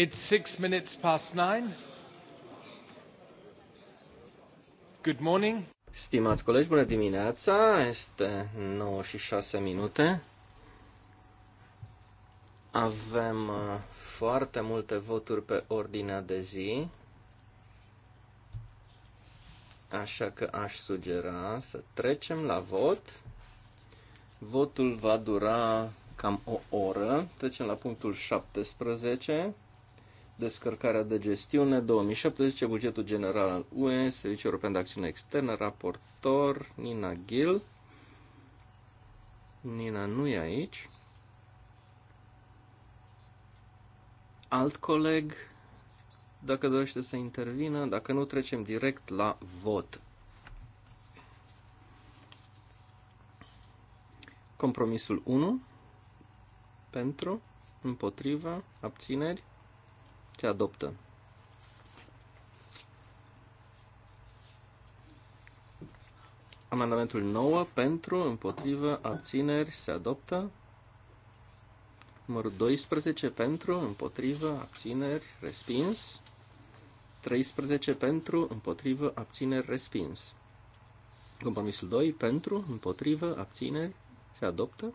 It's six minutes past nine. Good morning. Stimați colegi, bună dimineața. Este 9 și 6 minute. Avem uh, foarte multe voturi pe ordinea de zi. Așa că aș sugera să trecem la vot. Votul va dura cam o oră. Trecem la punctul 17 descărcarea de gestiune 2017, bugetul general al UE, Serviciul European de Acțiune Externă, raportor Nina Gil. Nina nu e aici. Alt coleg, dacă dorește să intervină, dacă nu trecem direct la vot. Compromisul 1 pentru, împotriva, abțineri, se adoptă. Amendamentul 9 pentru, împotrivă, abțineri se adoptă. Numărul 12 pentru, împotrivă, abțineri, respins. 13 pentru, împotrivă, abțineri, respins. Compromisul 2 pentru, împotrivă, abțineri se adoptă.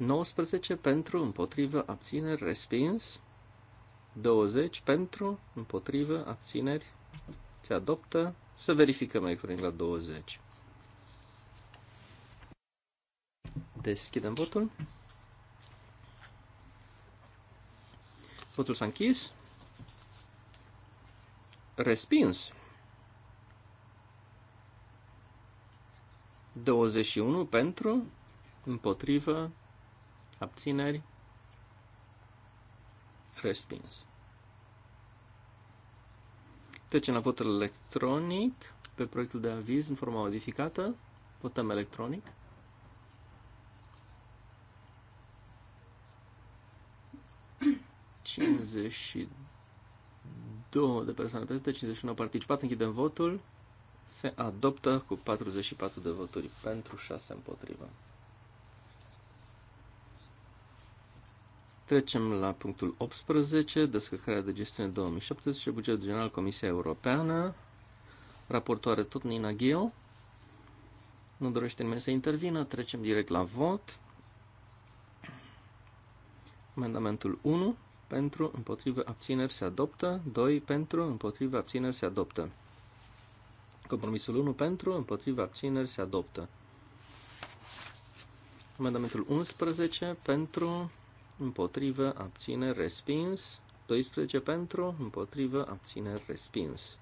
19 pentru, împotrivă, abțineri, respins. 20 pentru, împotrivă, abțineri, se adoptă. Să verificăm electronic la 20. Deschidem votul. Votul s-a închis. Respins. 21 pentru, împotrivă, abțineri, respins. Trecem la votul electronic pe proiectul de aviz în forma modificată. Votăm electronic. și două de persoane prezente, 51 au participat, închidem votul. Se adoptă cu 44 de voturi pentru 6 împotrivă. Trecem la punctul 18, descărcarea de gestiune 2017, bugetul general Comisia Europeană, raportoare tot Nina Ghil. Nu dorește nimeni să intervină, trecem direct la vot. Amendamentul 1, pentru, împotrivă, abțineri se adoptă. 2, pentru, împotrivă, abțineri se adoptă. Compromisul 1, pentru, împotrivă, abțineri se adoptă. Amendamentul 11, pentru, împotrivă, abține, respins. 12 pentru, împotrivă, abține, respins.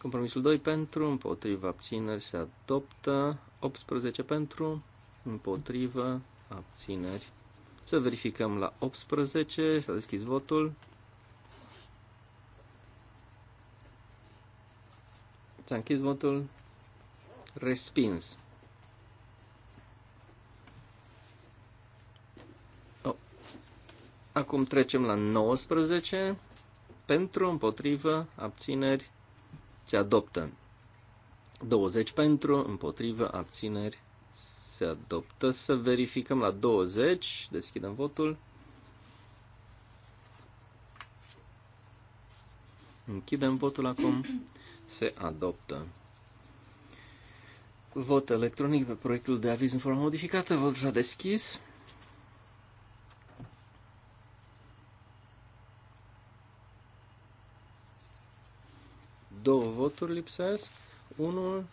Compromisul 2 pentru, împotrivă, abțineri, se adoptă. 18 pentru, împotrivă, abțineri. Să verificăm la 18, s-a deschis votul. S-a închis votul. Respins. Acum trecem la 19. Pentru, împotrivă, abțineri, se adoptă. 20 pentru, împotrivă, abțineri, se adoptă. Să verificăm la 20. Deschidem votul. Închidem votul acum. Se adoptă. Vot electronic pe proiectul de aviz în formă modificată. Votul s-a deschis. Două voturi lipsesc. Unul.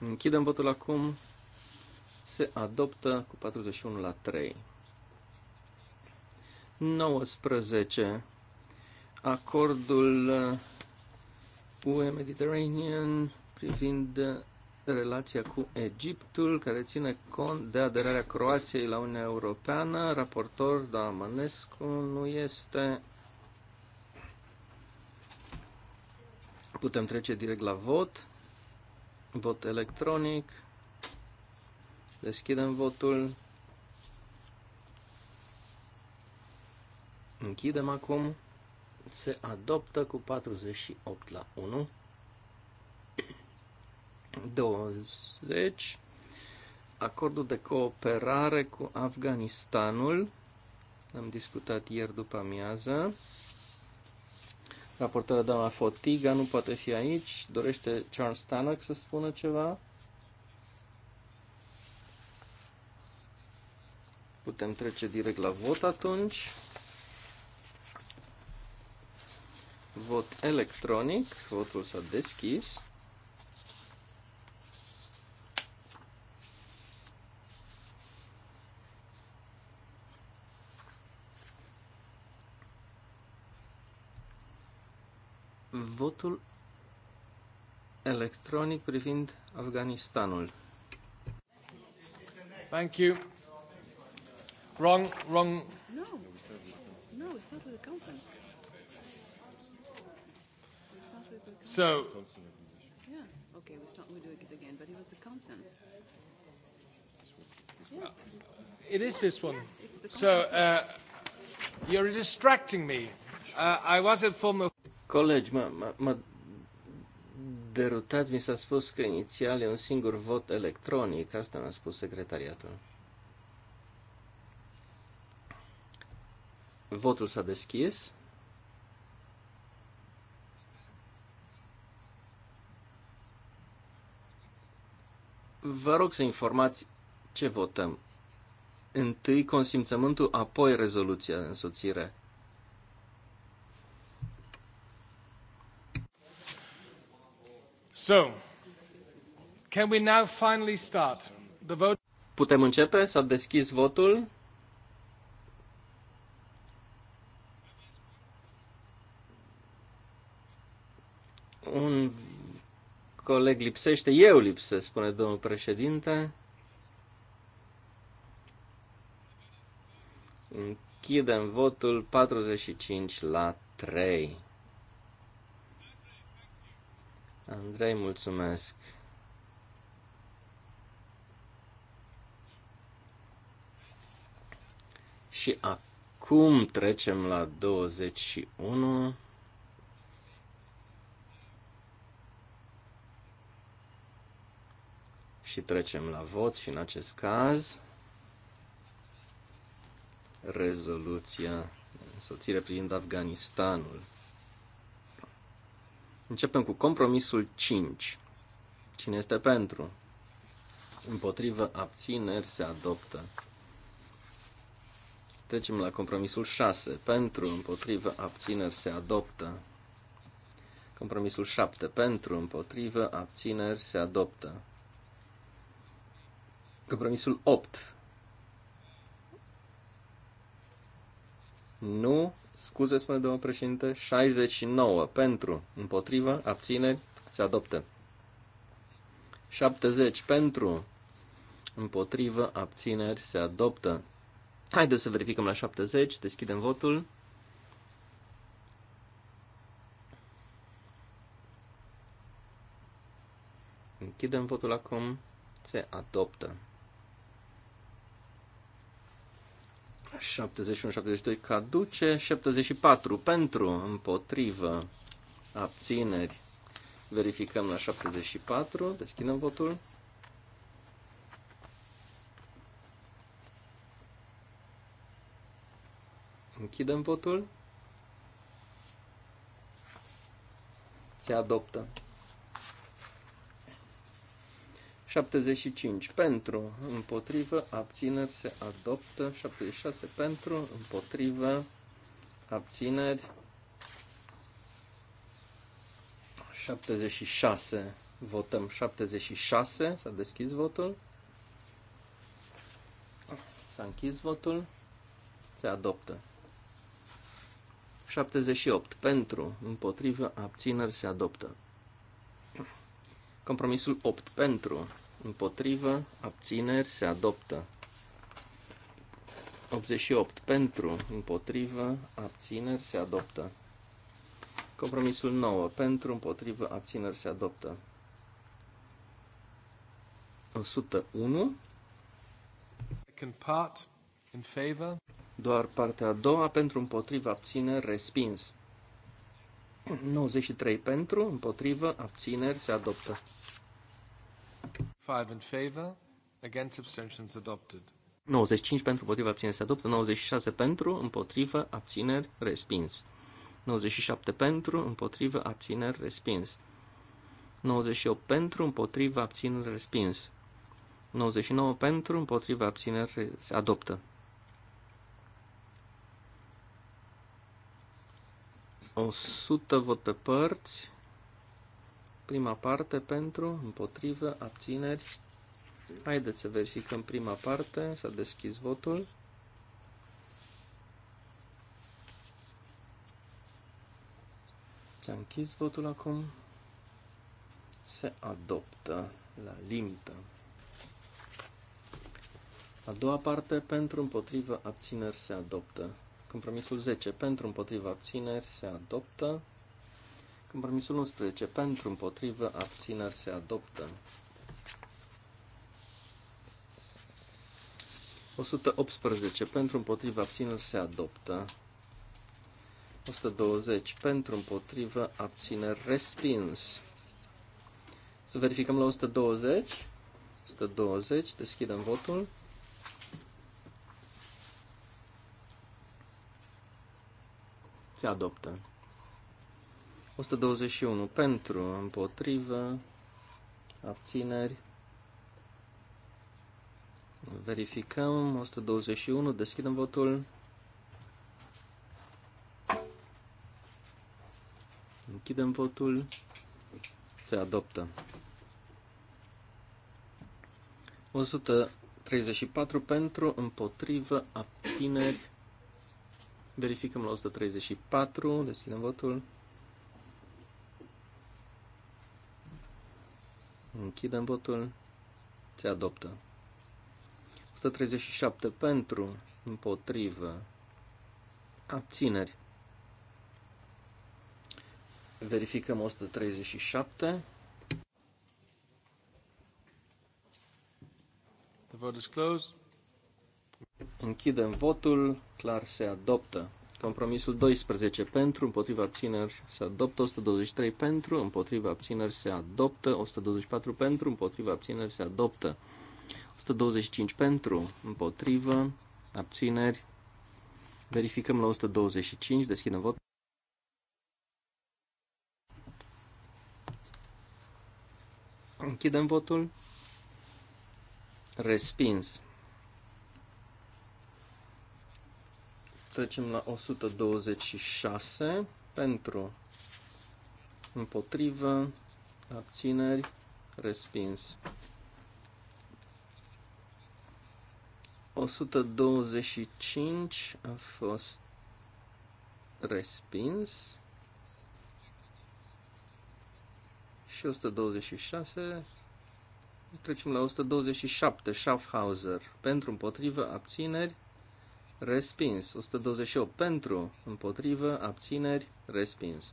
Închidem votul acum. Se adoptă cu 41 la 3. 19. Acordul UE Mediterranean privind relația cu Egiptul, care ține cont de aderarea Croației la Uniunea Europeană. Raportor, da, Mănescu nu este Putem trece direct la vot. Vot electronic. Deschidem votul. Închidem acum. Se adoptă cu 48 la 1. 20. Acordul de cooperare cu Afganistanul. Am discutat ieri după amiază. Raportarea doamna Fotiga nu poate fi aici. Dorește Charles Stanock să spună ceva? Putem trece direct la vot atunci. Vot electronic. Votul s-a deschis. votul electronic privind Afganistanul. Thank you. Wrong, wrong. No, no, we start with the council. So. Yeah. Okay, we start. We do it again, but it was the consent. Yeah. It is this one. Yeah, it's the so uh, you're distracting me. Uh, I was informed. Of Colegi, mă, mă, mă derutați, mi s-a spus că inițial e un singur vot electronic, asta mi-a spus secretariatul. Votul s-a deschis. Vă rog să informați ce votăm. Întâi consimțământul, apoi rezoluția de însoțire So, can we now finally start the vote? Putem începe? S-a deschis votul. Un coleg lipsește, eu lipsesc, spune domnul președinte. Închidem votul 45 la 3. Andrei, mulțumesc. Și acum trecem la 21. Și trecem la vot și în acest caz rezoluția soțire privind Afganistanul. Începem cu compromisul 5. Cine este pentru? Împotrivă, abțineri, se adoptă. Trecem la compromisul 6. Pentru, împotrivă, abțineri, se adoptă. Compromisul 7. Pentru, împotrivă, abțineri, se adoptă. Compromisul 8 Nu. Scuze, spune domnul președinte. 69. Pentru. Împotrivă. Abțineri. Se adoptă. 70. Pentru. Împotrivă. Abțineri. Se adoptă. Haideți să verificăm la 70. Deschidem votul. Închidem votul acum. Se adoptă. 71-72 caduce, 74 pentru, împotrivă, abțineri. Verificăm la 74, deschidem votul. Închidem votul. Se adoptă. 75 pentru, împotrivă, abțineri se adoptă. 76 pentru, împotrivă, abțineri. 76, votăm 76, s-a deschis votul. S-a închis votul. Se adoptă. 78. Pentru, împotrivă, abțineri se adoptă. Compromisul 8. Pentru, împotrivă, abțineri, se adoptă. 88 pentru, împotrivă, abțineri, se adoptă. Compromisul 9 pentru, împotrivă, abțineri, se adoptă. 101 Second part in favor. Doar partea a doua pentru împotrivă abțineri respins. 93 pentru, împotrivă, abțineri se adoptă in favor, against abstentions adopted. 95 pentru, împotriva, abțineri se adoptă. 96 pentru, împotriva, abțineri, respins. 97 pentru, împotriva, abțineri, respins. 98 pentru, împotriva, abțineri, respins. 99 pentru, împotriva, abțineri, se adoptă. 100 vot pe părți. Prima parte pentru, împotrivă, abțineri. Haideți să verificăm prima parte. S-a deschis votul. S-a închis votul acum. Se adoptă la limită. A doua parte, pentru împotrivă abțineri se adoptă. Compromisul 10, pentru împotrivă abțineri se adoptă. Compromisul 11. Pentru, împotrivă, abțineri se adoptă. 118. Pentru, împotrivă, abțineri se adoptă. 120. Pentru, împotrivă, abțineri respins. Să verificăm la 120. 120. Deschidem votul. Se adoptă. 121 pentru, împotrivă, abțineri. Verificăm, 121, deschidem votul. Închidem votul. Se adoptă. 134 pentru, împotrivă, abțineri. Verificăm la 134, deschidem votul. Închidem votul. Se adoptă. 137 pentru, împotrivă, abțineri. Verificăm 137. The vote is closed. Închidem votul, clar se adoptă. Compromisul 12 pentru, împotriva abțineri se adoptă, 123 pentru, împotriva abțineri se adoptă, 124 pentru, împotriva abțineri se adoptă, 125 pentru, împotriva abțineri. Verificăm la 125, deschidem vot. Închidem votul. Respins. Trecem la 126 pentru împotrivă, abțineri, respins. 125 a fost respins și 126 trecem la 127 Schaffhauser pentru împotrivă abțineri respins. 128 pentru, împotrivă, abțineri, respins.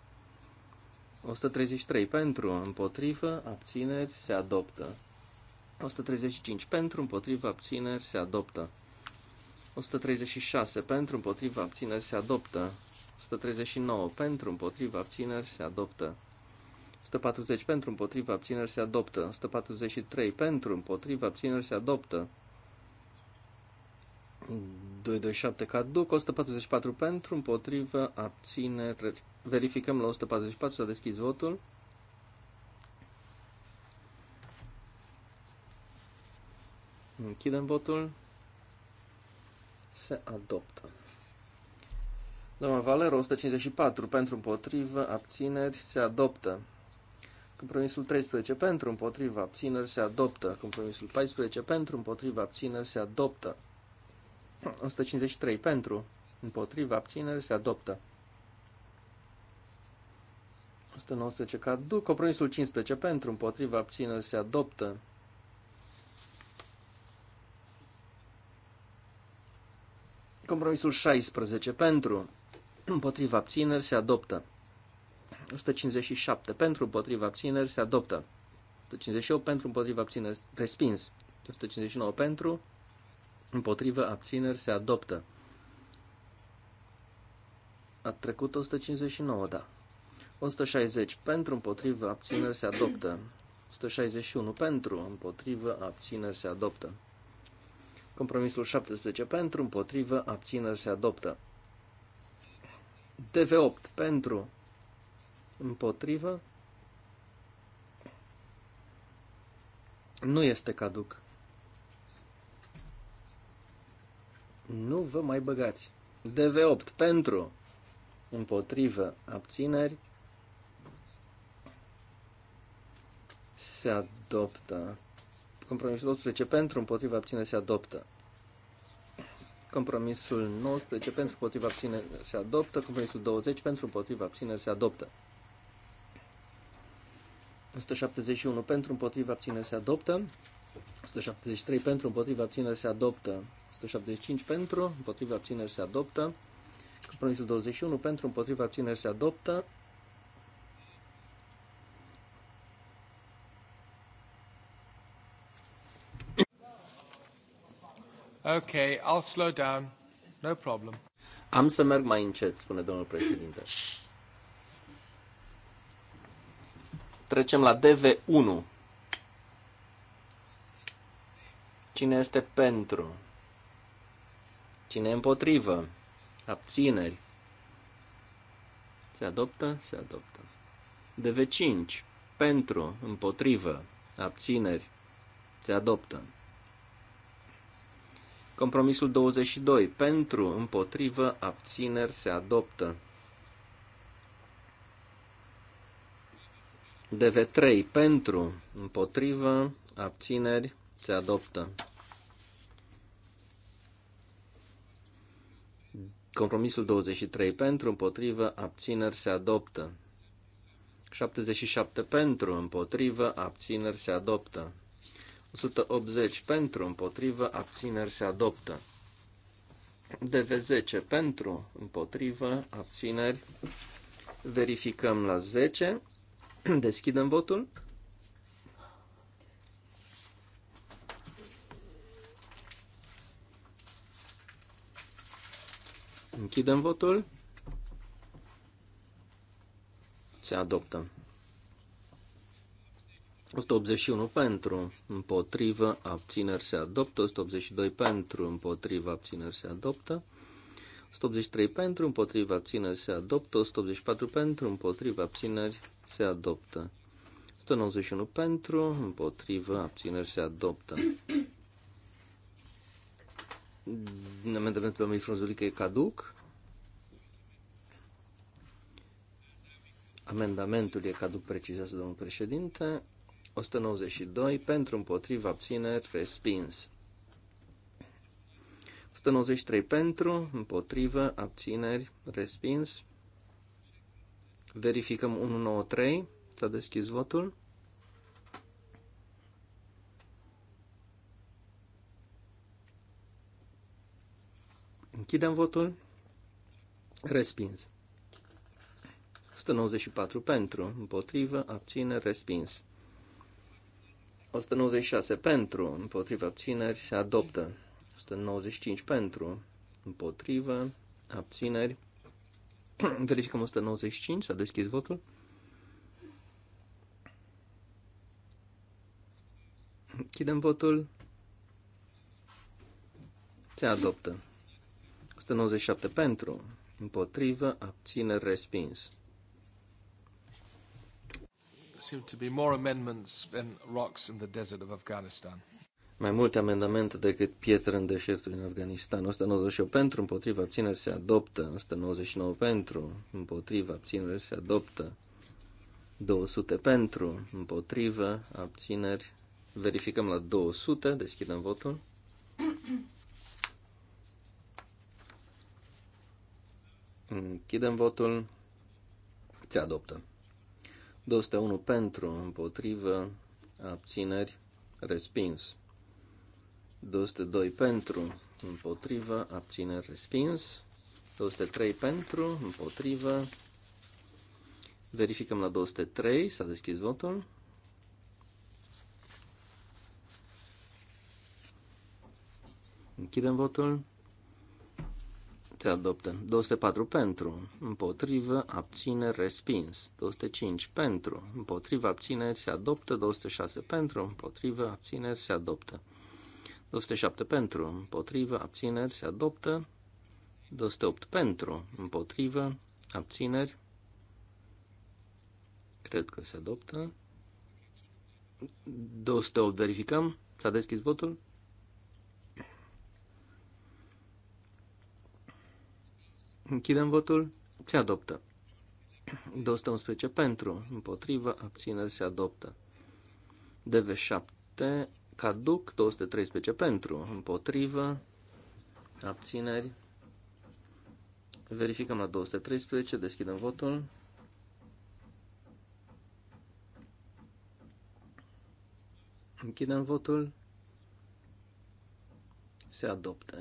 133 pentru, împotrivă, abțineri, se adoptă. 135 pentru, împotrivă, abțineri, se adoptă. 136 pentru, împotrivă, abțineri, se adoptă. 139 pentru, împotrivă, abțineri, se adoptă. 140 pentru, împotrivă, abțineri, se adoptă. 143 pentru, împotrivă, abțineri, se adoptă. 227 caduc, 144 pentru, împotrivă, abține, verificăm la 144, s-a deschis votul. Închidem votul. Se adoptă. Domnul Valero, 154 pentru împotrivă, abțineri, se adoptă. Compromisul 13 pentru împotrivă, abțineri, se adoptă. Compromisul 14 pentru împotrivă, abțineri, se adoptă. 153 pentru, împotriva, abținere se adoptă. 119 caduc, compromisul 15 pentru, împotriva, abținere se adoptă. 16 pentru, împotriva, abțineri, se adoptă. 157 pentru, împotriva, abțineri, se adoptă. 158 pentru, împotriva, abțineri, respins. 159 pentru, Împotrivă abțineri se adoptă. A trecut 159, da. 160. Pentru împotrivă abțineri se adoptă. 161. Pentru împotrivă abțineri se adoptă. Compromisul 17. Pentru împotrivă abțineri se adoptă. DV8. Pentru împotrivă nu este caduc. Nu vă mai băgați. DV8 pentru, împotrivă, abțineri, se adoptă. Compromisul 12 pentru, împotrivă, abțineri, se adoptă. Compromisul 19 pentru, împotrivă, abțineri, se adoptă. Compromisul 20 pentru, împotrivă, abțineri, se adoptă. 171 pentru, împotrivă, abțineri, se adoptă. 173 pentru, împotriva abțineri se adoptă. 175 pentru, împotriva abțineri se adoptă. Compromisul 21 pentru, împotriva abțineri se adoptă. Okay, I'll slow down. No problem. Am să merg mai încet, spune domnul președinte. Trecem la DV1. Cine este pentru? Cine e împotrivă? Abțineri. Se adoptă? Se adoptă. DV5. Pentru, împotrivă, abțineri. Se adoptă. Compromisul 22. Pentru, împotrivă, abțineri. Se adoptă. DV3. Pentru, împotrivă, abțineri. Se adoptă. Compromisul 23 pentru, împotrivă, abțineri se adoptă. 77 pentru, împotrivă, abțineri se adoptă. 180 pentru, împotrivă, abțineri se adoptă. DV10 pentru, împotrivă, abțineri. Verificăm la 10. Deschidem votul. Închidem votul. Se adoptă. 181 pentru, împotrivă, abțineri se adoptă, 182 pentru, împotrivă, abțineri se adoptă, 183 pentru, împotrivă, abțineri se adoptă, 184 pentru, împotrivă, abțineri se adoptă, 191 pentru, împotrivă, abțineri se adoptă. Amendamentul domnului Frunzulică e caduc. Amendamentul e caduc, precizează domnul președinte. 192 pentru împotriva abțineri respins. 193 pentru, împotrivă, abțineri, respins. Verificăm 193. S-a deschis votul. Închidem votul. Respins. 194 pentru, împotrivă, abțineri, respins. 196 pentru, împotrivă, abțineri, se adoptă. 195 pentru, împotrivă, abțineri. Verificăm 195, s-a deschis votul. Închidem votul. Se adoptă. 197 pentru, împotrivă, abțineri, respins seem to be more amendments than rocks in the desert of Afghanistan. Mai multe amendamente decât pietre în deșertul din Afganistan. 198 pentru, împotriva abțineri se adoptă. 199 pentru, împotriva abțineri se adoptă. 200 pentru, împotriva abțineri. Verificăm la 200, deschidem votul. Închidem votul. Se adoptă. 201 pentru, împotrivă, abțineri, respins. 202 pentru, împotrivă, abțineri, respins. 203 pentru, împotrivă. Verificăm la 203, s-a deschis votul. Închidem votul. Se adoptă. 204 pentru, împotrivă, abține, respins. 205 pentru, împotrivă, Abține. se adoptă. 206 pentru, împotrivă, Abține. se adoptă. 207 pentru, împotrivă, Abține. se adoptă. 208 pentru, împotrivă, abțineri, cred că se adoptă. 208 verificăm, s-a deschis votul. Închidem votul. Se adoptă. 211 pentru, împotrivă, abțineri se adoptă. DV7 caduc, 213 pentru, împotrivă, abțineri. Verificăm la 213, deschidem votul. Închidem votul. Se adoptă.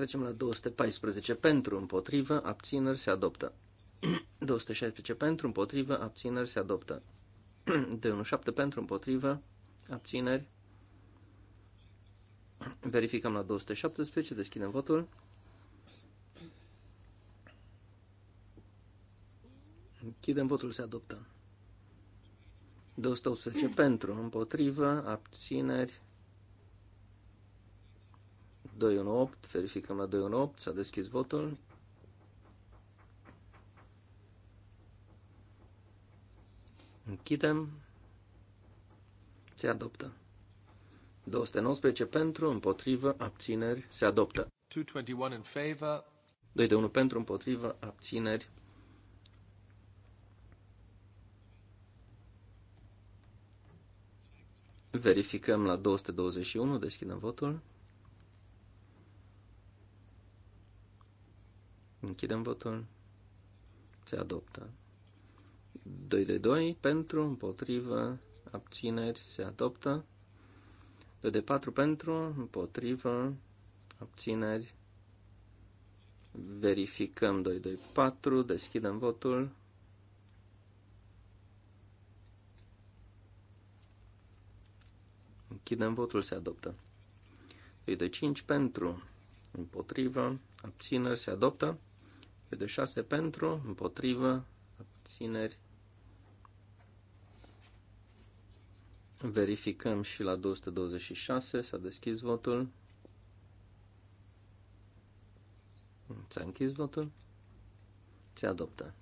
Trecem la 214 pentru, împotrivă, abțineri se adoptă. 216 pentru, împotrivă, abțineri se adoptă. 217 pentru, împotrivă, abțineri. Verificăm la 217, deschidem votul. Închidem votul, se adoptă. 218 pentru, împotrivă, abțineri, 218, verificăm la 218, s-a deschis votul. Închidem. Se adoptă. 219 pentru, împotrivă, abțineri, se adoptă. 221 in favor. 2 de 1 pentru, împotrivă, abțineri. Verificăm la 221, deschidem votul. Închidem votul. Se adoptă. 2 de 2 pentru, împotrivă, abțineri, se adoptă. 2 de 4 pentru, împotrivă, abțineri. Verificăm 2 de 4, deschidem votul. Închidem votul, se adoptă. 2 de 5 pentru, împotrivă, abțineri, se adoptă de 6 pentru, împotrivă, abțineri. Verificăm și la 226, s-a deschis votul. ți a închis votul. Se adoptă.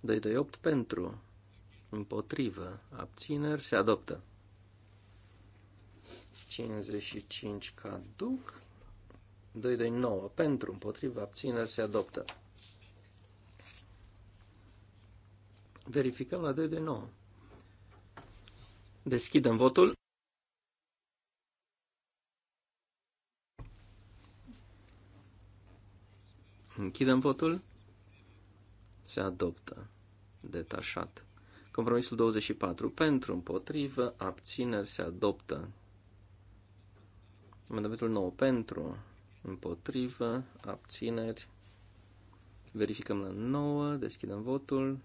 228 pentru, împotrivă, abțineri, se adoptă. 55 caduc. 229 pentru, împotrivă, abțineri, se adoptă. Verificăm la 2 de 9. Deschidem votul. Închidem votul. Se adoptă. Detașat. Compromisul 24. Pentru, împotrivă, abțineri se adoptă. Amendamentul 9. Pentru, împotrivă, abțineri. Verificăm la 9. Deschidem votul.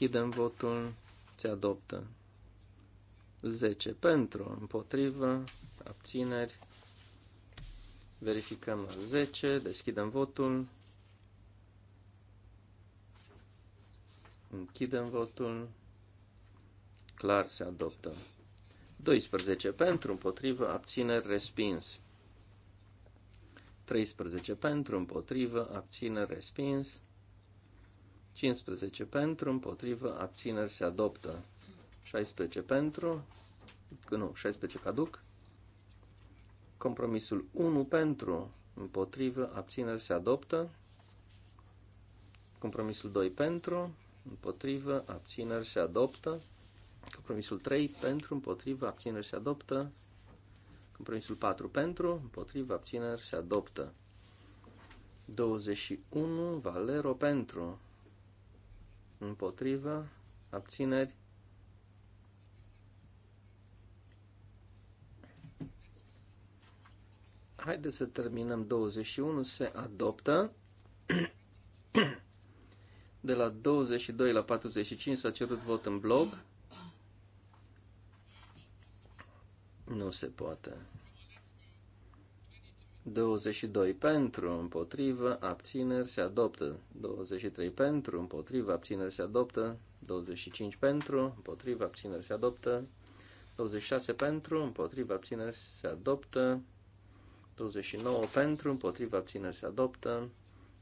Închidem votul. Se adoptă. 10 pentru, împotrivă, abțineri. Verificăm la 10, deschidem votul. Închidem votul. Clar se adoptă. 12 pentru, împotrivă, abțineri, respins. 13 pentru, împotrivă, abțineri, respins. 15 pentru, împotrivă, abțineri se adoptă. 16 pentru, nu, 16 caduc. Compromisul 1 pentru, împotrivă, abțineri se adoptă. Compromisul 2 pentru, împotrivă, abțineri se adoptă. Compromisul 3 pentru, împotrivă, abțineri se adoptă. Compromisul 4 pentru, împotrivă, abțineri se adoptă. 21 Valero pentru, împotrivă, abțineri. Haideți să terminăm 21, se adoptă. De la 22 la 45 s-a cerut vot în blog. Nu se poate. 22 pentru, împotrivă, abțineri se adoptă. 23 pentru, împotrivă, abțineri se adoptă. 25 pentru, împotrivă, abțineri se adoptă. 26 pentru, împotrivă, abțineri se adoptă. 29 pentru, împotrivă, abțineri se adoptă.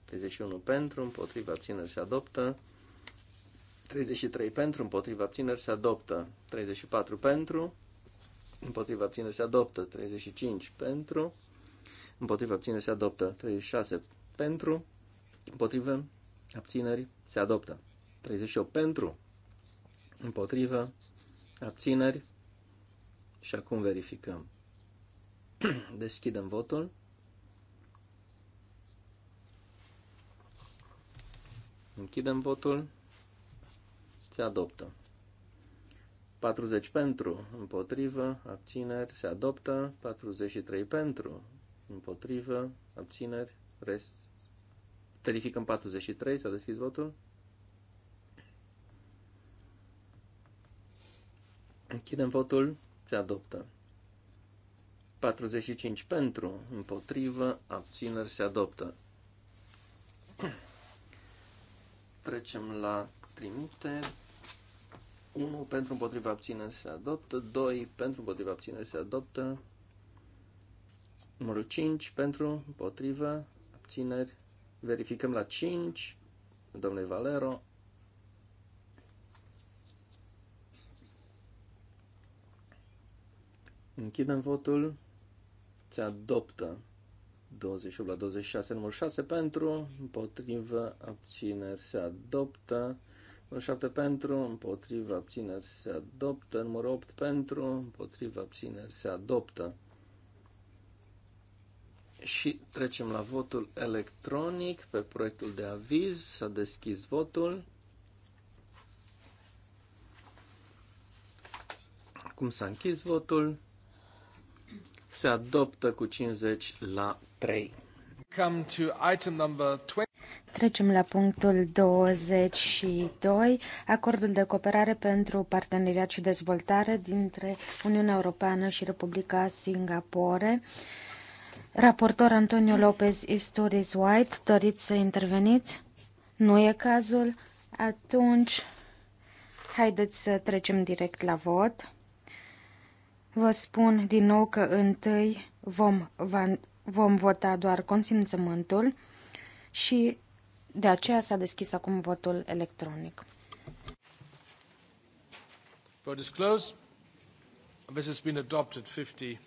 31 pentru, împotrivă, abțineri se adoptă. 33 pentru, împotrivă, abțineri se adoptă. 34 pentru, împotrivă, abțineri se adoptă. 35 pentru, împotrivă abțineri se adoptă. 36 pentru, împotrivă abțineri se adoptă. 38 pentru, împotrivă abțineri și acum verificăm. Deschidem votul. Închidem votul. Se adoptă. 40 pentru, împotrivă, abțineri, se adoptă. 43 pentru, împotrivă, abțineri, rest. Verificăm 43, s-a deschis votul. Închidem votul, se adoptă. 45 pentru, împotrivă, abțineri, se adoptă. Trecem la trimite. 1 pentru împotriva abțineri se adoptă, 2 pentru împotriva abțineri se adoptă, Numărul 5 pentru, împotrivă, abțineri. Verificăm la 5, domnule Valero. Închidem votul. Se adoptă 28 la 26, numărul 6 pentru, împotrivă, abțineri, se adoptă. Numărul 7 pentru, împotrivă, abțineri, se adoptă. Numărul 8 pentru, împotrivă, abțineri, se adoptă. Și trecem la votul electronic pe proiectul de aviz. S-a deschis votul. Acum s-a închis votul. Se adoptă cu 50 la 3. Come to item number 20. Trecem la punctul 22, acordul de cooperare pentru parteneriat și dezvoltare dintre Uniunea Europeană și Republica Singapore. Uh, Raportor Antonio Lopez Isturiz White, doriți să interveniți? Nu e cazul? Atunci, haideți să trecem direct la vot. Vă spun din nou că întâi vom, vom vota doar consimțământul și de aceea s-a deschis acum votul electronic. Vote is closed. This has been adopted 50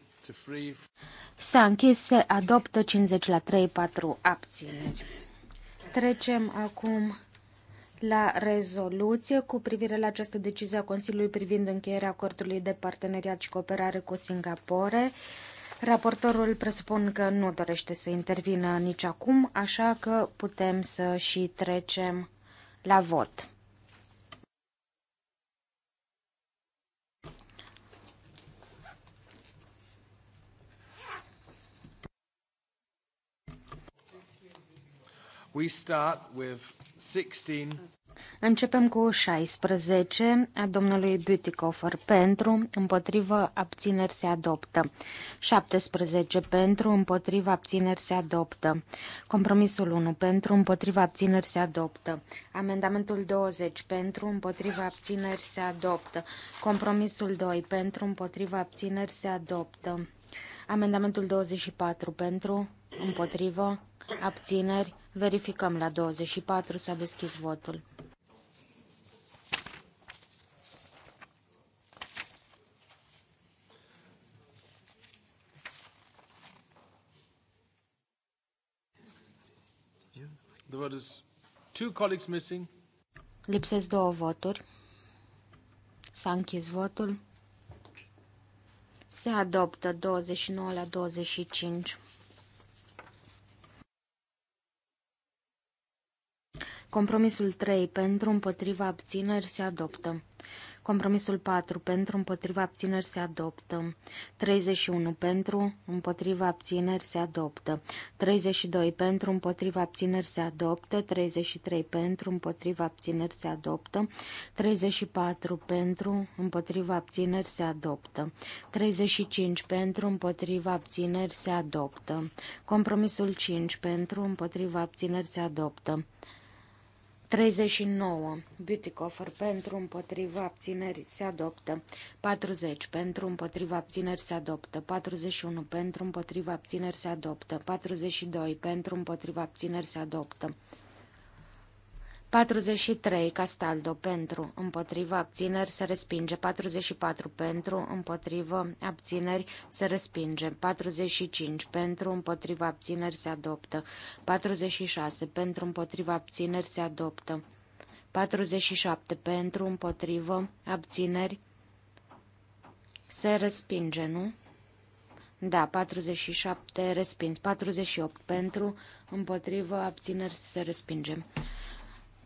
S-a închis, se adoptă 50 la 3, 4 abțineri. Trecem acum la rezoluție cu privire la această decizie a Consiliului privind încheierea acordului de parteneriat și cooperare cu Singapore. Raportorul presupun că nu dorește să intervină nici acum, așa că putem să și trecem la vot. We start with 16. Începem cu 16 a domnului Butikofer pentru, împotrivă, abțineri se adoptă. 17 pentru, împotrivă, abțineri se adoptă. Compromisul 1 pentru, împotrivă, abțineri se adoptă. Amendamentul 20 pentru, împotrivă, abțineri se adoptă. Compromisul 2 pentru, împotrivă, abțineri se adoptă. Amendamentul 24 pentru, împotrivă, Abțineri. Verificăm la 24. S-a deschis votul. Lipsesc două voturi. S-a închis votul. Se adoptă 29 la 25. Compromisul 3 pentru împotriva abțineri se adoptă. Compromisul 4 pentru împotriva abțineri se adoptă. 31 pentru împotriva abțineri se adoptă. 32 pentru împotriva abțineri se adoptă. 33 pentru împotriva abțineri se adoptă. 34 pentru împotriva abțineri se adoptă. 35 pentru împotriva abțineri se adoptă. Compromisul 5 pentru împotriva abțineri se adoptă. 39. Beautycoffer pentru împotriva abțineri se adoptă. 40. Pentru împotriva abțineri se adoptă. 41. Pentru împotriva abțineri se adoptă. 42. Pentru împotriva abțineri se adoptă. 43. Castaldo pentru, împotriva abțineri se respinge. 44 pentru, împotriva abțineri se respinge. 45 pentru, împotriva abțineri se adoptă. 46 pentru, împotriva abțineri se adoptă. 47 pentru, împotrivă, abțineri. Se respinge, nu? Da, 47 respins. 48 pentru, împotrivă, abțineri se respinge.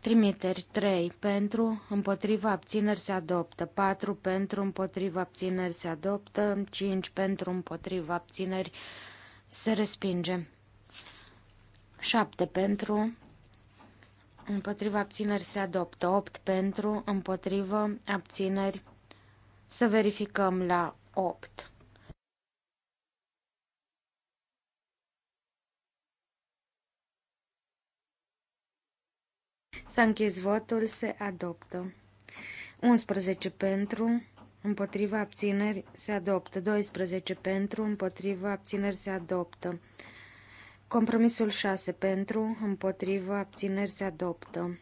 Trimiteri 3 pentru, împotriva abțineri se adoptă, 4 pentru, împotriva abțineri se adoptă, 5 pentru, împotriva abțineri se respinge, 7 pentru, împotriva abțineri se adoptă, 8 pentru, împotriva abțineri. Să verificăm la 8. S-a închis votul, se adoptă. 11 pentru, împotriva abțineri, se adoptă. 12 pentru, împotriva abțineri, se adoptă. Compromisul 6 pentru, împotriva abțineri, se adoptă.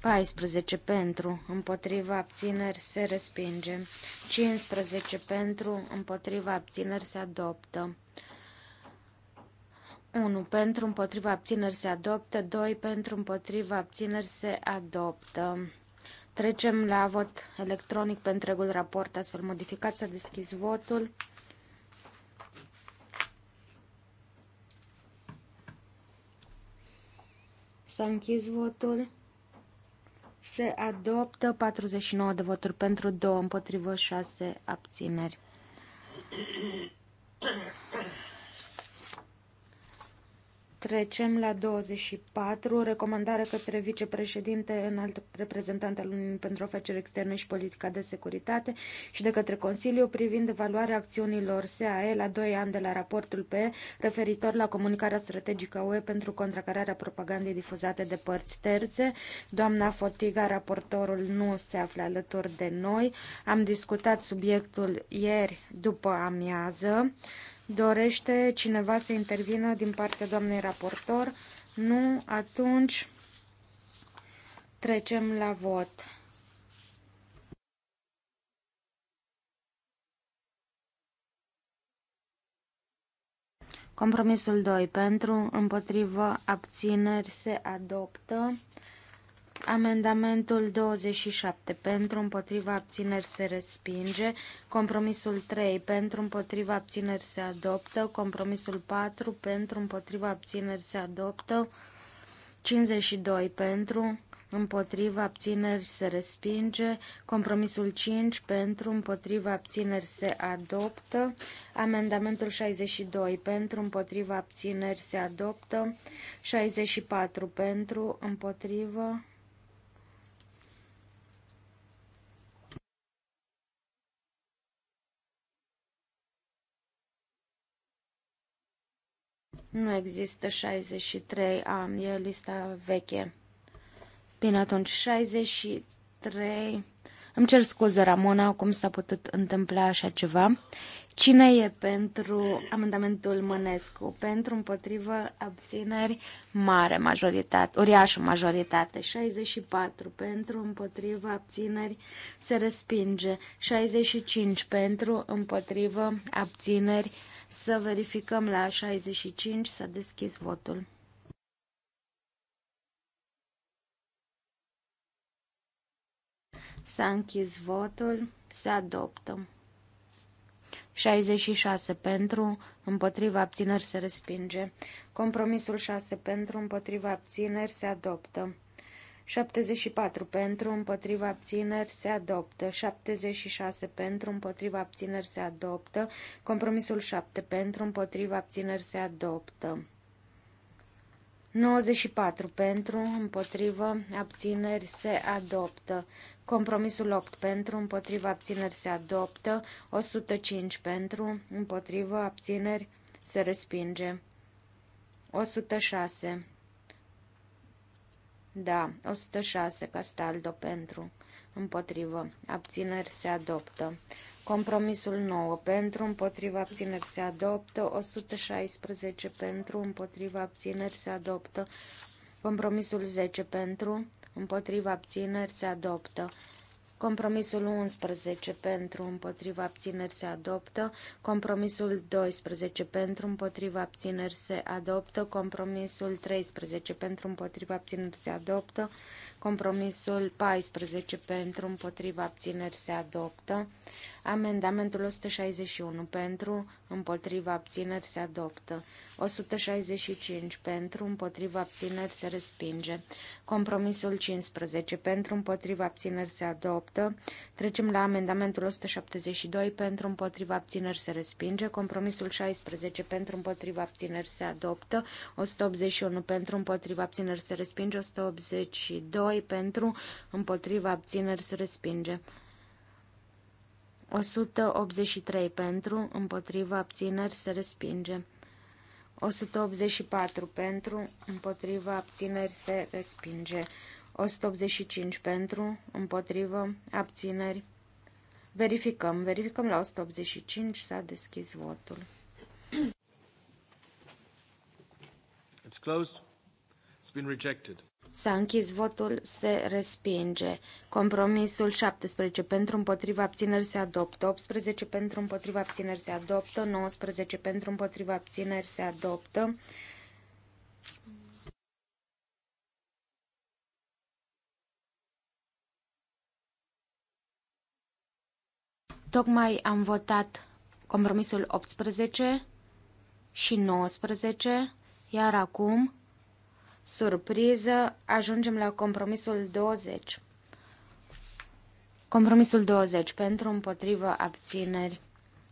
paisprezece pentru, împotriva abțineri se respinge, 15 pentru, împotriva abțineri se adoptă. 1 pentru împotriva abțineri se adoptă, 2 pentru împotriva abțineri se adoptă. Trecem la vot electronic pe întregul raport astfel modificat. S-a deschis votul. S-a închis votul. Se adoptă 49 de voturi pentru 2 împotrivă 6 abțineri. Trecem la 24, recomandare către vicepreședinte înalt reprezentant al Uniunii pentru afaceri externe și politica de securitate și de către Consiliu privind evaluarea acțiunilor SAE la 2 ani de la raportul PE referitor la comunicarea strategică UE pentru contracararea propagandei difuzate de părți terțe. Doamna Fotiga, raportorul, nu se află alături de noi. Am discutat subiectul ieri după amiază. Uh, Dorește cineva să intervină din partea doamnei raportor? Nu, atunci trecem la vot. Compromisul 2 pentru, împotrivă, abțineri se adoptă. Amendamentul 27 pentru împotriva abțineri se respinge, compromisul 3 pentru împotriva abțineri se adoptă, compromisul 4 pentru împotriva abțineri se adoptă, 52 pentru împotriva abțineri se respinge, compromisul 5 pentru împotriva abțineri se adoptă, amendamentul 62 pentru împotriva abțineri se adoptă, 64 pentru împotriva Nu există 63, ani, e lista veche. Bine, atunci 63... Îmi cer scuze, Ramona, cum s-a putut întâmpla așa ceva. Cine e pentru amendamentul Mănescu? Pentru, împotrivă, abțineri, mare majoritate, uriașă majoritate. 64 pentru, împotrivă, abțineri, se respinge. 65 pentru, împotrivă, abțineri, să verificăm la 65, s-a deschis votul. S-a închis votul, se adoptă. 66 pentru, împotriva abțineri se respinge. Compromisul 6 pentru, împotriva abțineri se adoptă. 74 pentru, împotriva abțineri se adoptă. 76 pentru, împotriva abțineri se adoptă. Compromisul 7 pentru, împotriva abțineri se adoptă. 94 pentru, împotriva abțineri se adoptă. Compromisul 8 pentru, împotriva abțineri se adoptă. 105 pentru, împotriva abțineri se respinge. 106 da, 106 Castaldo pentru. Împotrivă. Abțineri se adoptă. Compromisul 9 pentru, împotriva abțineri se adoptă, 116 pentru, împotriva abțineri se adoptă, compromisul 10 pentru, împotriva abțineri se adoptă, Compromisul 11 pentru împotriva abțineri se adoptă. Compromisul 12 pentru împotriva abțineri se adoptă. Compromisul 13 pentru împotriva abțineri se adoptă. Compromisul 14 pentru împotriva abțineri se adoptă. Amendamentul 161 pentru, împotriva abțineri se adoptă. 165 pentru, împotriva abțineri se respinge. Compromisul 15 pentru, împotriva abțineri se adoptă. Trecem la amendamentul 172 pentru, împotriva abțineri se respinge. Compromisul 16 pentru, împotriva abțineri se adoptă. 181 pentru, împotriva abțineri se respinge. 182 pentru, împotriva abțineri se respinge. 183 pentru, împotriva abțineri se respinge. 184 pentru, împotriva abțineri se respinge. 185 pentru, împotriva abțineri. Verificăm, verificăm la 185, s-a deschis votul. It's closed. It's been rejected. S-a închis votul, se respinge. Compromisul 17 pentru împotriva abțineri se adoptă, 18 pentru împotriva abțineri se adoptă, 19 pentru împotriva abțineri se adoptă. Tocmai am votat compromisul 18 și 19, iar acum Surpriză, ajungem la compromisul 20. Compromisul 20 pentru împotrivă abțineri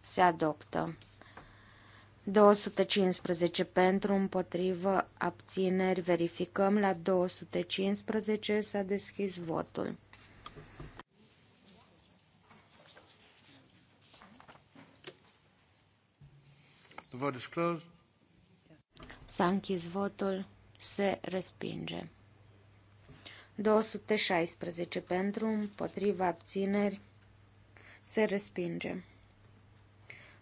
se adoptă. 215 pentru împotrivă abțineri verificăm la 215 s-a deschis votul. The vote is closed. S-a închis votul se respinge. 216 pentru, împotriva abțineri, se respinge.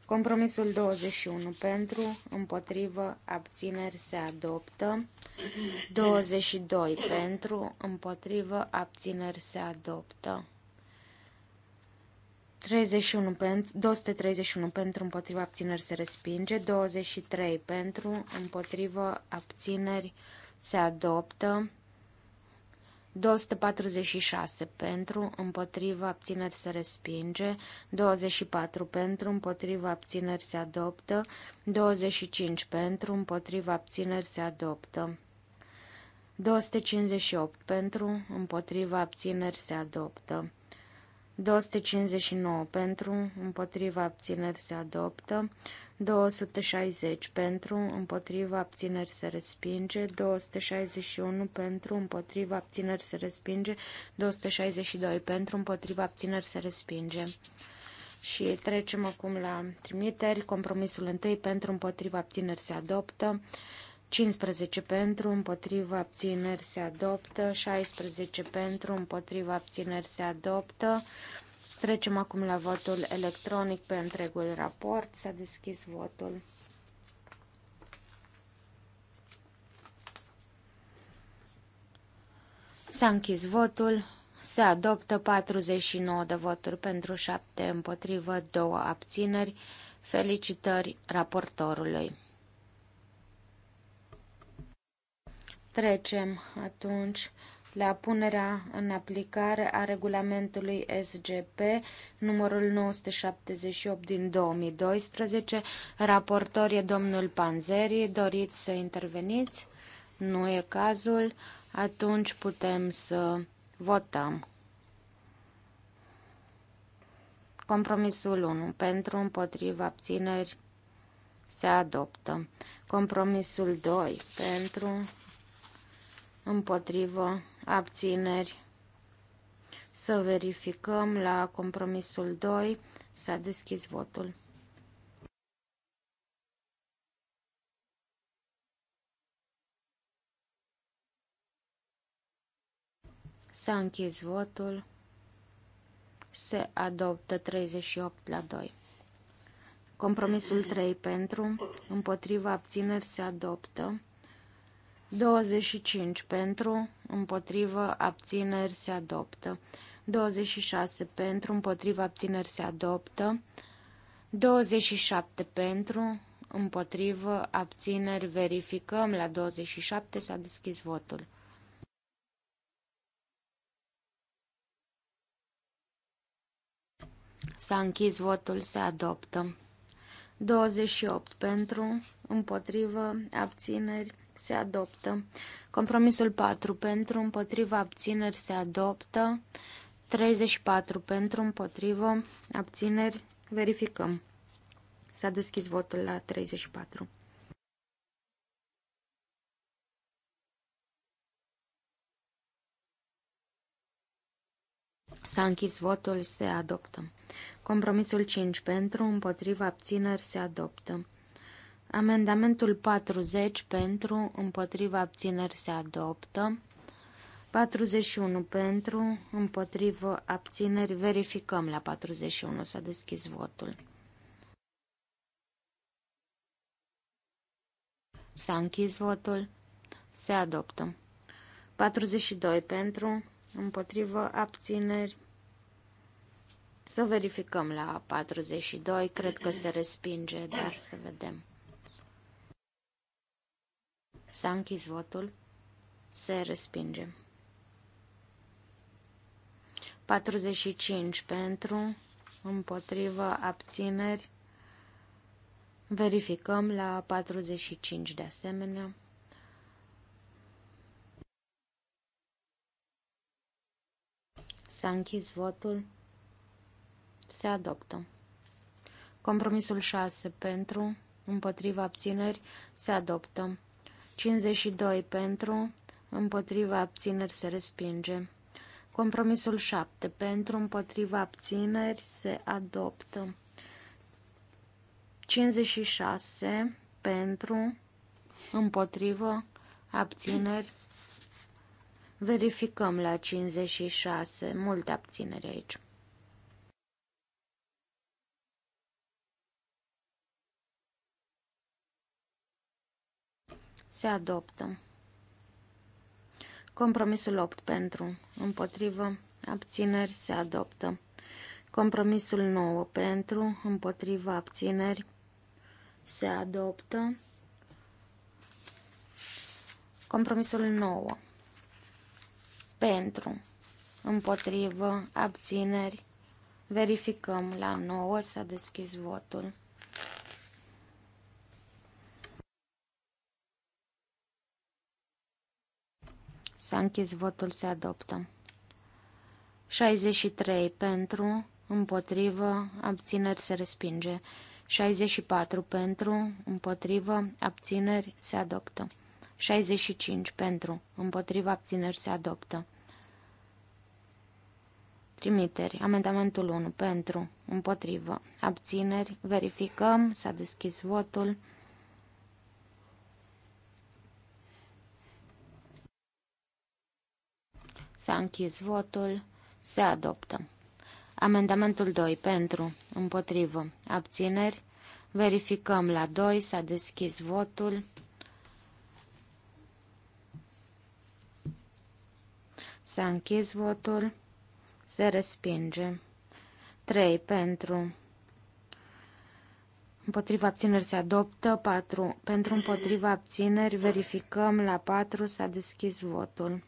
Compromisul 21 pentru, împotrivă, abțineri se adoptă. 22 pentru, împotrivă, abțineri se adoptă. 31 pentru, 231 pentru împotriva abțineri se respinge, 23 pentru împotriva abțineri se adoptă, 246 pentru împotriva abțineri se respinge, 24 pentru împotriva abțineri se adoptă, 25 pentru împotriva abțineri se adoptă. 258 pentru, împotriva abțineri se adoptă. 259 pentru, împotriva abțineri se adoptă, 260 pentru, împotriva abțineri se respinge, 261 pentru, împotriva abțineri se respinge, 262 pentru, împotriva abțineri se respinge. Și trecem acum la trimiteri, compromisul întâi pentru, împotriva abțineri se adoptă, 15 pentru, împotriva abțineri se adoptă, 16 pentru, împotriva abțineri se adoptă. Trecem acum la votul electronic pe întregul raport. S-a deschis votul. S-a închis votul. Se adoptă 49 de voturi pentru 7 împotrivă, 2 abțineri. Felicitări raportorului. Trecem atunci la punerea în aplicare a regulamentului SGP numărul 978 din 2012. Raportor e domnul Panzeri. Doriți să interveniți? Nu e cazul. Atunci putem să votăm. Compromisul 1. Pentru împotriva abțineri se adoptă. Compromisul 2. Pentru împotrivă, abțineri. Să verificăm la compromisul 2. S-a deschis votul. S-a închis votul. Se adoptă 38 la 2. Compromisul 3 pentru, împotriva abțineri se adoptă. 25 pentru, împotrivă, abțineri se adoptă. 26 pentru, împotrivă, abțineri se adoptă. 27 pentru, împotrivă, abțineri, verificăm. La 27 s-a deschis votul. S-a închis votul, se adoptă. 28 pentru, împotrivă, abțineri, se adoptă. Compromisul 4 pentru împotriva abțineri se adoptă. 34 pentru împotrivă abțineri verificăm. S-a deschis votul la 34. S-a închis votul, se adoptă. Compromisul 5 pentru, împotriva abțineri, se adoptă. Amendamentul 40 pentru, împotriva abțineri se adoptă. 41 pentru, împotrivă abțineri, verificăm la 41, s-a deschis votul. S-a închis votul, se adoptă. 42 pentru, împotrivă abțineri, să verificăm la 42, cred că se respinge, dar să vedem. S-a închis votul. Se respinge. 45 pentru, împotrivă, abțineri. Verificăm la 45 de asemenea. S-a închis votul. Se adoptă. Compromisul 6 pentru, împotriva abțineri, se adoptă. 52 pentru, împotriva abțineri se respinge. Compromisul 7 pentru, împotriva abțineri se adoptă. 56 pentru, împotrivă, abțineri. Verificăm la 56, multe abțineri aici. Se adoptă. Compromisul 8 pentru. Împotrivă. Abțineri. Se adoptă. Compromisul 9 pentru. Împotrivă. Abțineri. Se adoptă. Compromisul 9 pentru. Împotrivă. Abțineri. Verificăm la 9. S-a deschis votul. S-a închis votul, se adoptă. 63 pentru, împotrivă, abțineri se respinge. 64 pentru, împotrivă, abțineri se adoptă. 65 pentru, împotrivă, abțineri se adoptă. Trimiteri. Amendamentul 1 pentru, împotrivă, abțineri. Verificăm, s-a deschis votul. S-a închis votul. Se adoptă. Amendamentul 2. Pentru. Împotrivă. Abțineri. Verificăm la 2. S-a deschis votul. S-a închis votul. Se respinge. 3. Pentru. Împotriva abțineri se adoptă. 4. Pentru împotriva abțineri verificăm la 4. S-a deschis votul.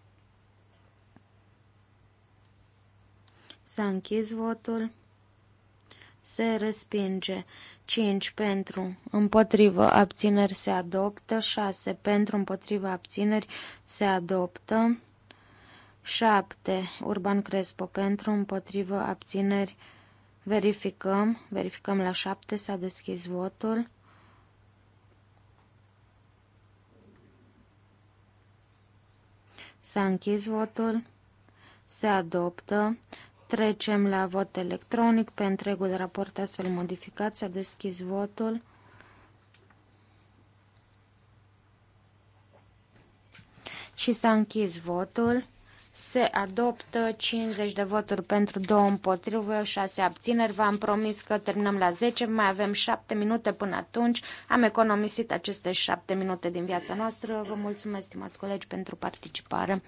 S-a închis votul. Se respinge. 5 pentru, împotrivă, abțineri se adoptă. 6 pentru, împotrivă, abțineri se adoptă. 7. Urban Crespo pentru, împotrivă, abțineri. Verificăm. Verificăm la 7. S-a deschis votul. S-a închis votul. Se adoptă. Trecem la vot electronic pe întregul raport astfel modificat. S-a deschis votul. Și s-a închis votul. Se adoptă 50 de voturi pentru 2 împotrivă, 6 abțineri. V-am promis că terminăm la 10, mai avem 7 minute până atunci. Am economisit aceste 7 minute din viața noastră. Vă mulțumesc, stimați colegi, pentru participare.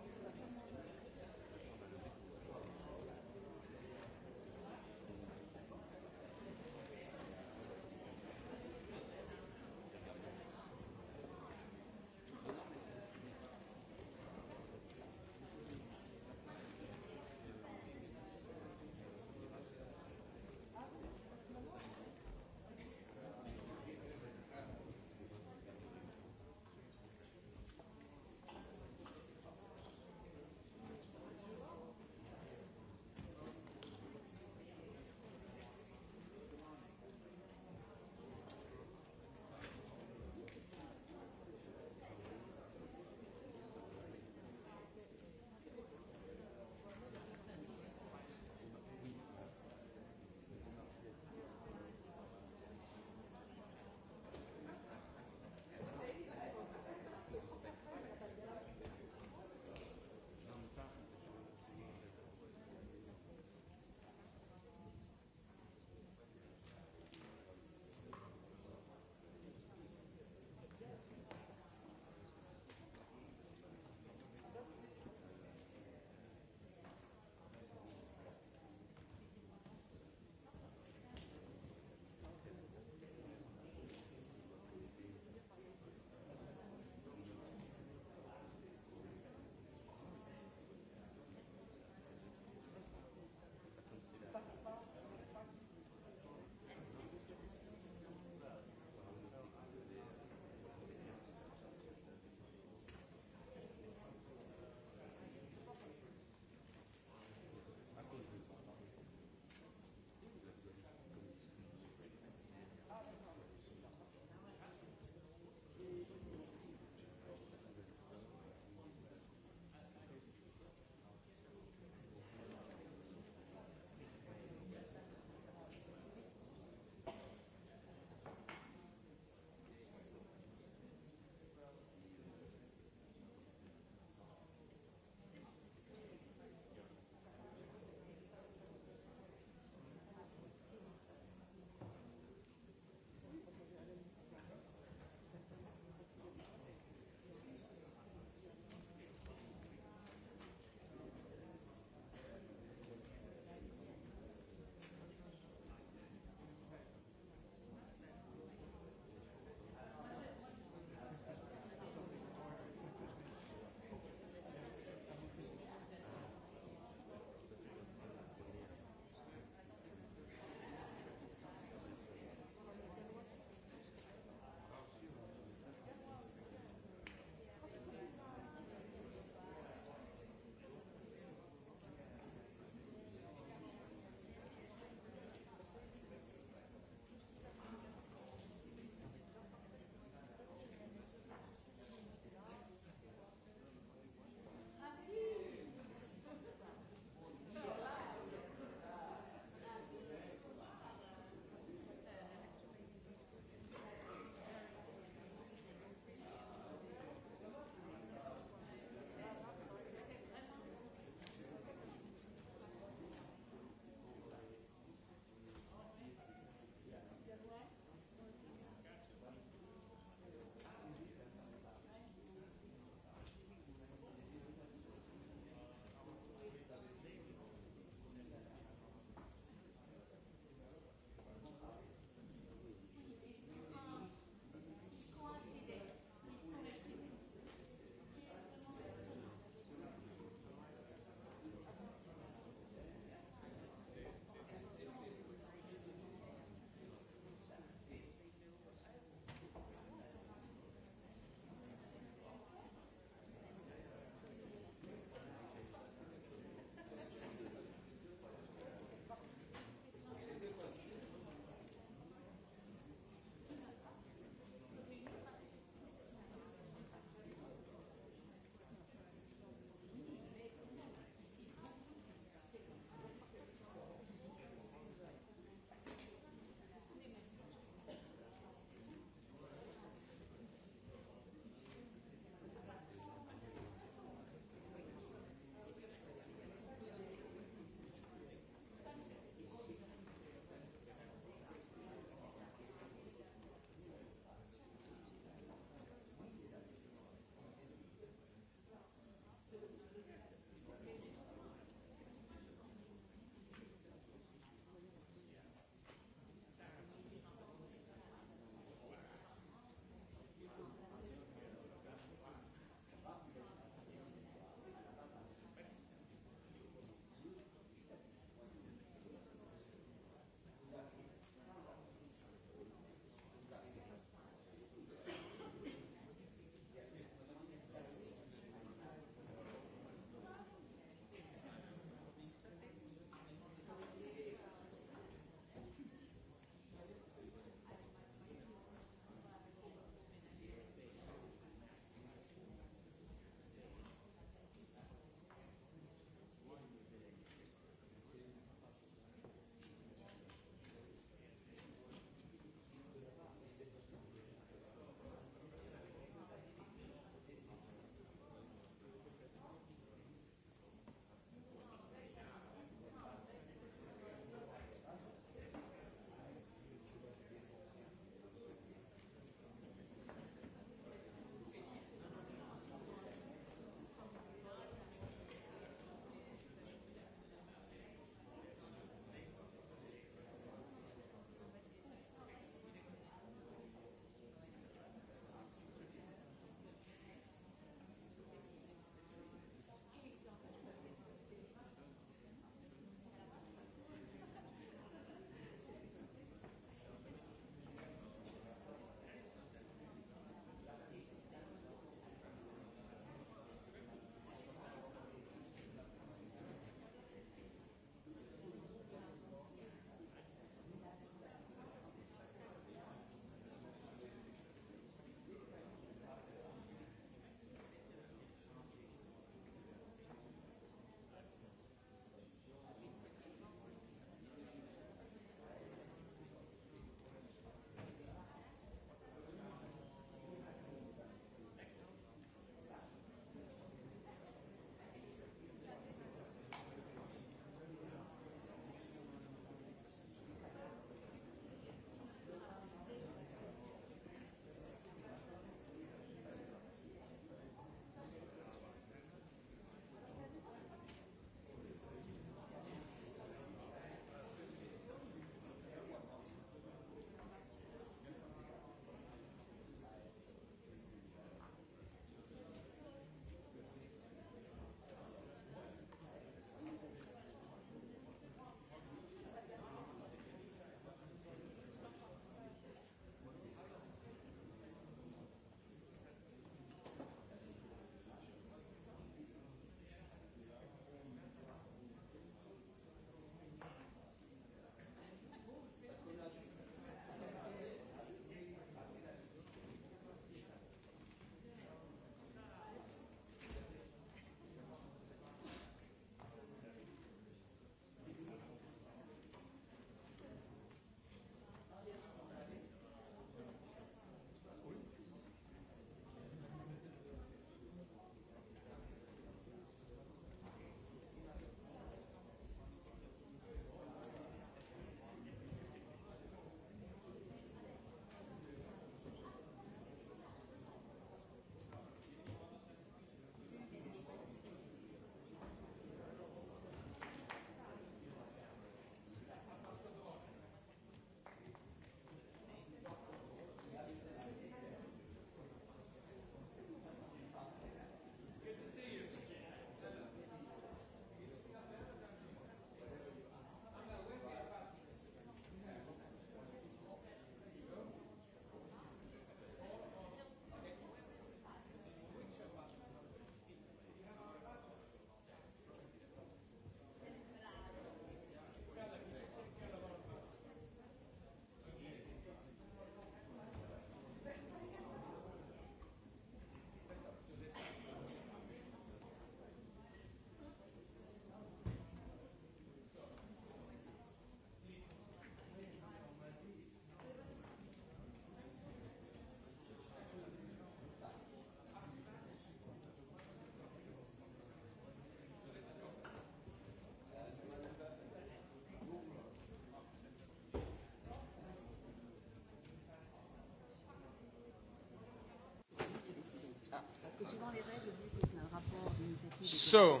So,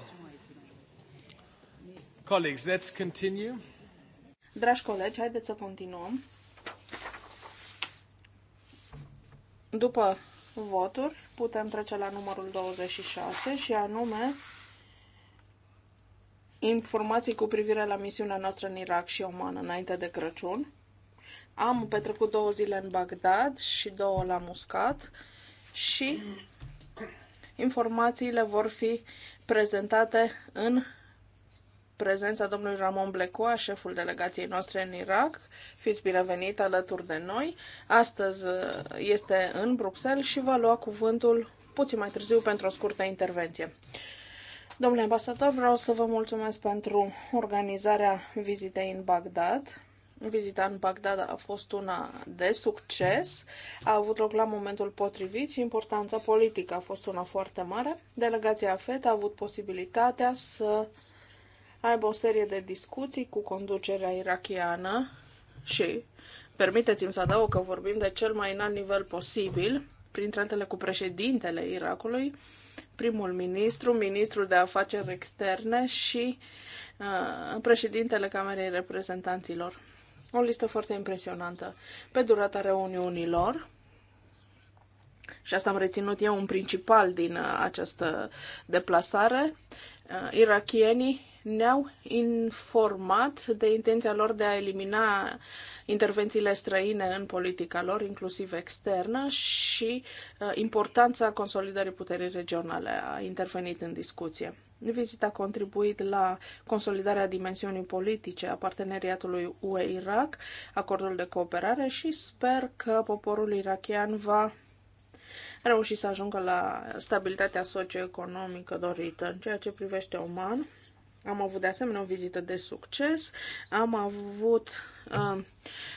colleagues, let's continue. Dragi colegi, haideți să continuăm. După voturi, putem trece la numărul 26 și anume informații cu privire la misiunea noastră în Irak și Oman înainte de Crăciun. Am petrecut două zile în Bagdad și două la Muscat și Informațiile vor fi prezentate în prezența domnului Ramon Blecoa, șeful delegației noastre în Irak. Fiți binevenit alături de noi. Astăzi uh, este în Bruxelles și va lua cuvântul puțin mai târziu pentru o scurtă intervenție. Domnule ambasador, vreau să vă mulțumesc pentru organizarea vizitei în Bagdad. Vizita în Bagdad a fost una de succes, a avut loc la momentul potrivit și importanța politică a fost una foarte mare. Delegația AFET a avut posibilitatea să aibă o serie de discuții cu conducerea irachiană și permiteți-mi să adaug că vorbim de cel mai înalt nivel posibil, printre altele cu președintele Irakului, primul ministru, ministrul de afaceri externe și uh, președintele Camerei Reprezentanților. O listă foarte impresionantă. Pe durata reuniunilor, și asta am reținut eu un principal din uh, această deplasare, uh, irachienii ne-au informat de intenția lor de a elimina intervențiile străine în politica lor, inclusiv externă, și uh, importanța consolidării puterii regionale a intervenit în discuție. Vizita a contribuit la consolidarea dimensiunii politice a parteneriatului UE-Irak, acordul de cooperare și sper că poporul irachian va reuși să ajungă la stabilitatea socioeconomică dorită. În ceea ce privește Oman, am avut de asemenea o vizită de succes, am avut uh,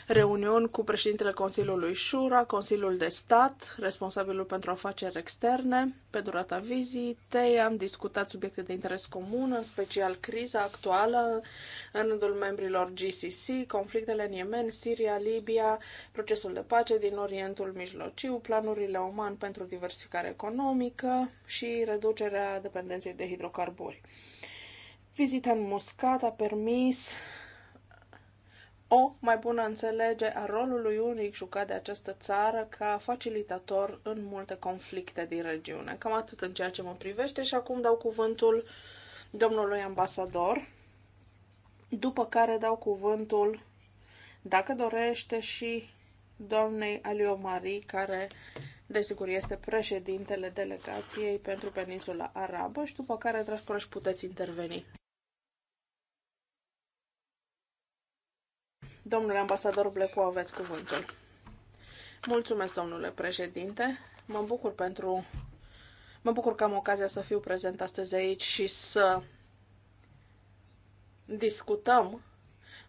reuniuni cu președintele Consiliului Shura, Consiliul de Stat, responsabilul pentru afaceri externe. Pe durata vizitei am discutat subiecte de interes comun, în special criza actuală în rândul membrilor GCC, conflictele în Yemen, Siria, Libia, procesul de pace din Orientul Mijlociu, planurile uman pentru diversificare economică și reducerea dependenței de hidrocarburi. Vizita în Muscat a permis o mai bună înțelege a rolului unic jucat de această țară ca facilitator în multe conflicte din regiune. Cam atât în ceea ce mă privește și acum dau cuvântul domnului ambasador, după care dau cuvântul, dacă dorește, și doamnei Alio Marie, care desigur este președintele delegației pentru peninsula arabă și după care, dragi colegi, puteți interveni. Domnule ambasador Blecu, aveți cuvântul. Mulțumesc, domnule președinte. Mă bucur pentru... Mă bucur că am ocazia să fiu prezent astăzi aici și să discutăm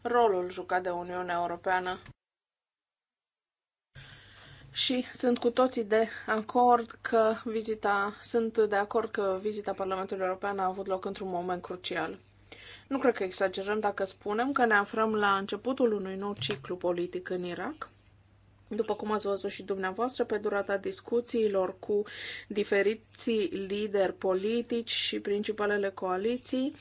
rolul jucat de Uniunea Europeană. Și sunt cu toții de acord că vizita, sunt de acord că vizita Parlamentului European a avut loc într-un moment crucial. Nu cred că exagerăm dacă spunem că ne aflăm la începutul unui nou ciclu politic în Irak. După cum ați văzut și dumneavoastră, pe durata discuțiilor cu diferiții lideri politici și principalele coaliții,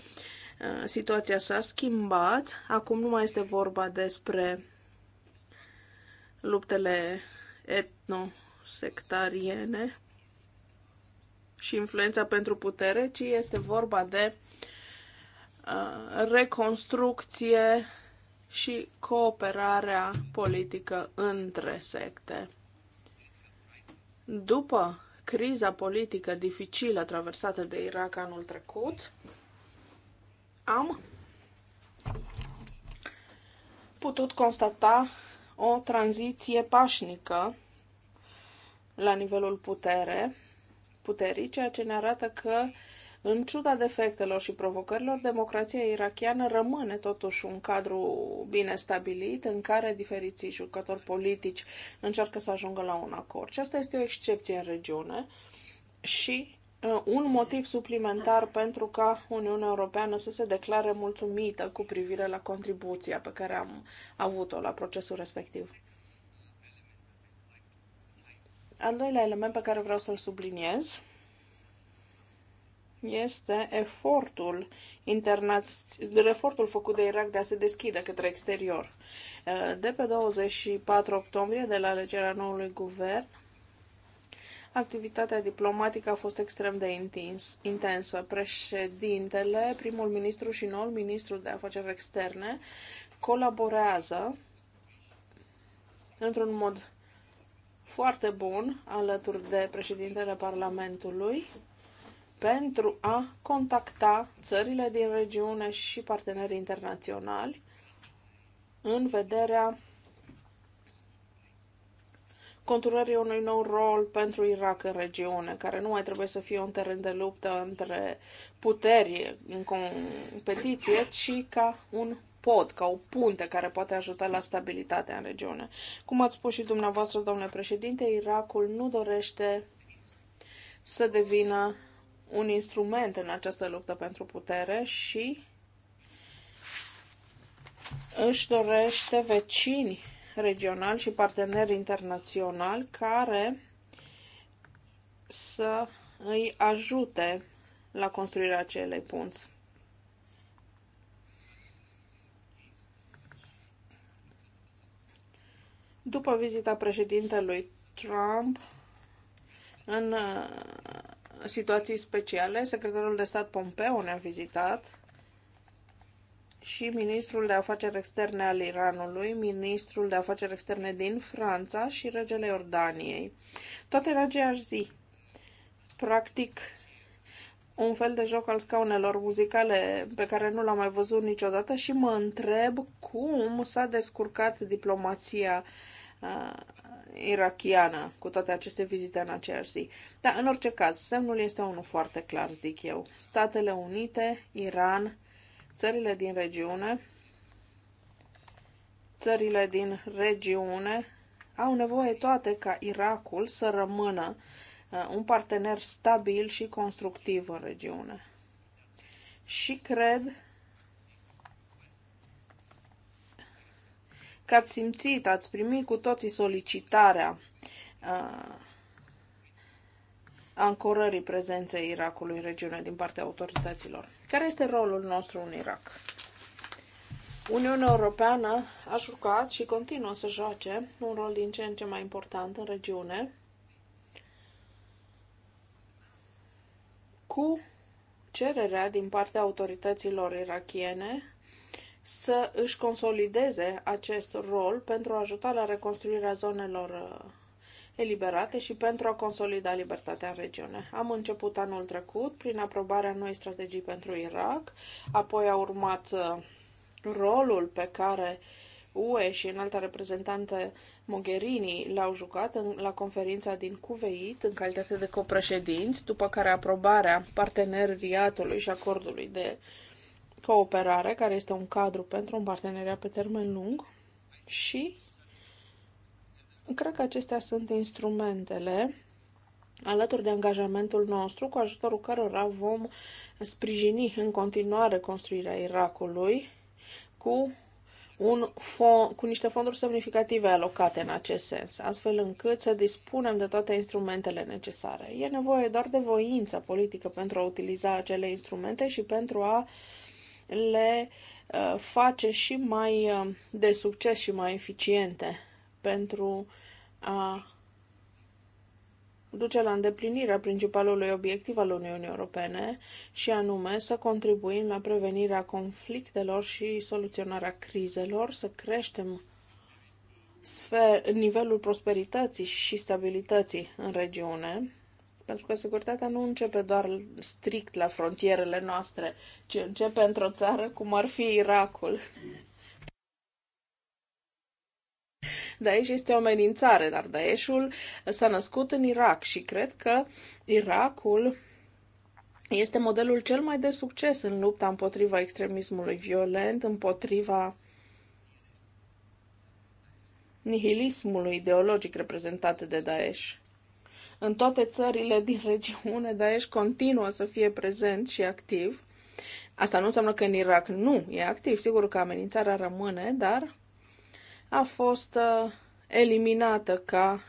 uh, situația s-a schimbat. Acum nu mai este vorba despre luptele etnosectariene și influența pentru putere, ci este vorba de uh, Uh, reconstrucție și cooperarea politică între secte. După criza politică dificilă traversată de Irak anul trecut, am putut constata o tranziție pașnică la nivelul putere, puterii, ceea ce ne arată că în ciuda defectelor și provocărilor, democrația irachiană rămâne totuși un cadru bine stabilit în care diferiții jucători politici încearcă să ajungă la un acord. Și asta este o excepție în regiune și uh, un motiv suplimentar pentru ca Uniunea Europeană să se declare mulțumită cu privire la contribuția pe care am avut-o la procesul respectiv. Al doilea element pe care vreau să-l subliniez este efortul, internaț- efortul făcut de Irak de a se deschide către exterior. Eh, de pe 24 octombrie, de la alegerea noului guvern, activitatea diplomatică a fost extrem de intens, intensă. Președintele, primul ministru și noul ministru de afaceri externe colaborează într-un mod foarte bun alături de președintele Parlamentului pentru a contacta țările din regiune și partenerii internaționali în vederea conturării unui nou rol pentru Irak în regiune, care nu mai trebuie să fie un teren de luptă între puteri în competiție, ci ca un pod, ca o punte care poate ajuta la stabilitatea în regiune. Cum ați spus și dumneavoastră, domnule președinte, Irakul nu dorește să devină un instrument în această luptă pentru putere și își dorește vecini regionali și parteneri internaționali care să îi ajute la construirea acelei punți. După vizita președintelui Trump în situații speciale. Secretarul de stat Pompeo ne-a vizitat și ministrul de afaceri externe al Iranului, ministrul de afaceri externe din Franța și regele Iordaniei. Toate în aceeași zi. Practic, un fel de joc al scaunelor muzicale pe care nu l-am mai văzut niciodată și mă întreb cum s-a descurcat diplomația uh, irachiană, cu toate aceste vizite în aceeași zi. Dar, în orice caz, semnul este unul foarte clar, zic eu. Statele Unite, Iran, țările din regiune, țările din regiune au nevoie toate ca Irakul să rămână uh, un partener stabil și constructiv în regiune. Și cred că ați simțit, ați primit cu toții solicitarea uh, ancorării prezenței Irakului în regiune din partea autorităților. Care este rolul nostru în Irak? Uniunea Europeană a jucat și continuă să joace un rol din ce în ce mai important în regiune cu cererea din partea autorităților irakiene să își consolideze acest rol pentru a ajuta la reconstruirea zonelor uh, eliberate și pentru a consolida libertatea în regiune. Am început anul trecut prin aprobarea noi strategii pentru Irak, apoi a urmat uh, rolul pe care UE și înalta reprezentante Mogherini l-au jucat în, la conferința din Cuveit în calitate de copreședinți, după care aprobarea parteneriatului și acordului de uh, cooperare, care este un cadru pentru un parteneriat pe termen lung și cred că acestea sunt instrumentele alături de angajamentul nostru, cu ajutorul cărora vom sprijini în continuare construirea Irakului cu un fond, cu niște fonduri semnificative alocate în acest sens, astfel încât să dispunem de toate instrumentele necesare. E nevoie doar de voință politică pentru a utiliza acele instrumente și pentru a le uh, face și mai uh, de succes și mai eficiente pentru a duce la îndeplinirea principalului obiectiv al Uniunii Europene și anume să contribuim la prevenirea conflictelor și soluționarea crizelor, să creștem sfer, nivelul prosperității și stabilității în regiune, pentru că securitatea nu începe doar strict la frontierele noastre, ci începe într-o țară cum ar fi Irakul. Daesh este o amenințare, dar Daeshul s-a născut în Irak și cred că Irakul este modelul cel mai de succes în lupta împotriva extremismului violent, împotriva nihilismului ideologic reprezentat de Daesh în toate țările din regiune, Daesh continuă să fie prezent și activ. Asta nu înseamnă că în Irak nu e activ, sigur că amenințarea rămâne, dar a fost uh, eliminată ca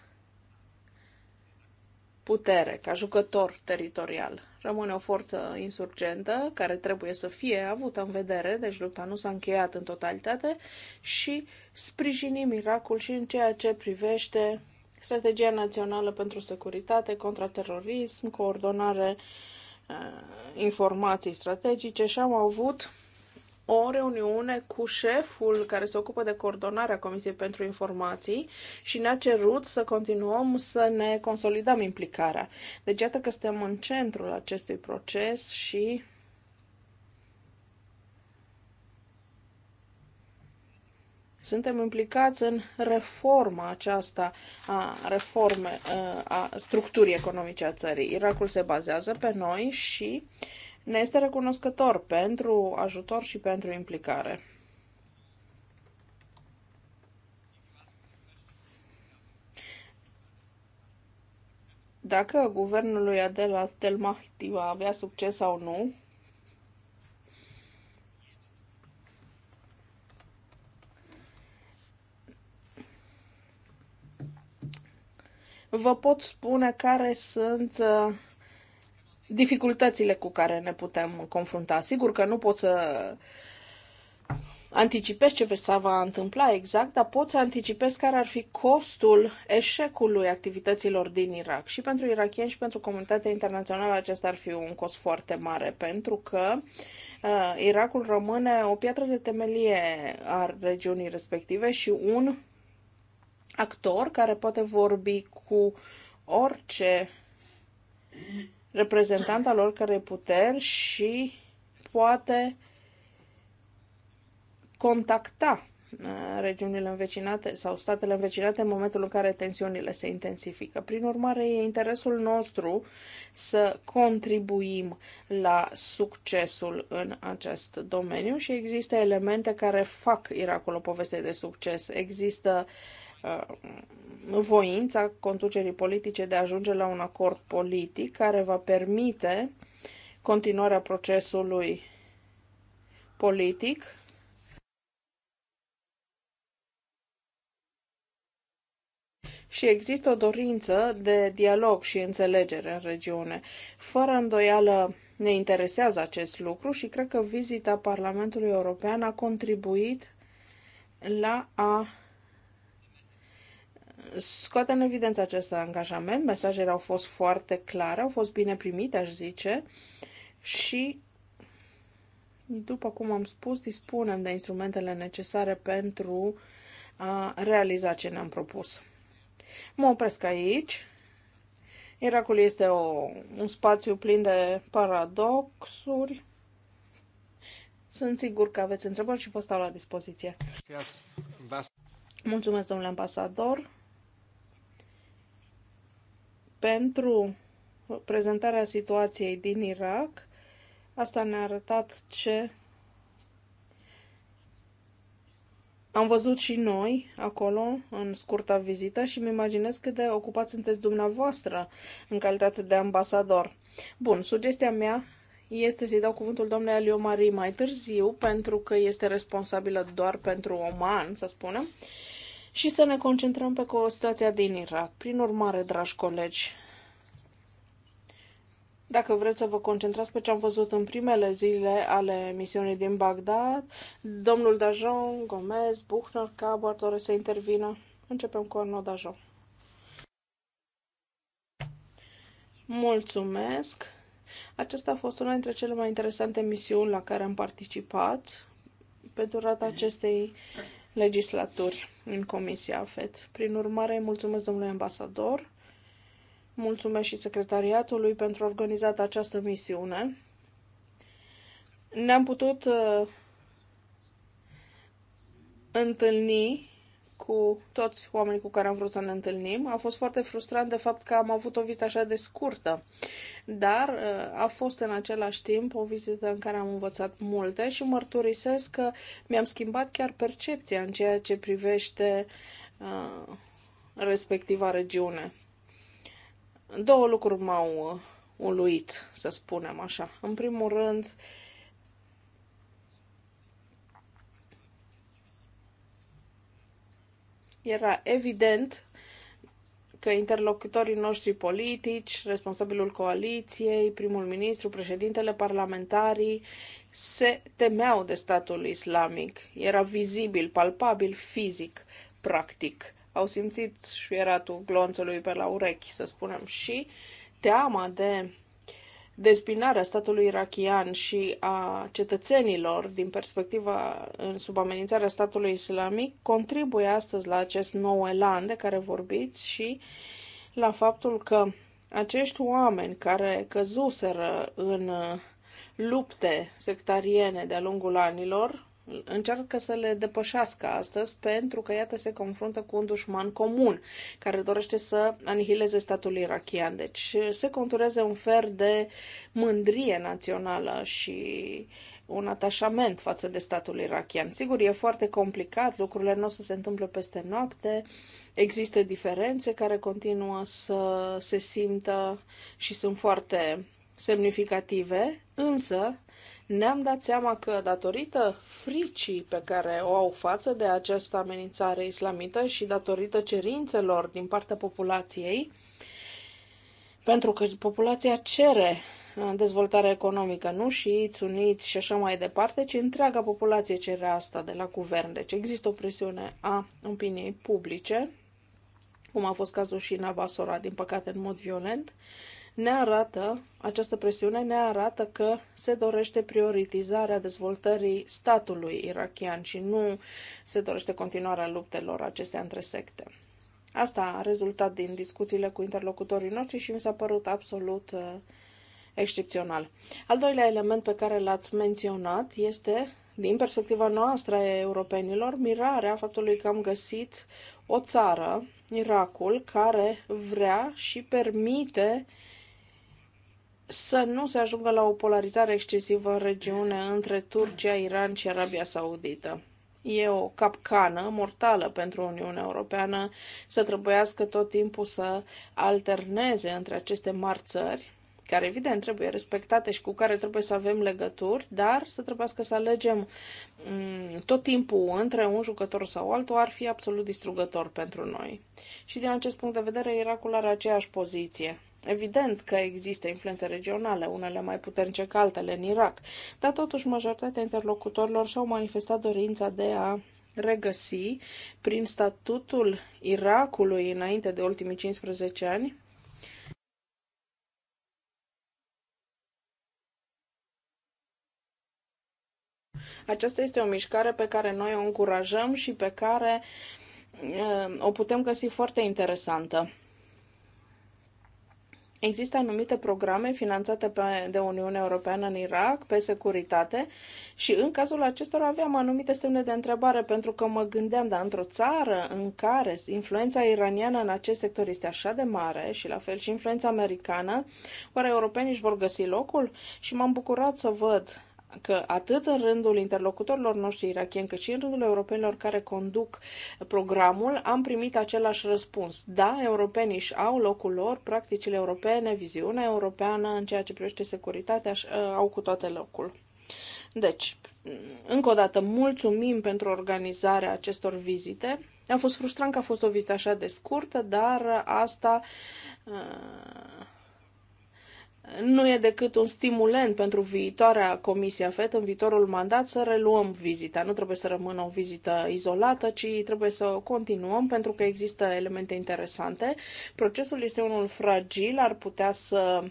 putere, ca jucător teritorial. Rămâne o forță insurgentă care trebuie să fie avută în vedere, deci lupta nu s-a încheiat în totalitate și sprijinim Irakul și în ceea ce privește Strategia Națională pentru Securitate, Contraterorism, Coordonare eh, Informații Strategice și am avut o reuniune cu șeful care se ocupă de coordonarea Comisiei pentru Informații și ne-a cerut să continuăm să ne consolidăm implicarea. Deci, iată că suntem în centrul acestui proces și Suntem implicați în reforma aceasta, a reforme, uh, a structurii economice a țării. Irakul se bazează pe noi și ne este recunoscător pentru ajutor și pentru implicare. Dacă guvernul lui Adela Telmahti va avea succes sau nu, vă pot spune care sunt uh, dificultățile cu care ne putem confrunta. Sigur că nu pot să anticipez ce se va întâmpla exact, dar pot să anticipez care ar fi costul eșecului activităților din Irak. Și pentru irakieni și pentru comunitatea internațională acesta ar fi un cost foarte mare, pentru că uh, Irakul rămâne o piatră de temelie a regiunii respective și un actor care poate vorbi cu orice reprezentant al oricărei puteri și poate contacta uh, regiunile învecinate sau statele învecinate în momentul în care tensiunile se intensifică. Prin urmare, e interesul nostru să contribuim la succesul în acest domeniu și există elemente care fac Irakul o poveste de succes. Există Uh, voința conducerii politice de a ajunge la un acord politic care va permite continuarea procesului politic și există o dorință de dialog și înțelegere în regiune. Fără îndoială ne interesează acest lucru și cred că vizita Parlamentului European a contribuit la a scoate în evidență acest angajament. Mesajele au fost foarte clare, au fost bine primite, aș zice, și, după cum am spus, dispunem de instrumentele necesare pentru a realiza ce ne-am propus. Mă opresc aici. Iracul este o, un spațiu plin de paradoxuri. Sunt sigur că aveți întrebări și vă stau la dispoziție. Mulțumesc, domnule ambasador pentru prezentarea situației din Irak. Asta ne-a arătat ce am văzut și noi acolo, în scurta vizită, și mi imaginez cât de ocupați sunteți dumneavoastră în calitate de ambasador. Bun, sugestia mea este să-i dau cuvântul doamnei Alio Marie mai târziu, pentru că este responsabilă doar pentru Oman, să spunem, și să ne concentrăm pe situația din Irak. Prin urmare, dragi colegi, dacă vreți să vă concentrați pe ce am văzut în primele zile ale misiunii din Bagdad, domnul Dajon, Gomez, Buchner, Cabo doresc să intervină. Începem cu Arnaud Dajon. Mulțumesc! Aceasta a fost una dintre cele mai interesante misiuni la care am participat. Pe durata acestei legislaturi în Comisia AFET. Prin urmare, mulțumesc domnului ambasador, mulțumesc și secretariatului pentru organizat această misiune. Ne-am putut uh, întâlni cu toți oamenii cu care am vrut să ne întâlnim. A fost foarte frustrant de fapt că am avut o vizită așa de scurtă, dar uh, a fost în același timp o vizită în care am învățat multe și mărturisesc că mi-am schimbat chiar percepția în ceea ce privește uh, respectiva regiune. Două lucruri m-au uh, uluit, să spunem așa. În primul rând, uh, Era evident că interlocutorii noștri politici, responsabilul coaliției, primul ministru, președintele parlamentarii, se temeau de statul islamic. Era vizibil, palpabil, fizic, practic. Au simțit șuieratul glonțului pe la urechi, să spunem, și teama de dezbinarea statului irachian și a cetățenilor din perspectiva sub amenințarea statului islamic contribuie astăzi la acest nou elan de care vorbiți și la faptul că acești oameni care căzuseră în lupte sectariene de-a lungul anilor încearcă să le depășească astăzi pentru că, iată, se confruntă cu un dușman comun care dorește să anihileze statul irachian. Deci se conturează un fel de mândrie națională și un atașament față de statul irachian. Sigur, e foarte complicat, lucrurile nu o să se întâmple peste noapte, există diferențe care continuă să se simtă și sunt foarte semnificative, însă ne-am dat seama că, datorită fricii pe care o au față de această amenințare islamită și datorită cerințelor din partea populației, pentru că populația cere uh, dezvoltare economică, nu și țuniți și așa mai departe, ci întreaga populație cere asta de la guvern. Deci există o presiune a opiniei publice, cum a fost cazul și în Abasora, din păcate în mod violent, ne arată, această presiune ne arată că se dorește prioritizarea dezvoltării statului irachian și nu se dorește continuarea luptelor acestea între secte. Asta a rezultat din discuțiile cu interlocutorii noștri și mi s-a părut absolut uh, excepțional. Al doilea element pe care l-ați menționat este, din perspectiva noastră a europenilor, mirarea faptului că am găsit o țară, Irakul, care vrea și permite uh, să nu se ajungă la o polarizare excesivă în regiune între Turcia, Iran și Arabia Saudită. E o capcană mortală pentru Uniunea Europeană să trebuiască tot timpul să alterneze între aceste mari țări, care evident trebuie respectate și cu care trebuie să avem legături, dar să trebuiască să alegem mm, tot timpul între un jucător sau altul ar fi absolut distrugător pentru noi. Și din acest punct de vedere, Irakul are aceeași poziție. Evident că există influențe regionale, unele mai puternice ca altele în Irak, dar totuși majoritatea interlocutorilor și-au manifestat dorința de a regăsi prin statutul Irakului înainte de ultimii 15 ani Aceasta este o mișcare pe care noi o încurajăm și pe care uh, o putem găsi foarte interesantă. Există anumite programe finanțate pe, de Uniunea Europeană în Irak, pe securitate, și în cazul acestora aveam anumite semne de întrebare, pentru că mă gândeam, dar într-o țară în care influența iraniană în acest sector este așa de mare și la fel și influența americană, oare europenii își vor găsi locul? Și m-am bucurat să văd că atât în rândul interlocutorilor noștri irakieni, cât și în rândul europenilor care conduc programul, am primit același răspuns. Da, europenii își au locul lor, practicile europene, viziunea europeană în ceea ce privește securitatea uh, au cu toate locul. Deci, încă o dată, mulțumim pentru organizarea acestor vizite. A fost frustrant că a fost o vizită așa de scurtă, dar asta uh, nu e decât un stimulent pentru viitoarea Comisia FET în viitorul mandat să reluăm vizita. Nu trebuie să rămână o vizită izolată, ci trebuie să o continuăm pentru că există elemente interesante. Procesul este unul fragil, ar putea să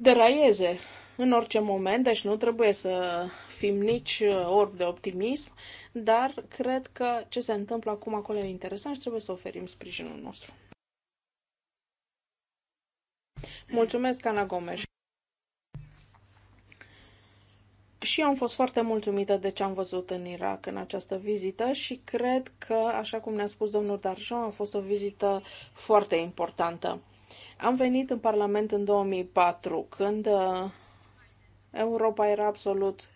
deraieze în orice moment, deci nu trebuie să fim nici uh, orb de optimism, dar cred că ce se întâmplă acum acolo e interesant și trebuie să oferim sprijinul nostru. Mulțumesc, Ana Gomes. Și eu am fost foarte mulțumită de ce am văzut în Irak în această vizită și cred că, așa cum ne-a spus domnul Darjon, a fost o vizită foarte importantă. Am venit în Parlament în 2004, când uh, Europa era absolut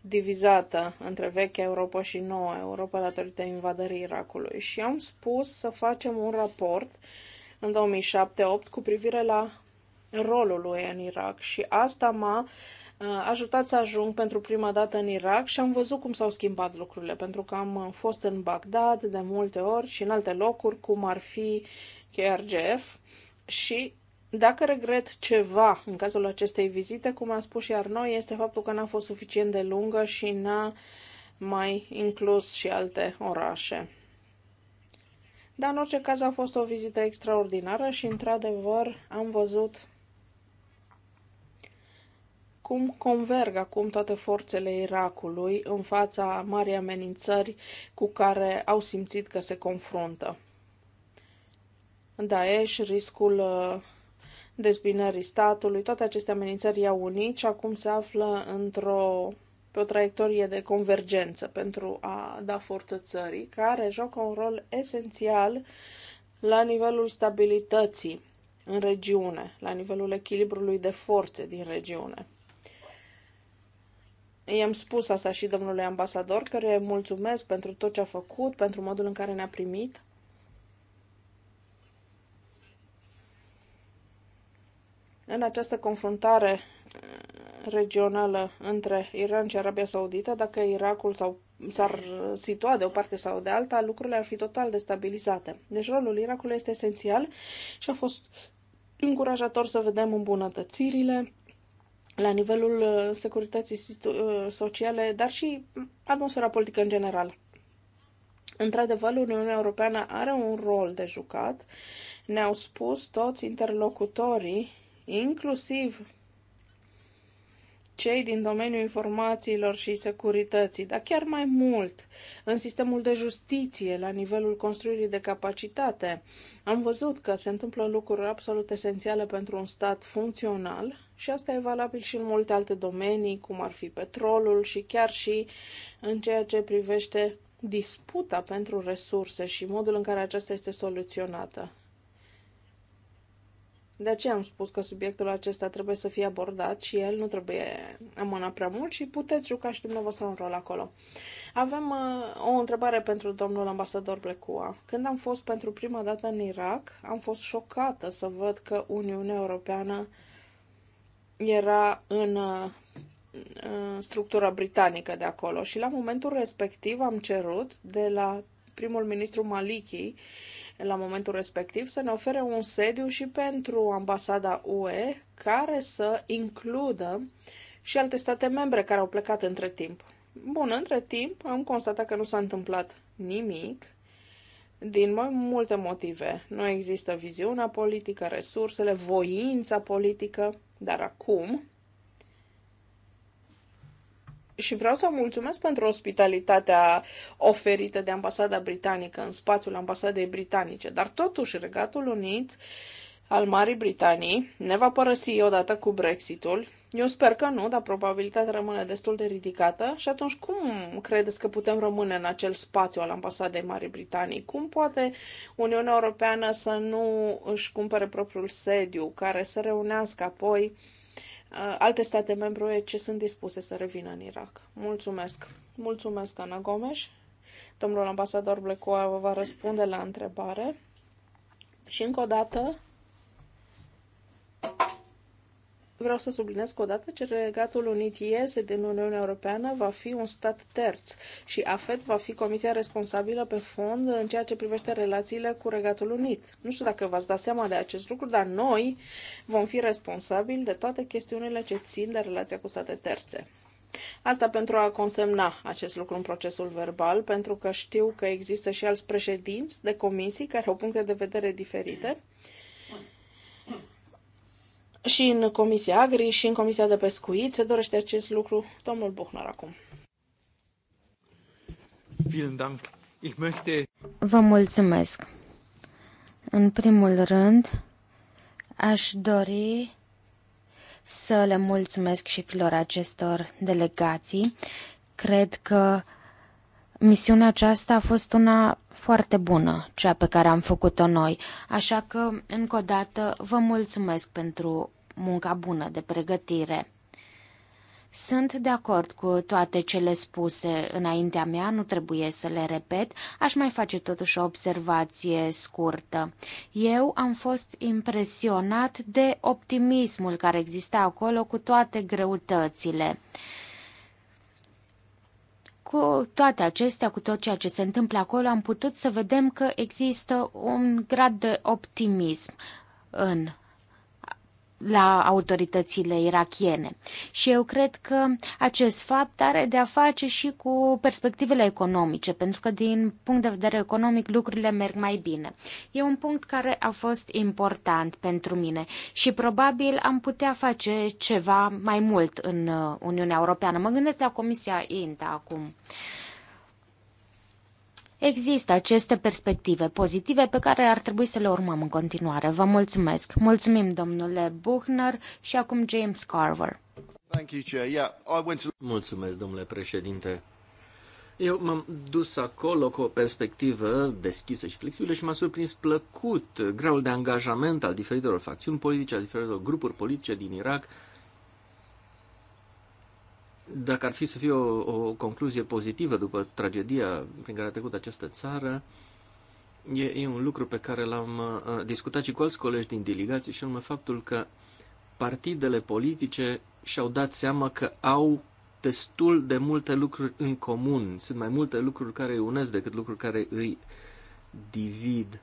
divizată între vechea Europa și noua Europa datorită invadării Irakului și am spus să facem un raport în 2007-2008 cu privire la rolul lui în Irak și asta m-a uh, ajutat să ajung pentru prima dată în Irak și am văzut cum s-au schimbat lucrurile, pentru că am uh, fost în Bagdad de multe ori și în alte locuri, cum ar fi KRGF și dacă regret ceva în cazul acestei vizite, cum am spus și noi, este faptul că n-a fost suficient de lungă și n-a mai inclus și alte orașe. Dar în orice caz a fost o vizită extraordinară și într-adevăr am văzut cum converg acum toate forțele Irakului în fața marii amenințări cu care au simțit că se confruntă. Daesh, riscul uh, dezbinării statului, toate aceste amenințări i-au unit și acum se află într-o pe o traiectorie de convergență pentru a da forță țării, care joacă un rol esențial la nivelul stabilității în regiune, la nivelul echilibrului de forțe din regiune. I-am spus asta și domnului ambasador, care mulțumesc pentru tot ce a făcut, pentru modul în care ne-a primit. În această confruntare eh, regională între Iran și Arabia Saudită, dacă Irakul sau s-ar situa de o parte sau de alta, lucrurile ar fi total destabilizate. Deci rolul Irakului este esențial și a fost încurajator să vedem îmbunătățirile la nivelul uh, securității uh, sociale, dar și atmosfera politică în general. Într-adevăr, Uniunea Europeană are un rol de jucat. Ne-au spus toți interlocutorii, inclusiv cei din domeniul informațiilor și securității, dar chiar mai mult, în sistemul de justiție, la nivelul construirii de capacitate. Am văzut că se întâmplă lucruri absolut esențiale pentru un stat funcțional și asta e valabil și în multe alte domenii, cum ar fi petrolul și chiar și în ceea ce privește disputa pentru resurse și modul în care aceasta este soluționată. De aceea am spus că subiectul acesta trebuie să fie abordat și el nu trebuie amânat prea mult și puteți juca și dumneavoastră un rol acolo. Avem uh, o întrebare pentru domnul ambasador Blecua. Când am fost pentru prima dată în Irak, am fost șocată să văd că Uniunea Europeană uh, era în structura britanică de acolo și la momentul respectiv am cerut de la primul ministru Maliki la momentul respectiv să ne ofere un sediu și pentru ambasada UE care să includă și alte state membre care au plecat între timp. Bun, între timp am constatat că nu s-a întâmplat nimic din mai multe motive. Nu există viziunea politică, resursele, voința politică dar acum... Și vreau să mulțumesc pentru ospitalitatea oferită de ambasada britanică în spațiul ambasadei britanice, dar totuși Regatul Unit al Marii Britanii ne va părăsi odată cu Brexitul eu sper că nu, dar probabilitatea rămâne destul de ridicată. Și atunci, cum credeți că putem rămâne în acel spațiu al ambasadei Marii Britanii? Cum poate Uniunea Europeană să nu își cumpere propriul sediu, care să reunească apoi uh, alte state membre ce sunt dispuse să revină în Irak? Mulțumesc! Mulțumesc, Ana Gomes! Domnul ambasador Blecoa vă va răspunde la întrebare. Și încă o dată, vreau să subliniez că odată ce Regatul Unit iese din Uniunea Europeană, va fi un stat terț și AFET va fi comisia responsabilă pe fond în ceea ce privește relațiile cu Regatul Unit. Nu știu dacă v-ați dat seama de acest lucru, dar noi vom fi responsabili de toate chestiunile ce țin de relația cu state terțe. Asta pentru a consemna acest lucru în procesul verbal, pentru că știu că există și alți președinți de comisii care au puncte de vedere diferite. Mm și în Comisia Agri și în Comisia de Pescuit se dorește acest lucru. Domnul Buchner acum. Vă mulțumesc. În primul rând, aș dori să le mulțumesc și filor acestor delegații. Cred că misiunea aceasta a fost una foarte bună, cea pe care am făcut-o noi, așa că, încă o dată, vă mulțumesc pentru munca bună de pregătire. Sunt de acord cu toate cele spuse înaintea mea, nu trebuie să le repet, aș mai face totuși o observație scurtă. Eu am fost impresionat de optimismul care exista acolo cu toate greutățile. Cu toate acestea, cu tot ceea ce se întâmplă acolo, am putut să vedem că există un grad de optimism în la autoritățile irachiene. Și eu cred că acest fapt are de a face și cu perspectivele economice, pentru că din punct de vedere economic lucrurile merg mai bine. E un punct care a fost important pentru mine și probabil am putea face ceva mai mult în uh, Uniunea Europeană. Mă gândesc la Comisia INTA acum. Uh, Există aceste perspective pozitive pe care ar trebui să le urmăm în continuare. Vă mulțumesc. Mulțumim, domnule Buchner și acum James Carver. Mulțumesc, domnule președinte. Eu m-am dus acolo cu o perspectivă deschisă și flexibilă și m-a surprins plăcut graul de angajament al diferitelor facțiuni politice, al diferitelor grupuri politice din Irak, dacă ar fi să fie o, o concluzie pozitivă după tragedia prin care a trecut această țară, e, e un lucru pe care l-am uh, discutat și cu alți colegi din delegații, și anume faptul că partidele politice și-au dat seama că au destul de multe lucruri în comun. Sunt mai multe lucruri care îi unesc decât lucruri care îi divid.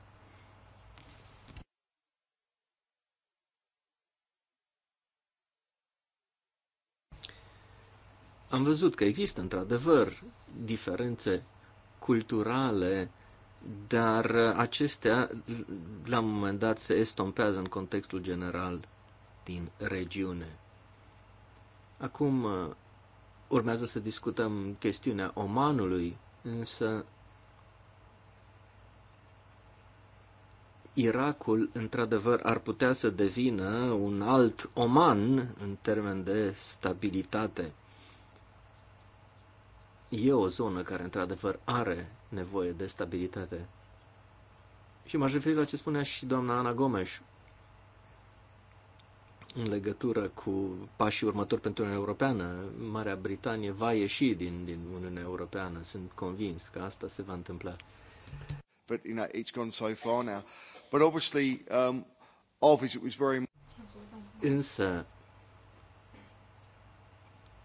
am văzut că există într-adevăr diferențe culturale, dar acestea la un moment dat se estompează în contextul general din regiune. Acum urmează să discutăm chestiunea Omanului, însă Irakul, într-adevăr, ar putea să devină un alt Oman în termen de stabilitate e o zonă care, într-adevăr, are nevoie de stabilitate. Și m-aș referi la ce spunea și doamna Ana Gomes în legătură cu pașii următori pentru Uniunea Europeană. Marea Britanie va ieși din, din Uniunea Europeană, sunt convins că asta se va întâmpla. But, you know, it's gone so far now. But obviously, um, obviously it was very... Însă,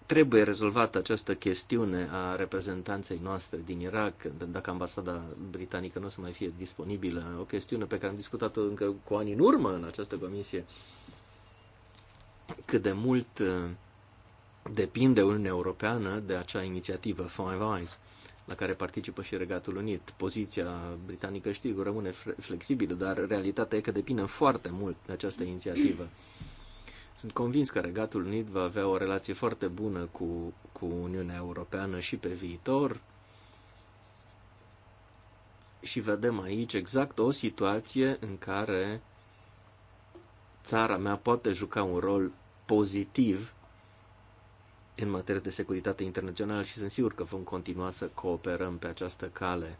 trebuie rezolvată această chestiune a reprezentanței noastre din Irak, dacă ambasada britanică nu o să mai fie disponibilă, o chestiune pe care am discutat-o încă cu ani în urmă în această comisie, cât de mult uh, depinde Uniunea Europeană de acea inițiativă Five Eyes, la care participă și Regatul Unit. Poziția britanică, știu, rămâne flexibilă, dar realitatea e că depinde foarte mult de această inițiativă. Sunt convins că Regatul Unit va avea o relație foarte bună cu, cu Uniunea Europeană și pe viitor. Și vedem aici exact o situație în care țara mea poate juca un rol pozitiv în materie de securitate internațională și sunt sigur că vom continua să cooperăm pe această cale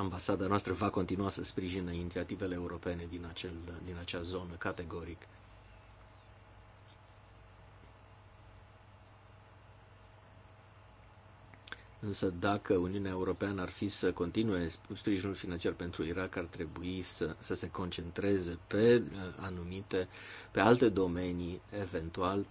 ambasada noastră va continua să sprijine inițiativele europene din, acel, din acea zonă, categoric. Însă dacă Uniunea Europeană ar fi să continue sprijinul financiar pentru Irak, ar trebui să, să se concentreze pe uh, anumite, pe alte domenii, eventual,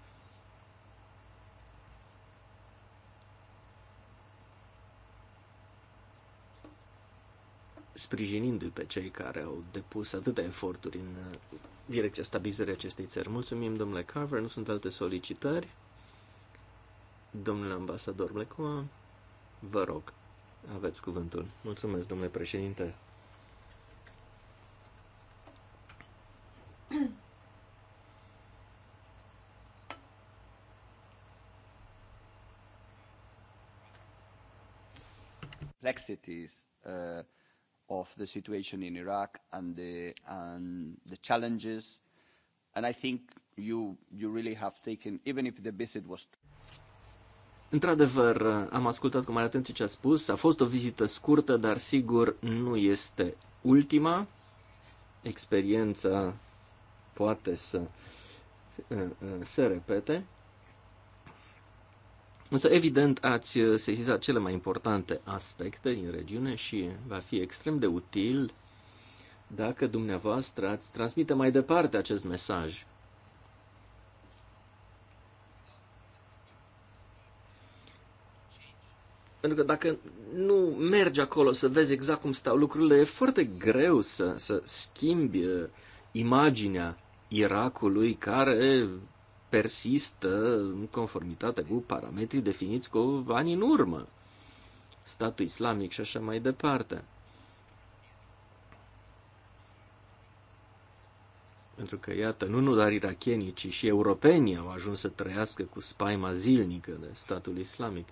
sprijinindu-i pe cei care au depus atâtea eforturi în uh, direcția stabilizării acestei țări. Mulțumim, domnule Carver, nu sunt alte solicitări. Domnule ambasador Blecoa, vă rog, aveți cuvântul. Mulțumesc, domnule președinte. Complexities uh, of the situation in Iraq and the, and the challenges. And I think you, you really have taken, even if the visit was... Într-adevăr, am ascultat cu mare atenție ce a spus. A fost o vizită scurtă, dar sigur nu este ultima. Experiența poate să uh, uh, se repete. Însă, evident, ați sesizat cele mai importante aspecte din regiune și va fi extrem de util dacă dumneavoastră ați transmite mai departe acest mesaj. Pentru că dacă nu mergi acolo să vezi exact cum stau lucrurile, e foarte greu să, să schimbi uh, imaginea Irakului care persistă în conformitate cu parametrii definiți cu ani în urmă, statul islamic și așa mai departe. Pentru că, iată, nu nu doar irachienii, ci și europenii au ajuns să trăiască cu spaima zilnică de statul islamic.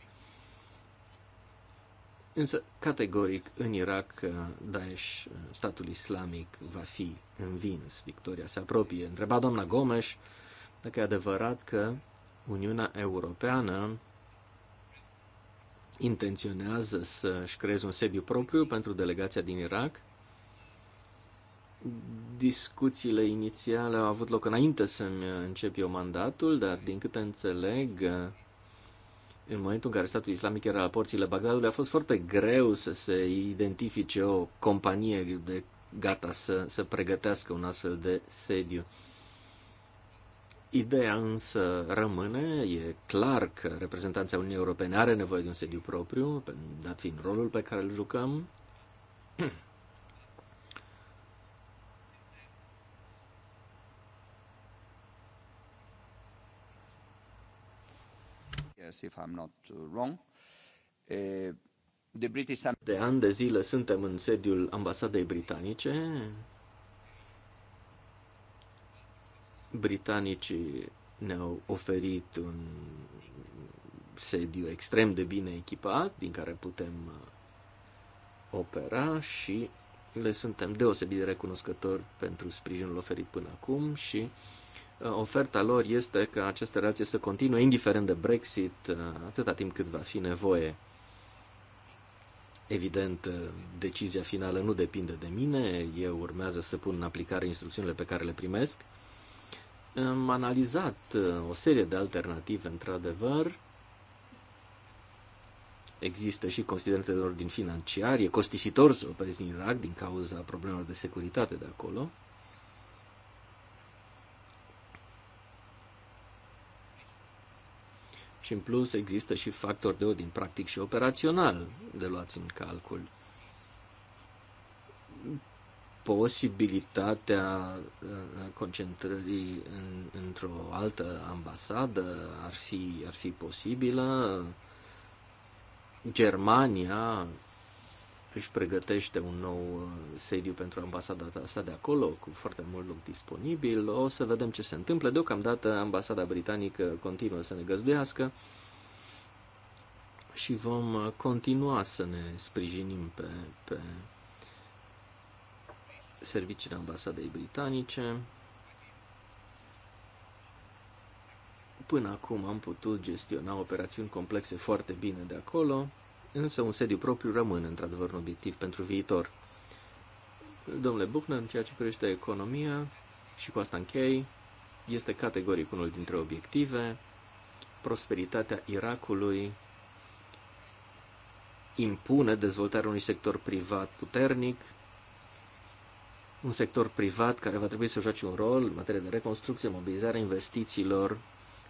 Însă, categoric, în Irak, uh, Daesh, uh, statul islamic, va fi învins. Victoria se apropie. Întreba doamna Gomes dacă e adevărat că Uniunea Europeană intenționează să-și creeze un sediu propriu pentru delegația din Irak, discuțiile inițiale au avut loc înainte să-mi încep eu mandatul, dar din câte înțeleg, în momentul în care statul islamic era la porțile Bagdadului, a fost foarte greu să se identifice o companie de gata să, să pregătească un astfel de sediu. Ideea însă rămâne, e clar că reprezentanța Uniunii Europene are nevoie de un sediu propriu, dat fiind rolul pe care îl jucăm. Eh, de ani de zile suntem în sediul ambasadei britanice, Britanicii ne-au oferit un sediu extrem de bine echipat, din care putem uh, opera și le suntem deosebit de recunoscători pentru sprijinul oferit până acum și uh, oferta lor este ca această relație să continue, indiferent de Brexit, uh, atâta timp cât va fi nevoie. Evident, decizia finală nu depinde de mine, eu urmează să pun în aplicare instrucțiunile pe care le primesc am analizat uh, o serie de alternative, într-adevăr. Există și considerente de ordin financiar. E costisitor să operezi în Irak din cauza problemelor de securitate de acolo. Și în plus există și factori de ordin practic și operațional de luați în calcul posibilitatea uh, concentrării în, într-o altă ambasadă ar fi, ar fi posibilă. Germania își pregătește un nou uh, sediu pentru ambasada asta de acolo, cu foarte mult loc disponibil. O să vedem ce se întâmplă. Deocamdată ambasada britanică continuă să ne găzduiască și vom uh, continua să ne sprijinim pe, pe serviciile ambasadei britanice. Până acum am putut gestiona operațiuni complexe foarte bine de acolo, însă un sediu propriu rămâne într-adevăr un obiectiv pentru viitor. Domnule Buchner, în ceea ce privește economia, și cu asta închei, este categoric unul dintre obiective, prosperitatea Irakului impune dezvoltarea unui sector privat puternic, un sector privat care va trebui să joace un rol în materie de reconstrucție, mobilizarea investițiilor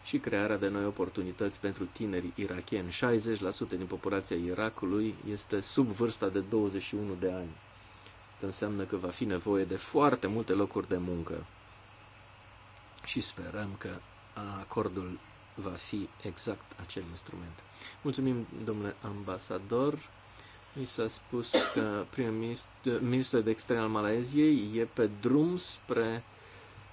și crearea de noi oportunități pentru tinerii irakieni. 60% din populația Irakului este sub vârsta de 21 de ani. Asta înseamnă că va fi nevoie de foarte multe locuri de muncă și sperăm că acordul va fi exact acel instrument. Mulțumim, domnule ambasador. Mi s-a spus că prim-ministrul de externe al Malaeziei e pe drum spre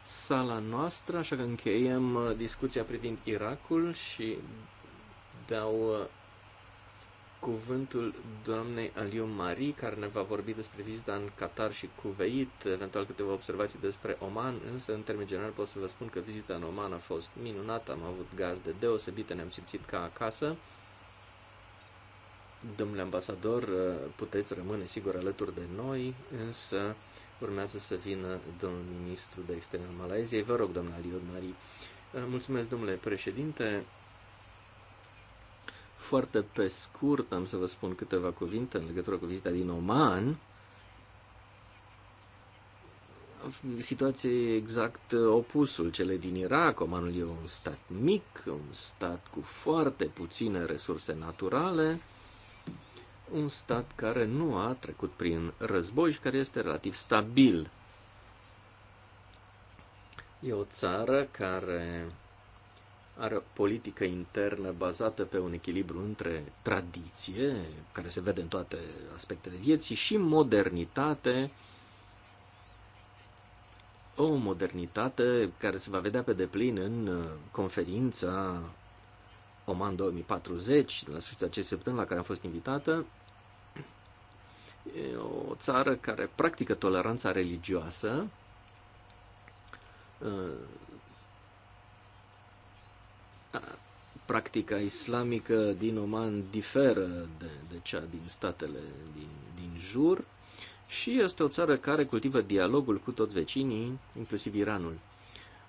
sala noastră, așa că încheiem uh, discuția privind Irakul și dau uh, cuvântul doamnei Aliu Marie, care ne va vorbi despre vizita în Qatar și Kuwait, eventual câteva observații despre Oman, însă în termen general pot să vă spun că vizita în Oman a fost minunată, am avut de deosebite, ne-am simțit ca acasă. Domnule ambasador, puteți rămâne sigur alături de noi, însă urmează să vină domnul ministru de externe al Malaeziei. Vă rog, domnule Aliot Mari. Mulțumesc, domnule președinte. Foarte pe scurt am să vă spun câteva cuvinte în legătură cu vizita din Oman. Situație exact opusul cele din Irak. Omanul e un stat mic, un stat cu foarte puține resurse naturale un stat care nu a trecut prin război și care este relativ stabil. E o țară care are o politică internă bazată pe un echilibru între tradiție, care se vede în toate aspectele vieții, și modernitate, o modernitate care se va vedea pe deplin în uh, conferința Oman 2040, la sfârșitul acestei săptămâni la care am fost invitată, E o țară care practică toleranța religioasă. Practica islamică din Oman diferă de, de cea din statele din, din jur și este o țară care cultivă dialogul cu toți vecinii, inclusiv Iranul.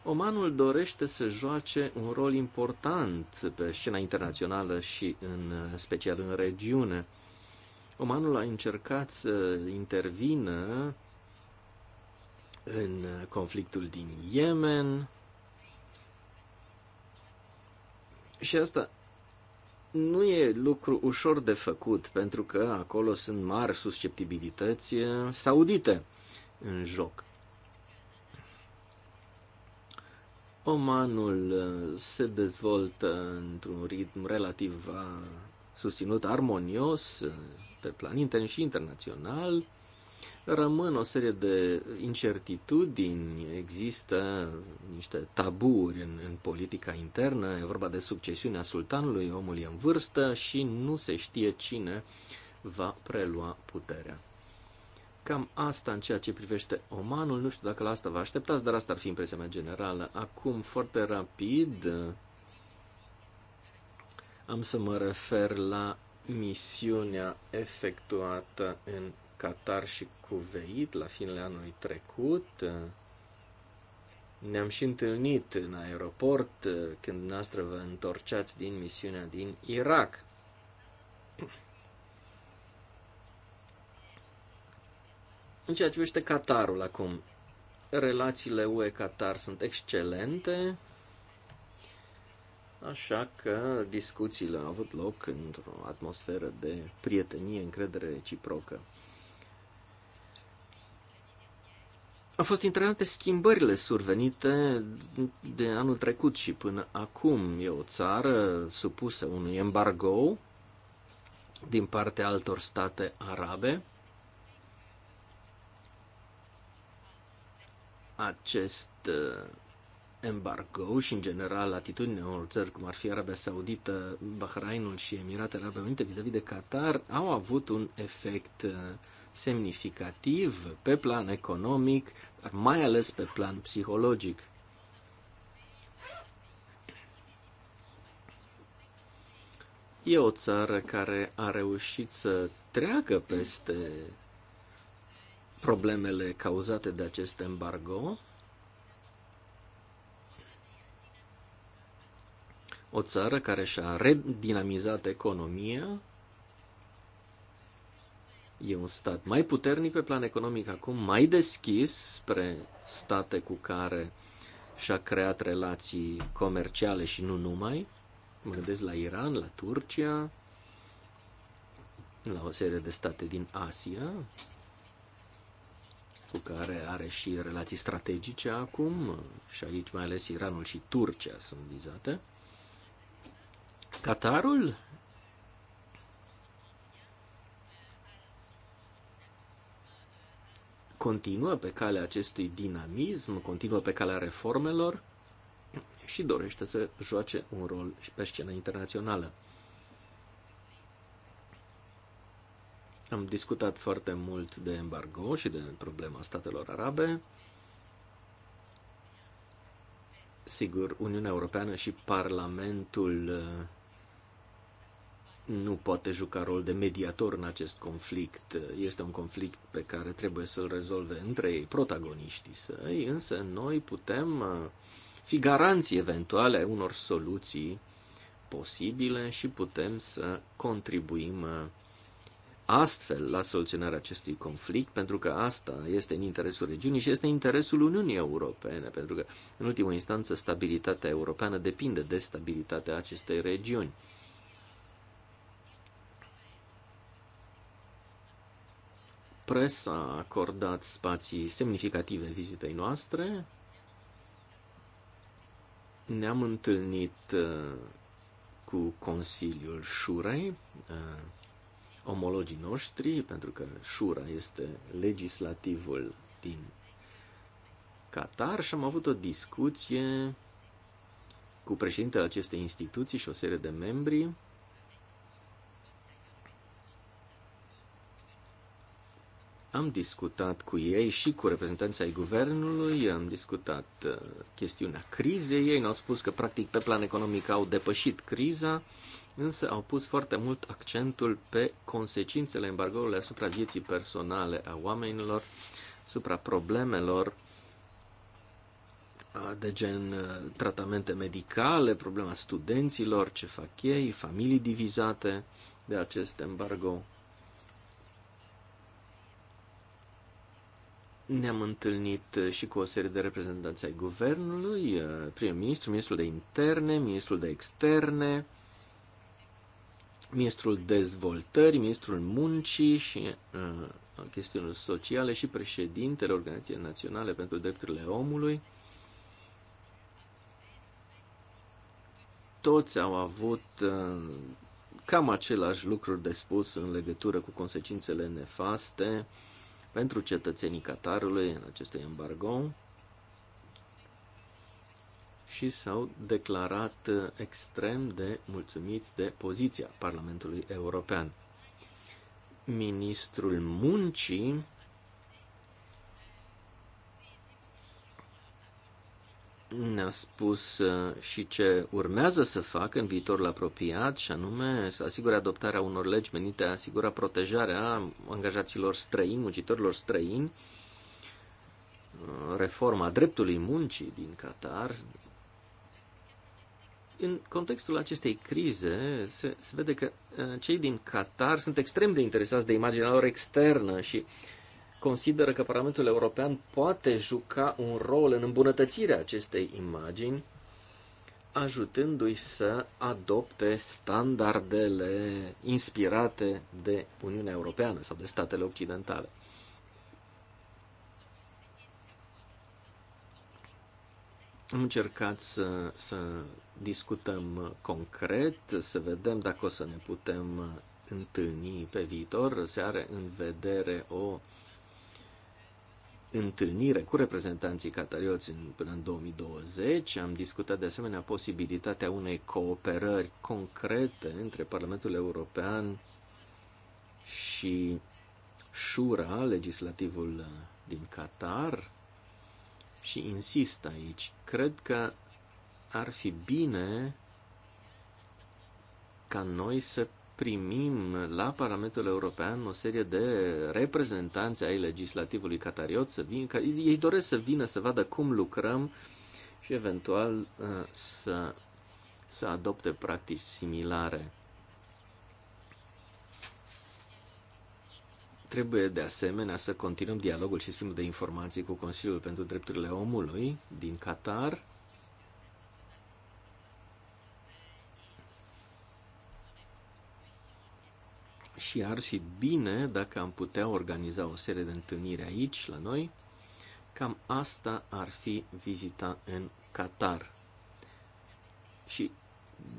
Omanul dorește să joace un rol important pe scena internațională și în special în regiune. Omanul a încercat să intervină în conflictul din Yemen și asta nu e lucru ușor de făcut, pentru că acolo sunt mari susceptibilități eh, saudite în joc. Omanul eh, se dezvoltă într-un ritm relativ susținut, armonios, eh, pe plan intern și internațional. Rămân o serie de incertitudini, există niște taburi în, în politica internă, e vorba de succesiunea sultanului, omul e în vârstă și nu se știe cine va prelua puterea. Cam asta în ceea ce privește Omanul, nu știu dacă la asta vă așteptați, dar asta ar fi impresia mea generală. Acum, foarte rapid, am să mă refer la misiunea efectuată în Qatar și Cuveit la finele anului trecut. Ne-am și întâlnit în aeroport uh, când noastră vă întorceați din misiunea din Irak. În ceea ce privește Qatarul acum, relațiile UE-Qatar sunt excelente, Așa că discuțiile au avut loc într-o atmosferă de prietenie, încredere reciprocă. Au fost interesante schimbările survenite de anul trecut și până acum. E o țară supusă unui embargo din partea altor state arabe. Acest uh, embargo și, în general, atitudinea unor țări, cum ar fi Arabia Saudită, Bahrainul și Emiratele Arabe Unite vis-a-vis de Qatar, au avut un efect uh, semnificativ pe plan economic, dar mai ales pe plan psihologic. E o țară care a reușit să treacă peste problemele cauzate de acest embargo, o țară care și-a redinamizat economia, e un stat mai puternic pe plan economic acum, mai deschis spre state cu care și-a creat relații comerciale și nu numai. Mă gândesc la Iran, la Turcia, la o serie de state din Asia, cu care are și relații strategice acum, și aici mai ales Iranul și Turcia sunt vizate. Qatarul continuă pe calea acestui dinamism, continuă pe calea reformelor și dorește să joace un rol și pe scena internațională. Am discutat foarte mult de embargo și de problema statelor arabe. Sigur, Uniunea Europeană și Parlamentul nu poate juca rol de mediator în acest conflict. Este un conflict pe care trebuie să-l rezolve între ei, protagoniștii săi, însă noi putem uh, fi garanții eventuale unor soluții posibile și putem să contribuim uh, astfel la soluționarea acestui conflict, pentru că asta este în interesul regiunii și este în interesul Uniunii Europene, pentru că, în ultimă instanță, stabilitatea europeană depinde de stabilitatea acestei regiuni. presa a acordat spații semnificative vizitei noastre. Ne-am întâlnit uh, cu Consiliul Șurei, uh, omologii noștri, pentru că Șura este legislativul din Qatar și am avut o discuție cu președintele acestei instituții și o serie de membri Am discutat cu ei și cu reprezentanții ai guvernului, am discutat uh, chestiunea crizei. Ei ne-au spus că, practic, pe plan economic au depășit criza, însă au pus foarte mult accentul pe consecințele embargoului asupra vieții personale a oamenilor, asupra problemelor uh, de gen uh, tratamente medicale, problema studenților, ce fac ei, familii divizate de acest embargo. Ne-am întâlnit uh, și cu o serie de reprezentanți ai guvernului, uh, prim-ministru, ministrul de interne, ministrul de externe, ministrul dezvoltării, ministrul muncii și uh, chestiunilor sociale și președintele Organizației Naționale pentru Drepturile Omului. Toți au avut uh, cam același lucruri de spus în legătură cu consecințele nefaste uh, pentru cetățenii Qatarului în acestui embargo și s-au declarat uh, extrem de mulțumiți de poziția Parlamentului European. Ministrul Muncii ne-a spus uh, și ce urmează să facă în viitorul apropiat, și anume să asigure adoptarea unor legi menite a asigura protejarea angajaților străini, muncitorilor străini, uh, reforma dreptului muncii din Qatar. În contextul acestei crize se, se vede că uh, cei din Qatar sunt extrem de interesați de imaginea lor externă și uh, consideră că Parlamentul European poate juca un rol în îmbunătățirea acestei imagini, ajutându-i să adopte standardele inspirate de Uniunea Europeană sau de statele occidentale. Am încercat să, să discutăm concret, să vedem dacă o să ne putem întâlni pe viitor. Se are în vedere o întâlnire cu reprezentanții catarioți în, până în 2020. Am discutat de asemenea posibilitatea unei cooperări concrete între Parlamentul European și Shura, legislativul din Qatar. Și insist aici, cred că ar fi bine ca noi să primim la Parlamentul European o serie de reprezentanți ai legislativului catariot să vin, că ei doresc să vină să vadă cum lucrăm și eventual uh, să, să adopte practici similare. Trebuie de asemenea să continuăm dialogul și schimbul de informații cu Consiliul pentru Drepturile Omului din Qatar și ar fi bine dacă am putea organiza o serie de întâlniri aici, la noi. Cam asta ar fi vizita în Qatar. Și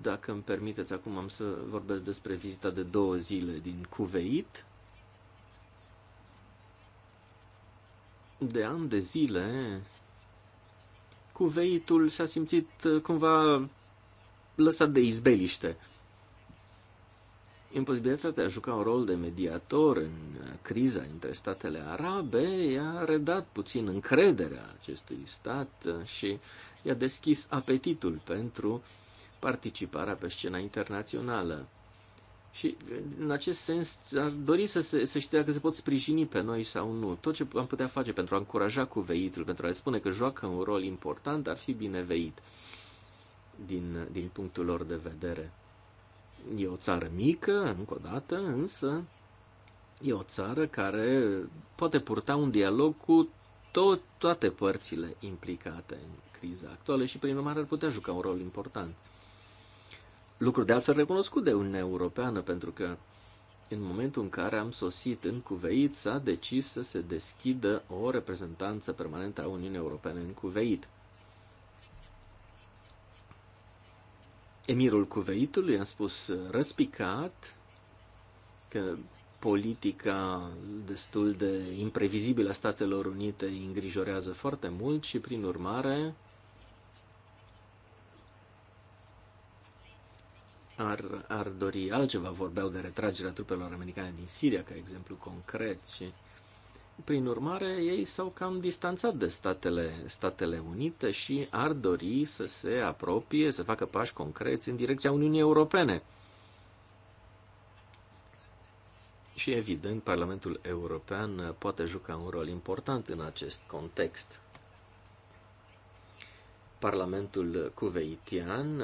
dacă îmi permiteți, acum am să vorbesc despre vizita de două zile din Cuveit. De ani de zile, Cuveitul s-a simțit cumva lăsat de izbeliște imposibilitatea a juca un rol de mediator în uh, criza dintre statele arabe i-a redat puțin încrederea acestui stat uh, și i-a deschis apetitul pentru participarea pe scena internațională. Și uh, în acest sens ar dori să, se, să știe dacă se pot sprijini pe noi sau nu. Tot ce am putea face pentru a încuraja cu veitul, pentru a spune că joacă un rol important, ar fi bineveit din, din punctul lor de vedere. E o țară mică, încă o dată, însă e o țară care poate purta un dialog cu tot, toate părțile implicate în criza actuală și, prin urmare, ar putea juca un rol important. Lucru de altfel recunoscut de Uniunea Europeană, pentru că în momentul în care am sosit în Cuveit, s-a decis să se deschidă o reprezentanță permanentă a Uniunii Europene în Cuveit. Emirul Cuveitului a spus uh, răspicat că politica destul de imprevizibilă a Statelor Unite îi îngrijorează foarte mult și, prin urmare, ar, ar dori altceva. Vorbeau de retragerea trupelor americane din Siria, ca exemplu concret, și prin urmare, ei s-au cam distanțat de Statele, Statele Unite și ar dori să se apropie, să facă pași concreți în direcția Uniunii Europene. Și evident, Parlamentul European poate juca un rol important în acest context. Parlamentul cuveitian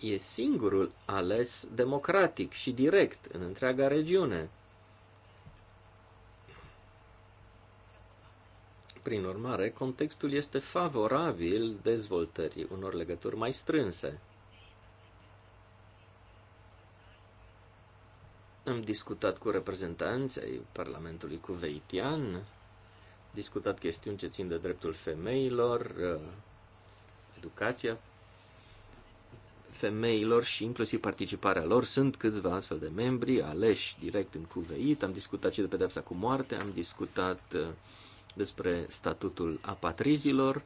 e singurul ales democratic și direct în întreaga regiune. Prin urmare, contextul este favorabil dezvoltării unor legături mai strânse. Am discutat cu reprezentanții ai Parlamentului Cuveitian, discutat chestiuni ce țin de dreptul femeilor, uh, educația femeilor și inclusiv participarea lor. Sunt câțiva astfel de membri aleși direct în cuveit. Am discutat și de pedepsa cu moarte, am discutat uh, despre statutul apatrizilor,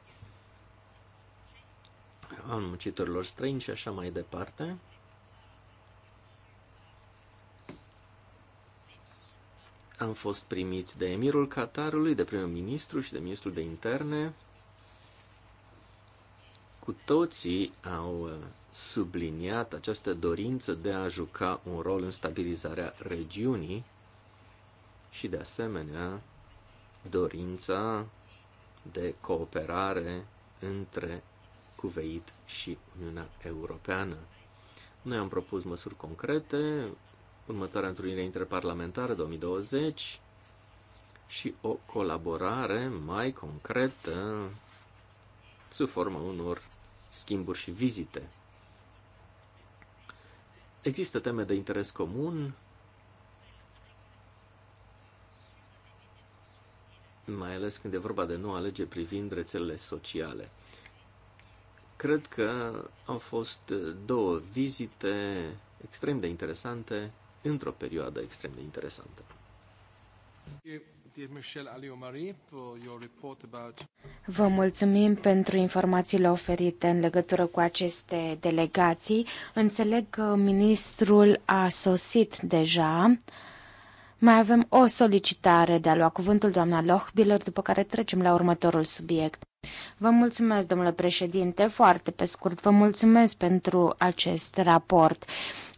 al muncitorilor străini și așa mai departe. Am fost primiți de emirul Qatarului, de primul ministru și de ministrul de interne. Cu toții au uh, subliniat această dorință de a juca un rol în stabilizarea regiunii și, de asemenea, dorința de cooperare între Cuveit și Uniunea Europeană. Noi am propus măsuri concrete, următoarea întrunire interparlamentară 2020 și o colaborare mai concretă sub formă unor schimburi și vizite. Există teme de interes comun, mai ales când e vorba de noua lege privind rețelele sociale. Cred că au fost uh, două vizite extrem de interesante într-o perioadă extrem de interesantă. Vă mulțumim pentru informațiile oferite în legătură cu aceste delegații. Înțeleg că ministrul a sosit deja. Mai avem o solicitare de a lua cuvântul doamna Lochbiller, după care trecem la următorul subiect. Vă mulțumesc, domnule președinte, foarte pe scurt, vă mulțumesc pentru acest raport.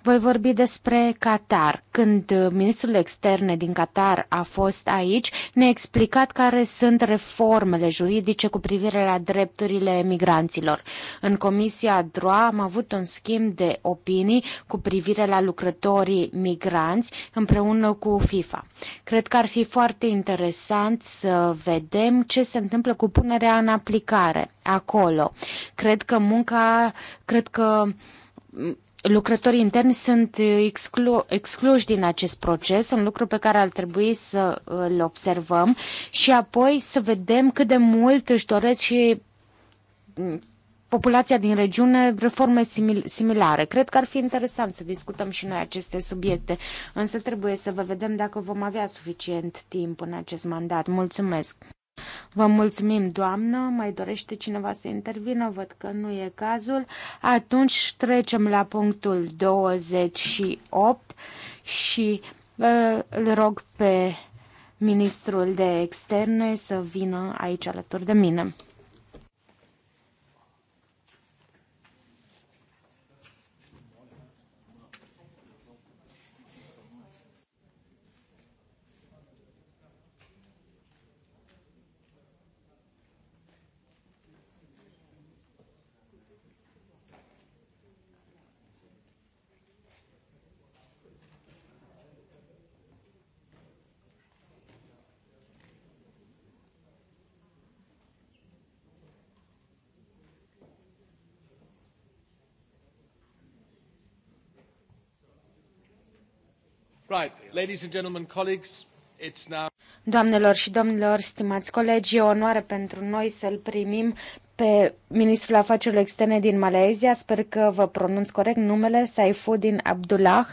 Voi vorbi despre Qatar. Când uh, ministrul externe din Qatar a fost aici, ne-a explicat care sunt reformele juridice cu privire la drepturile migranților. În Comisia DROA am avut un schimb de opinii cu privire la lucrătorii migranți împreună cu FIFA. Cred că ar fi foarte interesant să vedem ce se întâmplă cu punerea în aplicare acolo. Cred că munca, cred că lucrătorii interni sunt uh, exclu- excluși din acest proces, un lucru pe care ar trebui să îl observăm și apoi să vedem cât de mult își doresc și mm, populația din regiune reforme simil- similare. Cred că ar fi interesant să discutăm și noi aceste subiecte, însă trebuie să vă vedem dacă vom avea suficient timp în acest mandat. Mulțumesc! Vă mulțumim, doamnă. Mai dorește cineva să intervină? Văd că nu e cazul. Atunci trecem la punctul 28 și uh, îl rog pe ministrul de externe să vină aici alături de mine. Right, ladies and gentlemen, colleagues, it's now... Doamnelor și domnilor, stimați colegi, e onoare pentru noi să-l primim pe ministrul afacerilor externe din Malezia, sper că vă pronunț corect numele, Saifuddin Abdullah.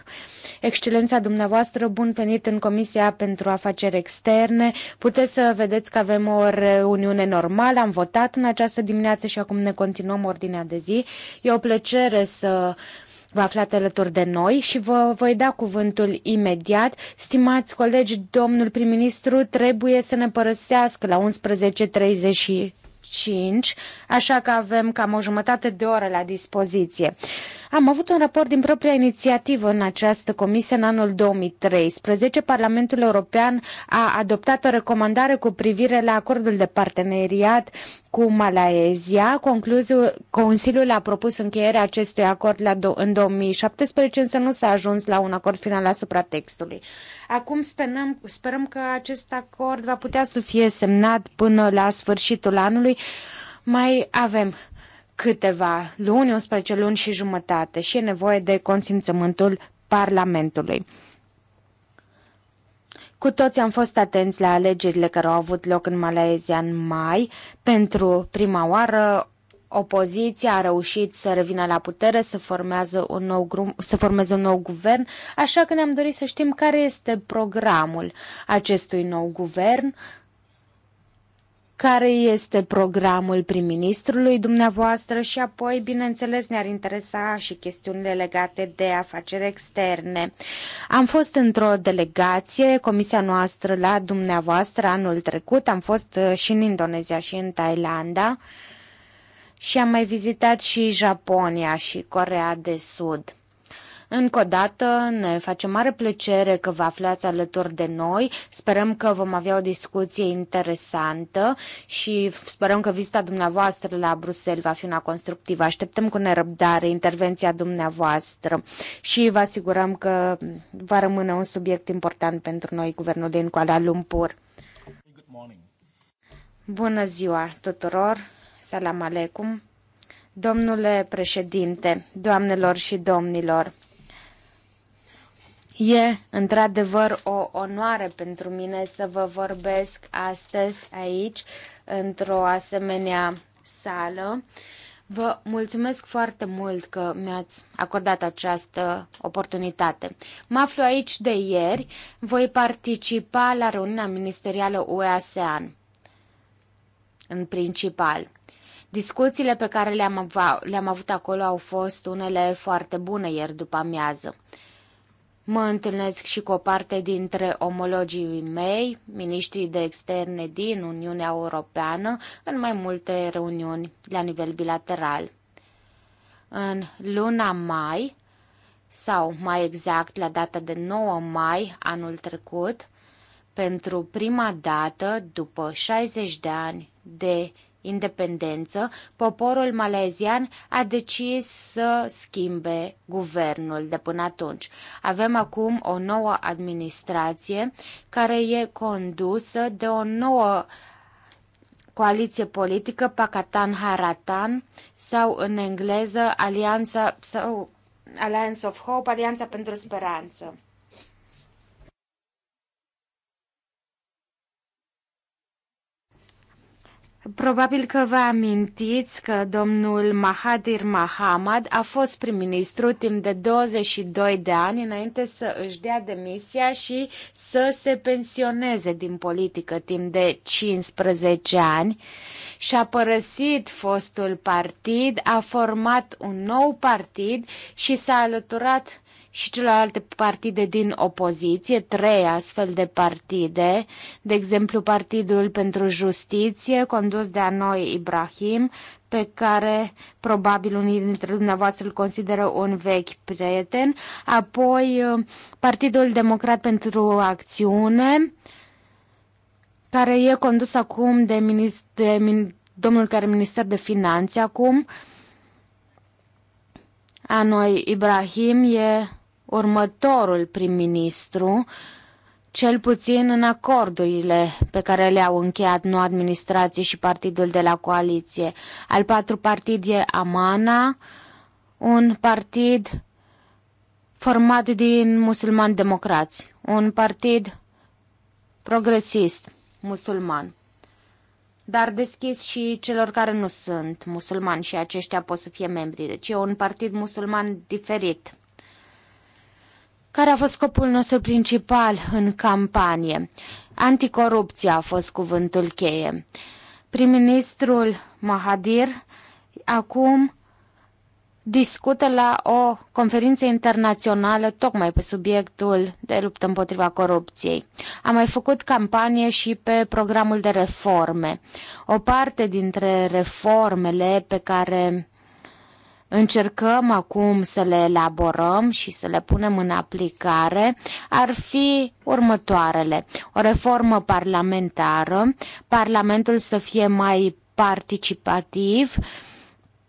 Excelența dumneavoastră, bun venit în Comisia pentru Afaceri Externe. Puteți să vedeți că avem o reuniune normală, am votat în această dimineață și acum ne continuăm ordinea de zi. E o plăcere să uh, vă aflați alături de noi și vă voi da cuvântul imediat. Stimați colegi, domnul prim-ministru trebuie să ne părăsească la 11.35, așa că avem cam o jumătate de oră la dispoziție. Am avut un raport din propria inițiativă în această comisie în anul 2013. Parlamentul European a adoptat o recomandare cu privire la acordul de parteneriat cu Malaezia. Concluziu, Consiliul a propus încheierea acestui acord la do- în 2017, însă nu s-a ajuns la un acord final asupra textului. Acum sperăm, sperăm că acest acord va putea să fie semnat până la sfârșitul anului. Mai avem câteva luni, 11 luni și jumătate și e nevoie de consimțământul Parlamentului. Cu toți am fost atenți la alegerile care au avut loc în Malezia în mai. Pentru prima oară, opoziția a reușit să revină la putere, să, formează un nou grum, să formeze un nou guvern, așa că ne-am dorit să știm care este programul acestui nou guvern, uh, care este programul prim-ministrului dumneavoastră și apoi, bineînțeles, ne-ar interesa și chestiunile legate de afaceri externe. Am fost într-o delegație, comisia noastră la dumneavoastră anul trecut, am fost uh, și în Indonezia și în Thailanda și am mai vizitat și Japonia și Corea de Sud. Încă o dată ne face mare plăcere că vă aflați alături de noi. Sperăm că vom avea o discuție interesantă și sperăm că vizita dumneavoastră la Bruxelles va fi una constructivă. Așteptăm cu nerăbdare intervenția dumneavoastră și vă asigurăm că va rămâne un subiect important pentru noi, guvernul din Kuala Lumpur. Bună ziua tuturor! Salam aleikum! Domnule președinte, doamnelor și domnilor, E într-adevăr o onoare pentru mine să vă vorbesc astăzi aici, într-o asemenea sală. Vă mulțumesc foarte mult că mi-ați acordat această oportunitate. Mă aflu aici de ieri, voi participa la reuniunea ministerială UE-ASEAN, în principal. Discuțiile pe care le-am, le-am avut acolo au fost unele foarte bune ieri după amiază. Mă întâlnesc și cu o parte dintre omologii mei, miniștrii de externe din Uniunea Europeană, în mai multe reuniuni la nivel bilateral. În luna mai, sau mai exact la data de 9 mai anul trecut, pentru prima dată după 60 de ani de independență, poporul malezian a decis să schimbe guvernul de până atunci. Avem acum o nouă administrație care e condusă de o nouă coaliție politică, Pakatan Haratan, sau în engleză Alianța sau Alliance of Hope, Alianța pentru Speranță. Probabil că vă amintiți că domnul Mahathir Mahamad a fost prim-ministru timp de 22 de ani înainte să își dea demisia și să se pensioneze din politică timp de 15 ani și-a părăsit fostul partid, a format un nou partid și s-a alăturat și celelalte partide din opoziție, trei astfel de partide, de exemplu Partidul pentru Justiție, condus de Anoi Ibrahim, pe care probabil unii dintre dumneavoastră îl consideră un vechi prieten, apoi uh, Partidul Democrat pentru Acțiune, care e condus acum de, minist- de min- domnul care minister de finanțe acum, Anoi Ibrahim e următorul prim-ministru, cel puțin în acordurile pe care le-au încheiat noua administrație și partidul de la coaliție. Al patru partid e Amana, un partid format din musulmani democrați, un partid progresist musulman, dar deschis și celor care nu sunt musulmani și aceștia pot să fie membri. Deci e un partid musulman diferit. Care a fost scopul nostru principal în campanie? Anticorupția a fost cuvântul cheie. Prim-ministrul Mahadir acum discută la o conferință internațională tocmai pe subiectul de luptă împotriva corupției. A mai făcut campanie și pe programul de reforme. O parte dintre reformele pe care încercăm acum să le elaborăm și să le punem în aplicare ar fi următoarele. O reformă parlamentară, Parlamentul să fie mai participativ,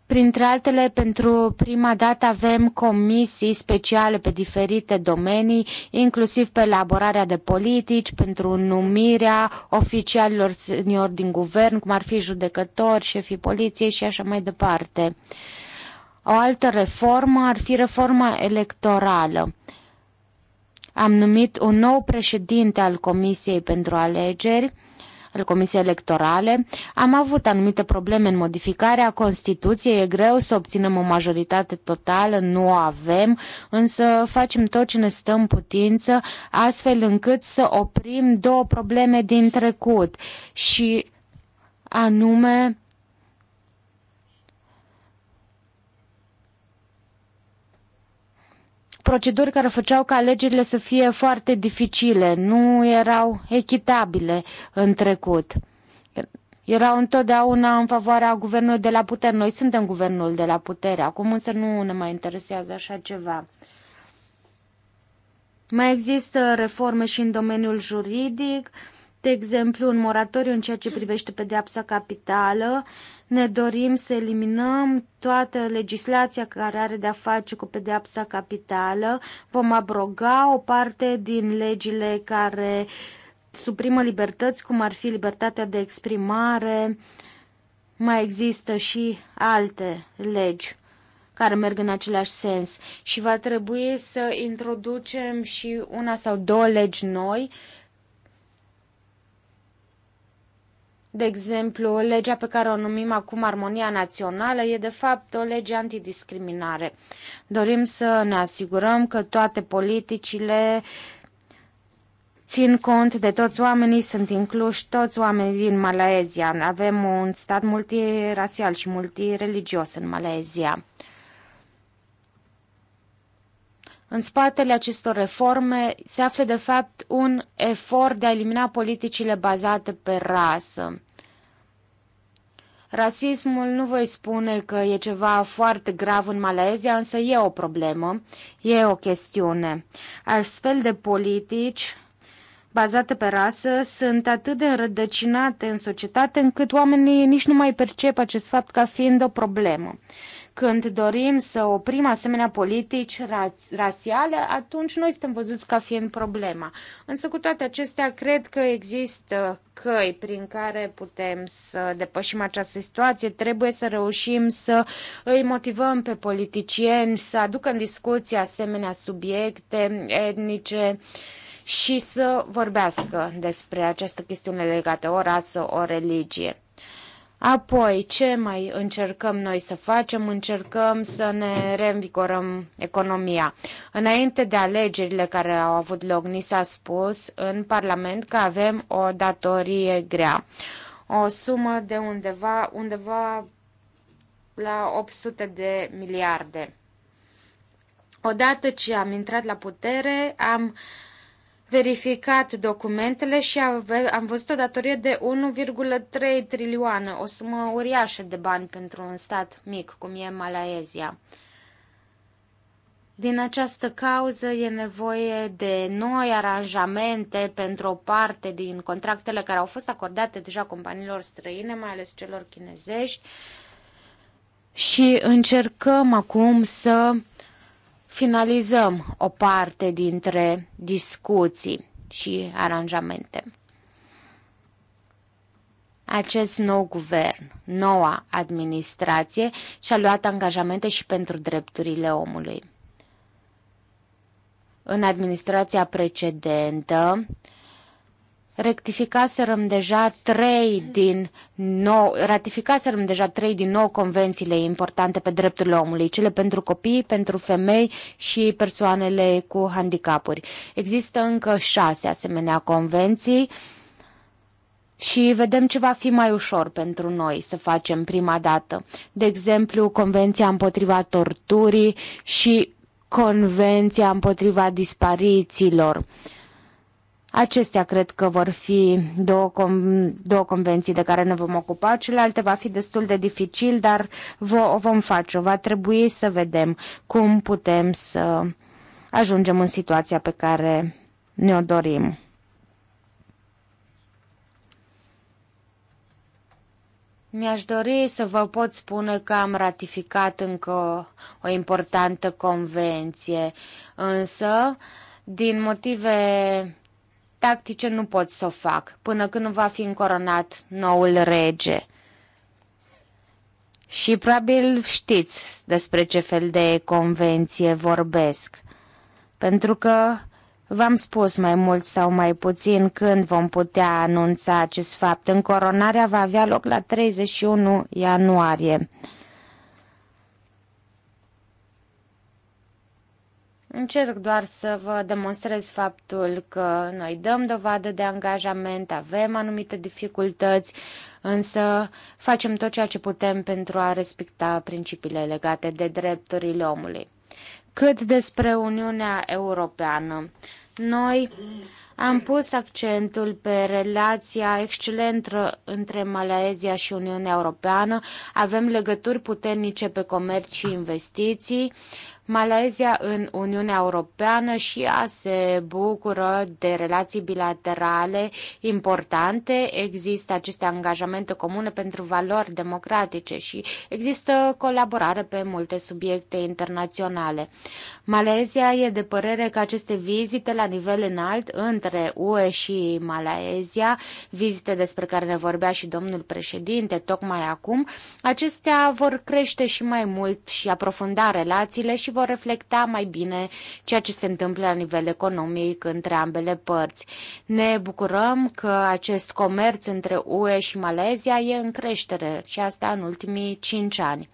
Printre altele, pentru prima dată avem comisii speciale pe diferite domenii, inclusiv pe elaborarea de politici, pentru numirea oficialilor senior din guvern, cum ar fi judecători, șefii poliției și așa mai departe. O altă reformă ar fi reforma electorală. Am numit un nou președinte al Comisiei pentru Alegeri, al Comisiei Electorale. Am avut anumite probleme în modificarea Constituției. E greu să obținem o majoritate totală, nu o avem, însă facem tot ce ne stăm în putință, astfel încât să oprim două probleme din trecut și anume proceduri care făceau ca alegerile să fie foarte dificile, nu erau echitabile în trecut. Erau întotdeauna în favoarea guvernului de la putere. Noi suntem guvernul de la putere, acum însă nu ne mai interesează așa ceva. Mai există reforme și în domeniul juridic, de exemplu, un moratoriu în ceea ce privește pedeapsa capitală ne dorim să eliminăm toată legislația care are de-a face cu pedeapsa capitală. Vom abroga o parte din legile care suprimă libertăți, cum ar fi libertatea de exprimare. Mai există și alte legi care merg în același sens și va trebui să introducem și una sau două legi noi De exemplu, legea pe care o numim acum Armonia Națională e de fapt o lege antidiscriminare. Dorim să ne asigurăm că toate politicile țin cont de toți oamenii, sunt incluși toți oamenii din Malaezia. Avem un stat multirasial și multireligios în Malaezia. În spatele acestor reforme se află de fapt un efort de a elimina politicile bazate pe rasă. Rasismul nu voi spune că e ceva foarte grav în Malezia, însă e o problemă, e o chestiune. Astfel de politici bazate pe rasă sunt atât de înrădăcinate în societate încât oamenii nici nu mai percep acest fapt ca fiind o problemă. Când dorim să oprim asemenea politici ra- rasiale, atunci noi suntem văzuți ca fiind problema. Însă cu toate acestea, cred că există căi prin care putem să depășim această situație. Trebuie să reușim să îi motivăm pe politicieni să aducă în discuție asemenea subiecte etnice și să vorbească despre această chestiune legată o rasă, o religie. Apoi, ce mai încercăm noi să facem? Încercăm să ne reînvigorăm economia. Înainte de alegerile care au avut loc, ni s-a spus în Parlament că avem o datorie grea. O sumă de undeva, undeva la 800 de miliarde. Odată ce am intrat la putere, am uh, verificat documentele și am văzut o datorie de 1,3 trilioane, o sumă uriașă de bani pentru un stat mic, cum e Malaezia. Din această cauză e nevoie de noi aranjamente pentru o parte din contractele care au fost acordate deja companiilor străine, mai ales celor chinezești, și încercăm acum să finalizăm o parte dintre discuții și aranjamente. Acest nou guvern, noua administrație, și-a luat angajamente și pentru drepturile omului. În administrația precedentă, rectificaserăm deja trei din nou, ratificaserăm deja trei din nou convențiile importante pe drepturile omului, cele pentru copii, pentru femei și persoanele cu handicapuri. Există încă șase asemenea convenții și vedem ce va fi mai ușor pentru noi să facem prima dată. De exemplu, Convenția împotriva torturii și Convenția împotriva disparițiilor. Uh, Acestea cred că vor fi două, com- două convenții de care ne vom ocupa. Celelalte va fi destul de dificil, dar o vom face. Va trebui să vedem cum putem să ajungem în situația pe care ne-o dorim. Mi-aș dori să vă pot spune că am ratificat încă o importantă convenție, însă, din motive tactice nu pot să o fac până când va fi încoronat noul rege. Și probabil știți despre ce fel de convenție vorbesc, pentru că v-am spus mai mult sau mai puțin când vom putea anunța acest fapt. Încoronarea va avea loc la 31 ianuarie. Încerc doar să vă demonstrez faptul că noi dăm dovadă de angajament, avem anumite dificultăți, însă facem tot ceea ce putem pentru a respecta principiile legate de drepturile omului. Cât despre Uniunea Europeană, noi am pus accentul pe relația excelentă între Malaezia și Uniunea Europeană. Avem legături puternice pe comerț și investiții. Uh, Malezia în Uniunea Europeană și ea se bucură de relații bilaterale importante. Există aceste angajamente comune pentru valori democratice și există colaborare pe multe subiecte internaționale. Malezia e de părere că aceste vizite la nivel înalt între UE și Malezia, vizite despre care ne vorbea și domnul președinte tocmai acum, acestea vor crește și mai mult și aprofunda relațiile și vor reflecta mai bine ceea ce se întâmplă la nivel economic între ambele părți. Ne bucurăm că acest comerț între UE și Malezia e în creștere și asta în ultimii cinci ani.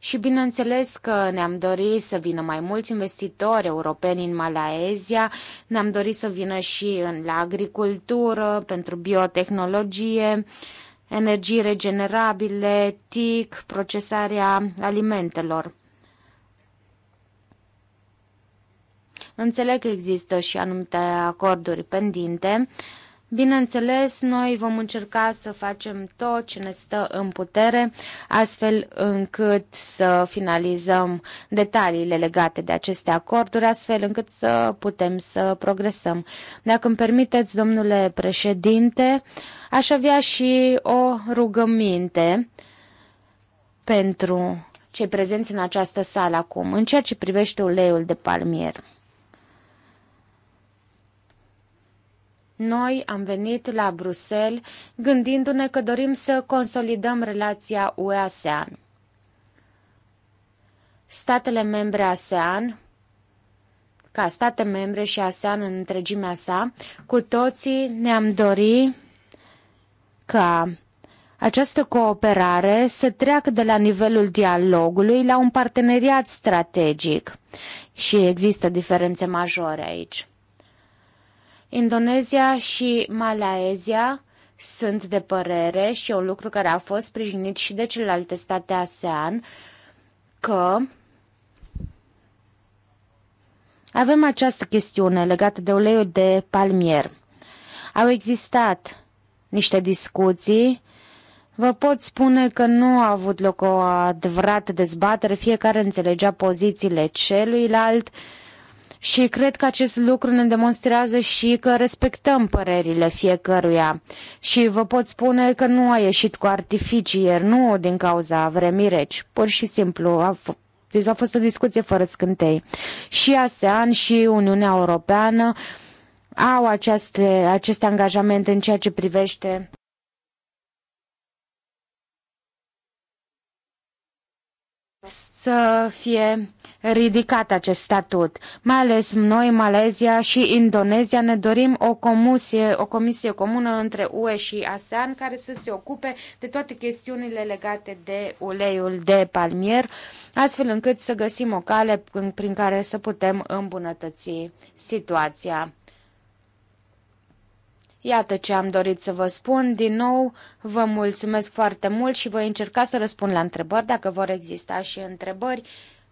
Și bineînțeles că ne-am dorit să vină mai mulți investitori europeni în Malaezia, ne-am dorit să vină și în, la agricultură, pentru biotehnologie, energii regenerabile, TIC, procesarea alimentelor. Înțeleg că există și anumite acorduri pendinte, uh, Bineînțeles, noi vom încerca să facem tot ce ne stă în putere, astfel încât să finalizăm detaliile legate de aceste acorduri, astfel încât să putem să progresăm. Dacă îmi permiteți, domnule președinte, aș avea și o rugăminte pentru cei prezenți în această sală acum, în ceea ce privește uleiul de palmier. Noi am venit la Bruxelles gândindu-ne că dorim să consolidăm relația UE-ASEAN. Statele membre ASEAN, ca state membre și ASEAN în întregimea sa, cu toții ne-am dorit ca această cooperare să treacă de la nivelul dialogului la un parteneriat strategic și există diferențe majore aici. Indonezia și Malaezia sunt de părere și e un lucru care a fost sprijinit și de celelalte state ASEAN că avem această chestiune legată de uleiul de palmier. Au existat niște discuții. Vă pot spune că nu a avut loc o adevărată dezbatere, fiecare înțelegea pozițiile celuilalt și cred că acest lucru ne demonstrează și că respectăm părerile fiecăruia. Și vă pot spune că nu a ieșit cu artificii ieri, nu din cauza vremii reci, pur și simplu a f- deci a fost o discuție fără scântei. Și ASEAN și Uniunea Europeană au aceste, aceste angajamente în ceea ce privește să fie ridicat acest statut. Mai ales noi, Malezia și Indonezia, ne dorim o comisie, o comisie comună între UE și ASEAN care să se ocupe de toate chestiunile legate de uleiul de palmier, astfel încât să găsim o cale prin care să putem îmbunătăți situația. Iată ce am dorit să vă spun. Din nou, vă mulțumesc foarte mult și voi încerca să răspund la întrebări, dacă vor exista și întrebări.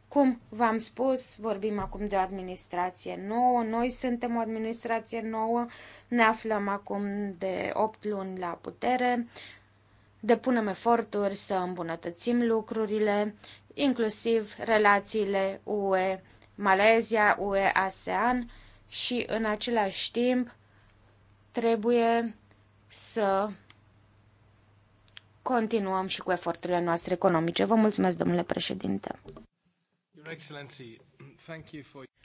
Cum v-am spus, vorbim acum de o administrație nouă, noi suntem o administrație nouă, ne aflăm acum de 8 luni la putere, depunem eforturi să îmbunătățim lucrurile, inclusiv relațiile UE-Malezia, UE-ASEAN și în același timp Trebuie să continuăm și cu eforturile noastre economice. Vă mulțumesc, domnule președinte.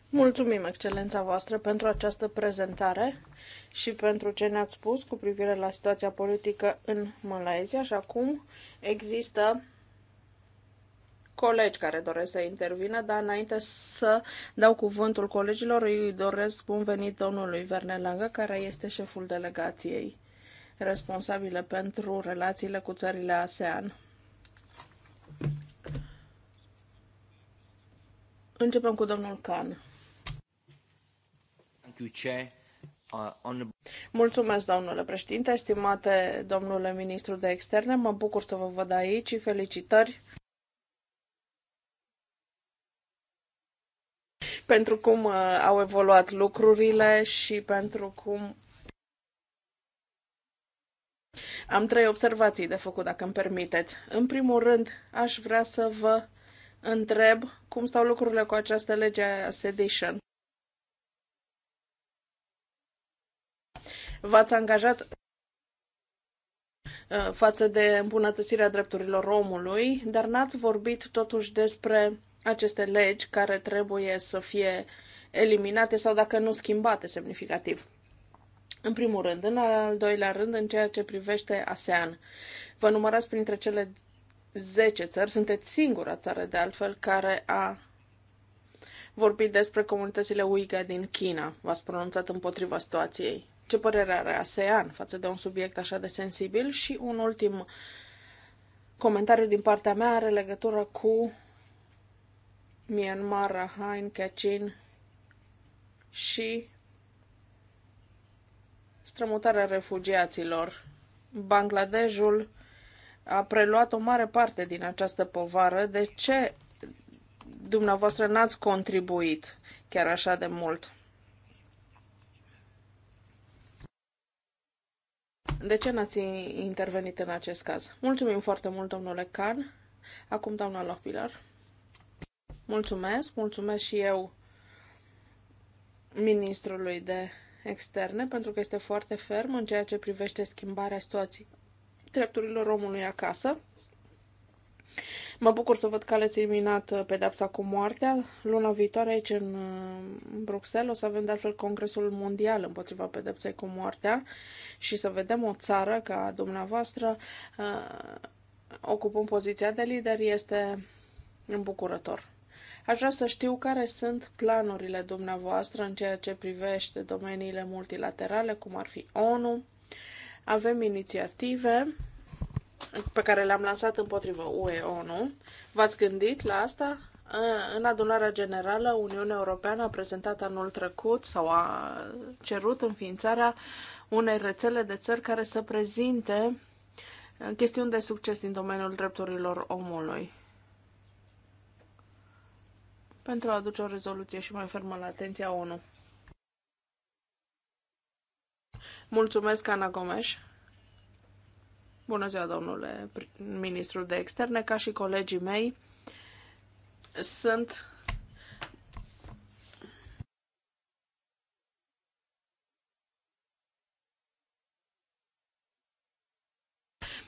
Mulțumim, excelența voastră, pentru această prezentare și pentru ce ne-ați spus cu privire la situația politică în Malaezia. Și acum există colegi care doresc să intervină, dar înainte să dau cuvântul colegilor, îi doresc bun venit domnului Verne Langă, care este șeful delegației responsabile pentru relațiile cu țările ASEAN. Începem cu domnul Chair. Uh, Mulțumesc, domnule președinte, estimate domnule ministru de externe, mă bucur să vă văd aici și felicitări pentru cum uh, au evoluat lucrurile și pentru cum am trei observații de făcut, dacă îmi permiteți. În primul rând, aș vrea să vă întreb cum stau lucrurile cu această lege a sedition. V-ați angajat uh, față de îmbunătățirea drepturilor omului, dar n-ați vorbit totuși despre aceste legi care trebuie să fie eliminate sau dacă nu schimbate semnificativ. În primul rând, în al doilea rând, în ceea ce privește ASEAN. Vă numărați printre cele 10 țări, sunteți singura țară de altfel care a vorbit despre comunitățile Uiga din China. V-ați pronunțat împotriva situației. Ce părere are ASEAN față de un subiect așa de sensibil? Și un ultim comentariu din partea mea are legătură cu Myanmar, Rahain, Kachin și strămutarea refugiaților. Bangladeshul a preluat o mare parte din această povară. De ce dumneavoastră n-ați contribuit chiar așa de mult? De ce n-ați intervenit în acest caz? Mulțumim foarte mult, domnule Can. Acum, doamna Lofilar. Mulțumesc, mulțumesc și eu ministrului de externe pentru că este foarte ferm în ceea ce privește schimbarea situației drepturilor omului acasă. Mă bucur să văd că ați eliminat uh, pedepsa cu moartea. Luna viitoare aici uh, în Bruxelles o să avem de altfel Congresul Mondial împotriva pedepsei cu moartea și să vedem o țară ca dumneavoastră uh, ocupând poziția de lider este îmbucurător. Aș vrea să știu care sunt planurile dumneavoastră în ceea ce privește domeniile multilaterale, cum ar fi ONU. Avem inițiative pe care le-am lansat împotriva UE-ONU. V-ați gândit la asta? În adunarea generală, Uniunea Europeană a prezentat anul trecut sau a cerut înființarea unei rețele de țări care să prezinte chestiuni de succes din domeniul drepturilor omului pentru a aduce o rezoluție și mai fermă la atenția ONU. Mulțumesc, Ana Gomes. Bună ziua, domnule ministru de externe, ca și colegii mei. Sunt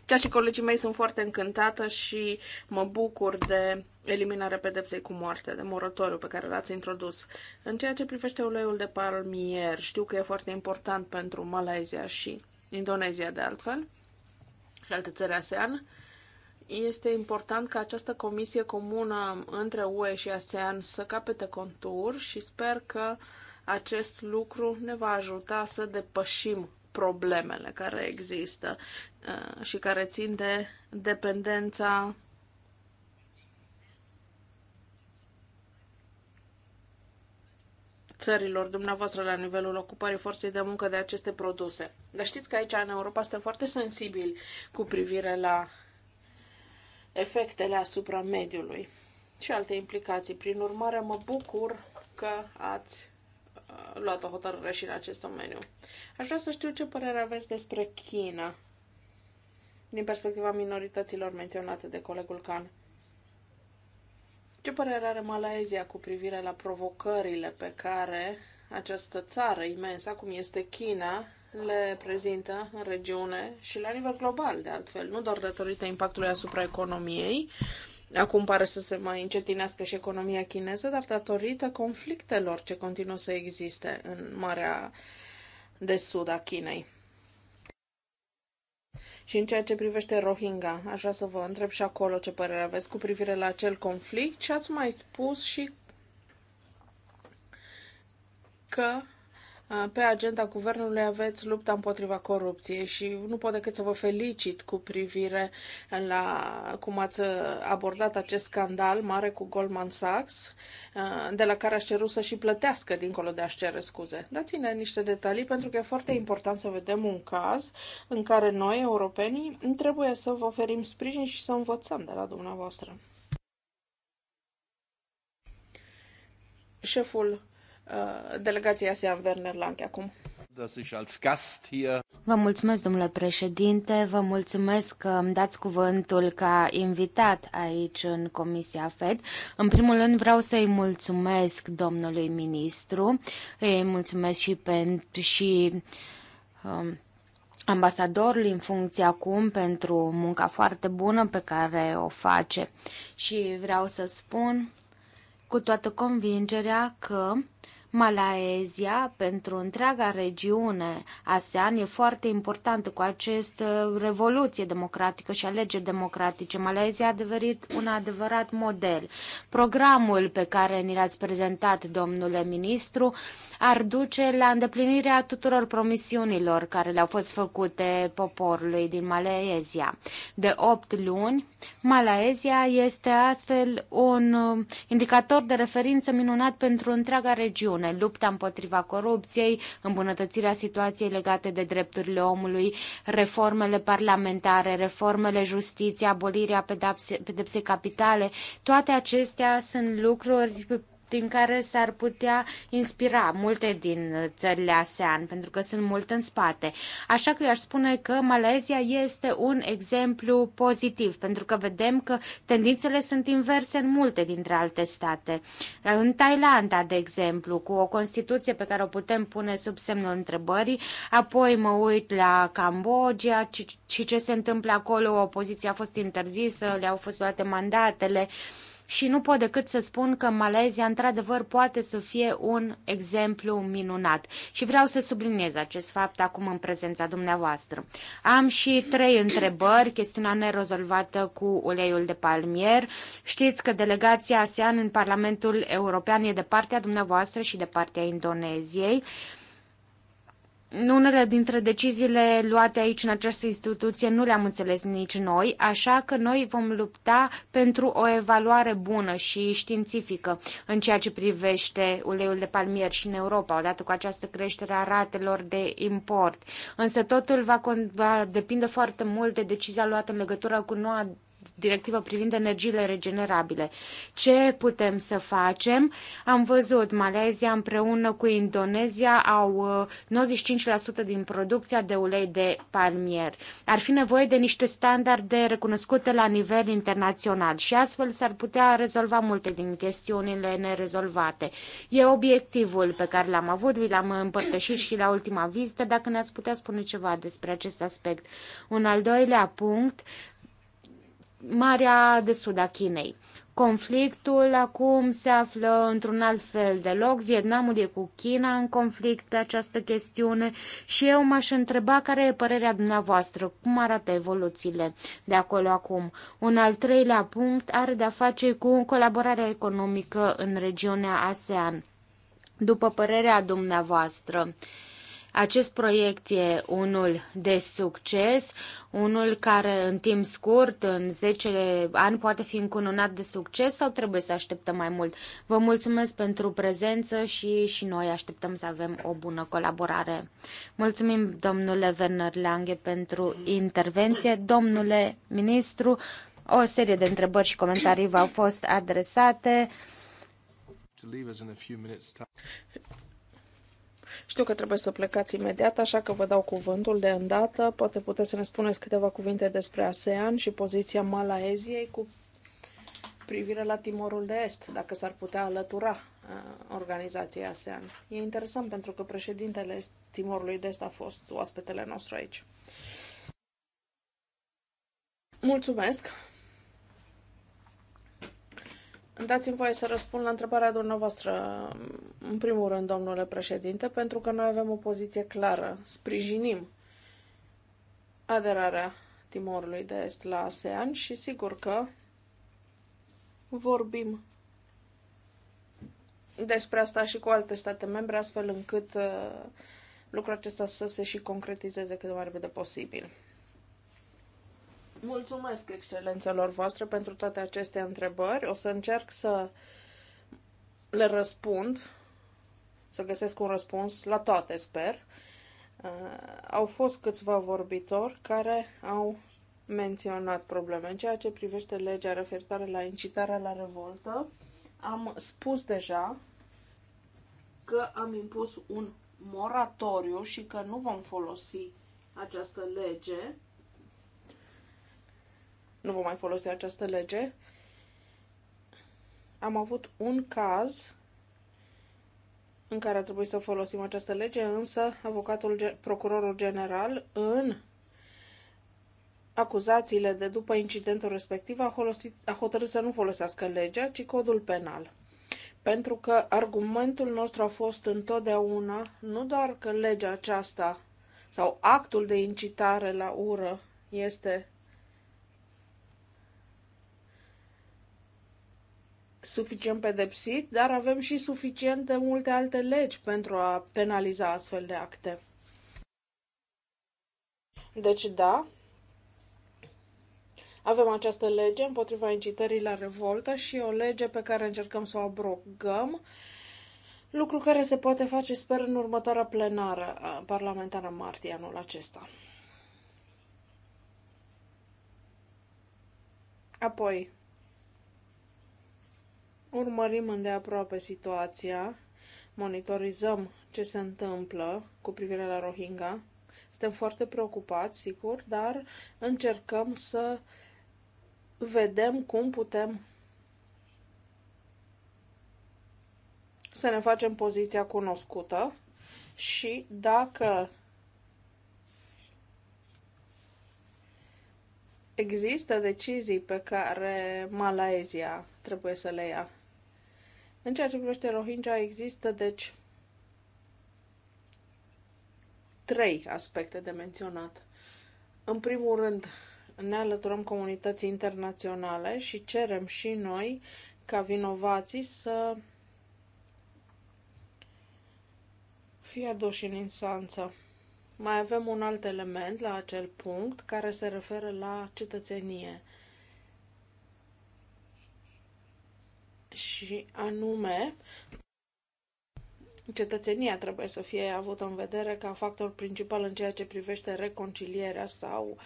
Chiar și colegii mei sunt foarte încântată și mă bucur de eliminarea pedepsei cu moarte, de moratoriu pe care l-ați introdus. În ceea ce privește uleiul de palmier, știu că e foarte important pentru Malaysia și Indonezia de altfel și alte țări ASEAN, este important ca această comisie comună între UE și ASEAN să capete contur și sper că acest lucru ne va ajuta să depășim problemele care există uh, și care țin de dependența țărilor dumneavoastră la nivelul ocupării forței de muncă de aceste produse. Dar știți că aici în Europa suntem foarte sensibili cu privire la efectele asupra mediului și alte implicații. Prin urmare, mă bucur că ați luat o hotărâre și în acest domeniu. Aș vrea să știu ce părere aveți despre China din perspectiva minorităților menționate de colegul Khan. Ce părere are Malaezia cu privire la provocările pe care această țară imensă, cum este China, le prezintă în regiune și la nivel global, de altfel, nu doar datorită impactului asupra economiei, Acum pare să se mai încetinească și economia chineză, dar datorită conflictelor ce continuă să existe în Marea de Sud a Chinei. Și în ceea ce privește Rohingya, aș vrea să vă întreb și acolo ce părere aveți cu privire la acel conflict și ați mai spus și că pe agenda guvernului aveți lupta împotriva corupției și nu pot decât să vă felicit cu privire la cum ați abordat acest scandal mare cu Goldman Sachs, de la care aș cerut să și plătească dincolo de a-și cere scuze. Dați-ne niște detalii pentru că e foarte important să vedem un caz în care noi, europenii, trebuie să vă oferim sprijin și să învățăm de la dumneavoastră. Șeful Uh, delegația Sean Werner Lange acum. Vă mulțumesc, domnule președinte, vă mulțumesc că îmi dați cuvântul ca invitat aici în Comisia FED. În primul rând vreau să-i mulțumesc domnului ministru, îi mulțumesc și pentru și um, ambasadorul în funcție acum pentru munca foarte bună pe care o face. Și vreau să spun cu toată convingerea că Malaezia, pentru întreaga regiune ASEAN, e foarte importantă cu această revoluție democratică și alegeri democratice. Malaezia a devenit un adevărat model. Programul pe care ni l-ați prezentat, domnule ministru, ar duce la îndeplinirea tuturor promisiunilor care le-au fost făcute poporului din Malaezia. De opt luni, Malaezia este astfel un uh, indicator de referință minunat pentru întreaga regiune. Lupta împotriva corupției, îmbunătățirea situației legate de drepturile omului, reformele parlamentare, reformele justiției, abolirea pedepsei capitale, toate acestea sunt lucruri din care s-ar putea inspira multe din țările ASEAN, pentru că sunt mult în spate. Așa că eu aș spune că Malezia este un exemplu pozitiv, pentru că vedem că tendințele sunt inverse în multe dintre alte state. În Thailanda, de exemplu, cu o Constituție pe care o putem pune sub semnul întrebării, apoi mă uit la Cambodgia și ce se întâmplă acolo, opoziția a fost interzisă, le-au fost luate mandatele și nu pot decât să spun că Malezia într-adevăr poate să fie un exemplu minunat și vreau să subliniez acest fapt acum în prezența dumneavoastră. Am și trei întrebări, chestiunea nerezolvată cu uleiul de palmier. Știți că delegația ASEAN în Parlamentul European e de partea dumneavoastră și de partea Indoneziei. Uh, unele dintre deciziile luate aici în această instituție nu le-am înțeles nici noi, așa că noi vom lupta pentru o evaluare bună și științifică în ceea ce privește uleiul de palmier și în Europa, odată cu această creștere a ratelor de import. Însă totul va, va depinde foarte mult de decizia luată în legătură cu noua directivă privind energiile regenerabile. Ce putem să facem? Am văzut, Malezia împreună cu Indonezia au 95% uh, din producția de ulei de palmier. Ar fi nevoie de niște standarde recunoscute la nivel internațional și astfel s-ar putea rezolva multe din chestiunile nerezolvate. E obiectivul pe care l-am avut, vi l-am împărtășit și la ultima vizită, dacă ne-ați putea spune ceva despre acest aspect. Un al doilea punct, Marea de Sud a Chinei. Conflictul acum se află într-un alt fel de loc. Vietnamul e cu China în conflict pe această chestiune și eu m-aș întreba care e părerea dumneavoastră, cum arată evoluțiile de acolo acum. Un al treilea punct are de-a face cu colaborarea economică în regiunea ASEAN. După părerea dumneavoastră, uh, acest proiect e unul de succes, unul care în timp scurt, în 10 ani, poate fi încununat de succes sau trebuie să așteptăm mai mult? Vă mulțumesc pentru prezență și, și noi așteptăm să avem o bună colaborare. Mulțumim, domnule Werner Lange, pentru intervenție. Domnule ministru, o serie de întrebări și comentarii v-au fost adresate. Știu că trebuie să plecați imediat, așa că vă dau cuvântul de îndată. Poate puteți să ne spuneți câteva cuvinte despre ASEAN și poziția Malaeziei cu privire la Timorul de Est, dacă s-ar putea alătura uh, organizației ASEAN. E interesant pentru că președintele Timorului de Est a fost oaspetele nostru aici. Mulțumesc! Dați-mi voie să răspund la întrebarea dumneavoastră, în primul rând, domnule președinte, pentru că noi avem o poziție clară. Sprijinim aderarea Timorului de Est la ASEAN și sigur că vorbim despre asta și cu alte state membre, astfel încât uh, lucrul acesta să se și concretizeze cât mai repede posibil. Mulțumesc excelențelor voastre pentru toate aceste întrebări. O să încerc să le răspund, să găsesc un răspuns la toate, sper. Uh, au fost câțiva vorbitori care au menționat probleme. În ceea ce privește legea referitoare la incitarea la revoltă, am spus deja că am impus un moratoriu și că nu vom folosi această lege nu vom mai folosi această lege. Am avut un caz în care a trebuit să folosim această lege, însă avocatul, procurorul general, în acuzațiile de după incidentul respectiv, a, folosit, a hotărât să nu folosească legea, ci codul penal. Pentru că argumentul nostru a fost întotdeauna nu doar că legea aceasta sau actul de incitare la ură este suficient pedepsit, dar avem și suficient de multe alte legi pentru a penaliza astfel de acte. Deci, da, avem această lege împotriva incitării la revoltă și o lege pe care încercăm să o abrogăm, lucru care se poate face, sper, în următoarea plenară parlamentară martie anul acesta. Apoi, Urmărim îndeaproape situația, monitorizăm ce se întâmplă cu privire la Rohingya. Suntem foarte preocupați, sigur, dar încercăm să vedem cum putem să ne facem poziția cunoscută și dacă există decizii pe care Malaezia trebuie să le ia. În ceea ce privește Rohingya există, deci, trei aspecte de menționat. În primul rând, ne alăturăm comunității internaționale și cerem și noi, ca vinovații, să fie aduși în instanță. Mai avem un alt element la acel punct care se referă la cetățenie. și anume cetățenia trebuie să fie avută în vedere ca factor principal în ceea ce privește reconcilierea sau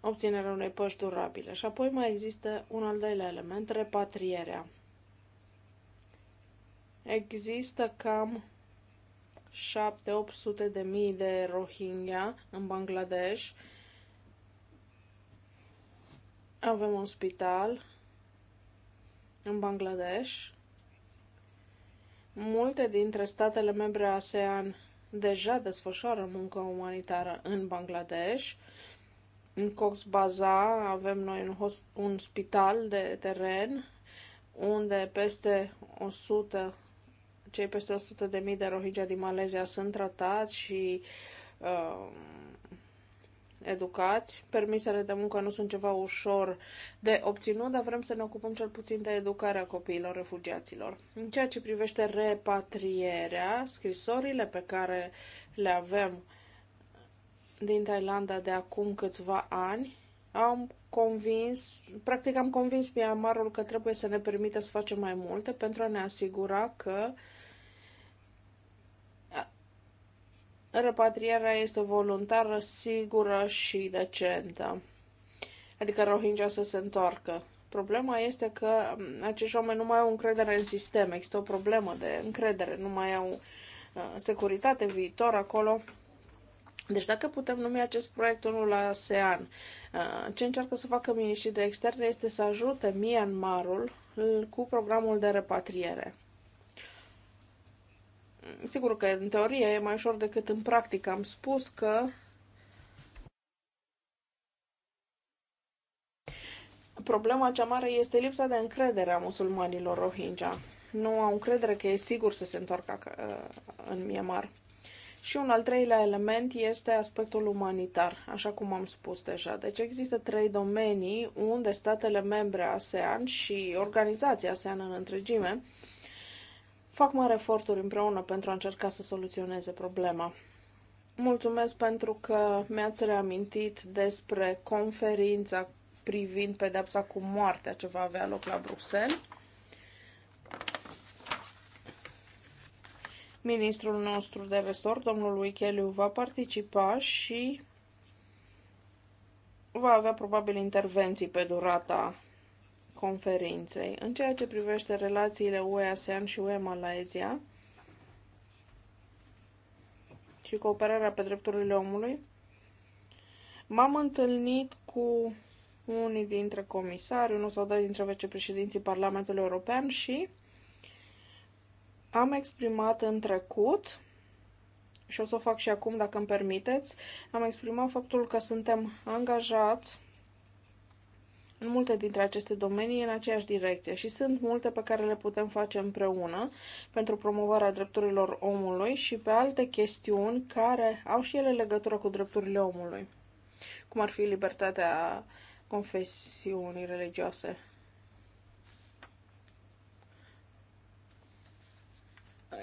obținerea unei păși durabile. Și apoi mai există un al doilea element, repatrierea. Există cam 7-800 de mii de Rohingya în Bangladesh. Avem un spital în Bangladesh. Multe dintre statele membre ASEAN deja desfășoară muncă umanitară în Bangladesh. În Cox Bazar avem noi un, host, un spital de teren unde peste 100 cei peste 100.000 de, de rohingya din Malezia sunt tratați și uh, educați. Permisele de muncă nu sunt ceva ușor de obținut, dar vrem să ne ocupăm cel puțin de educarea copiilor refugiaților. În ceea ce privește repatrierea, scrisorile pe care le avem din Thailanda de acum câțiva ani, am convins, practic am convins Myanmarul că trebuie să ne permită să facem mai multe pentru a ne asigura că uh, repatrierea este voluntară, sigură și decentă. Adică Rohingya să se întoarcă. Problema este că acești oameni nu mai au încredere în sistem, există o problemă de încredere, nu mai au uh, securitate, viitor acolo. Deci dacă putem numi acest proiect unul la ASEAN, uh, ce încearcă să facă miniștrii de externe este să ajute Myanmarul cu programul de repatriere sigur că în teorie e mai ușor decât în practică. Am spus că problema cea mare este lipsa de încredere a musulmanilor Rohingya. Nu au încredere că e sigur să se întoarcă ă, în Myanmar. Și un al treilea element este aspectul umanitar, așa cum am spus deja. Deci există trei domenii unde statele membre ASEAN și organizația ASEAN în întregime fac mari eforturi împreună pentru a încerca să soluționeze problema. Mulțumesc pentru că mi-ați reamintit despre conferința privind pedepsa cu moartea ce va avea loc la Bruxelles. Ministrul nostru de resort, domnul Wicheliu, va participa și va avea probabil intervenții pe durata conferinței. În ceea ce privește relațiile UE-ASEAN și UE-Malaezia și cooperarea pe drepturile omului, m-am întâlnit cu unii dintre comisari, unul sau doi dintre vicepreședinții Parlamentului European și am exprimat în trecut și o să o fac și acum, dacă îmi permiteți, am exprimat faptul că suntem angajați în multe dintre aceste domenii în aceeași direcție și sunt multe pe care le putem face împreună pentru promovarea drepturilor omului și pe alte chestiuni care au și ele legătură cu drepturile omului, cum ar fi libertatea confesiunii religioase.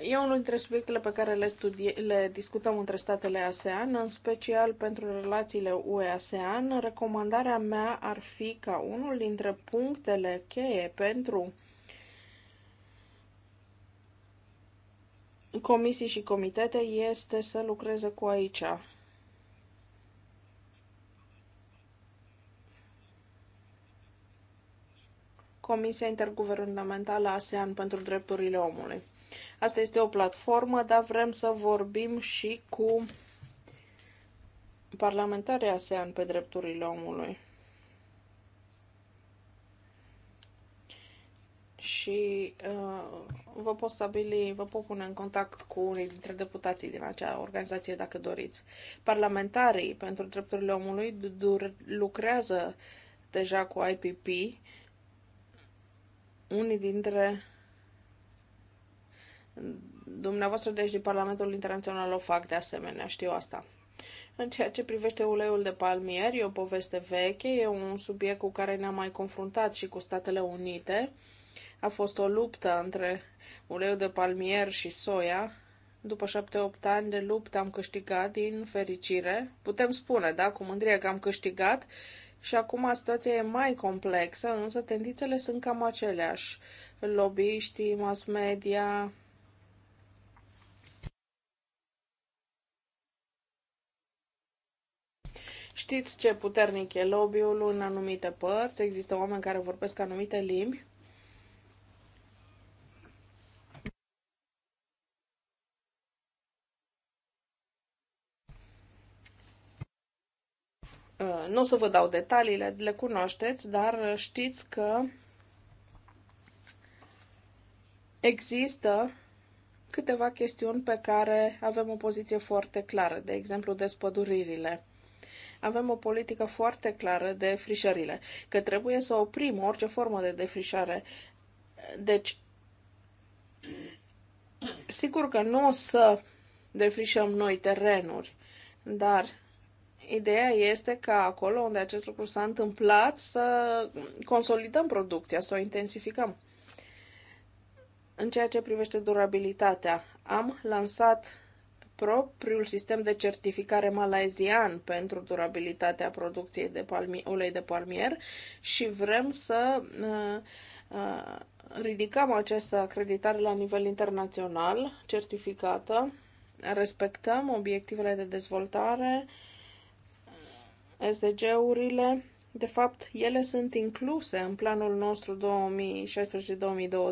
E unul dintre subiectele pe care le, studie, le discutăm între statele ASEAN, în special pentru relațiile UE-ASEAN. Recomandarea mea ar fi ca unul dintre punctele cheie pentru comisii și comitete este să lucreze cu aici. Comisia Interguvernamentală ASEAN pentru Drepturile Omului. Asta este o platformă, dar vrem să vorbim și cu parlamentarii ASEAN pe drepturile omului. și uh, vă pot stabili, vă pot pune în contact cu unii dintre deputații din acea organizație dacă doriți. Parlamentarii pentru drepturile omului lucrează deja cu IPP. Unii dintre Dumneavoastră, deci, din Parlamentul Internațional o fac de asemenea, știu asta. În ceea ce privește uleiul de palmier, e o poveste veche, e un subiect cu care ne-am mai confruntat și cu Statele Unite. A fost o luptă între uleiul de palmier și soia. După 7-8 ani de luptă am câștigat, din fericire. Putem spune, da, cu mândrie că am câștigat și acum situația e mai complexă, însă tendințele sunt cam aceleași. Lobbyiștii, mass media, Știți ce puternic e lobby-ul în anumite părți, există oameni care vorbesc anumite limbi. Uh, nu o să vă dau detaliile, le cunoașteți, dar știți că există câteva chestiuni pe care avem o poziție foarte clară, de exemplu despăduririle avem o politică foarte clară de frișările, că trebuie să oprim orice formă de defrișare. Deci, sigur că nu o să defrișăm noi terenuri, dar ideea este ca acolo unde acest lucru s-a întâmplat să consolidăm producția, să o intensificăm. În ceea ce privește durabilitatea, am lansat Propriul sistem de certificare malaezian pentru durabilitatea producției de palmi- ulei de palmier și vrem să uh, uh, ridicăm această acreditare la nivel internațional, certificată, respectăm obiectivele de dezvoltare, uh, SDG-urile, de fapt, ele sunt incluse în planul nostru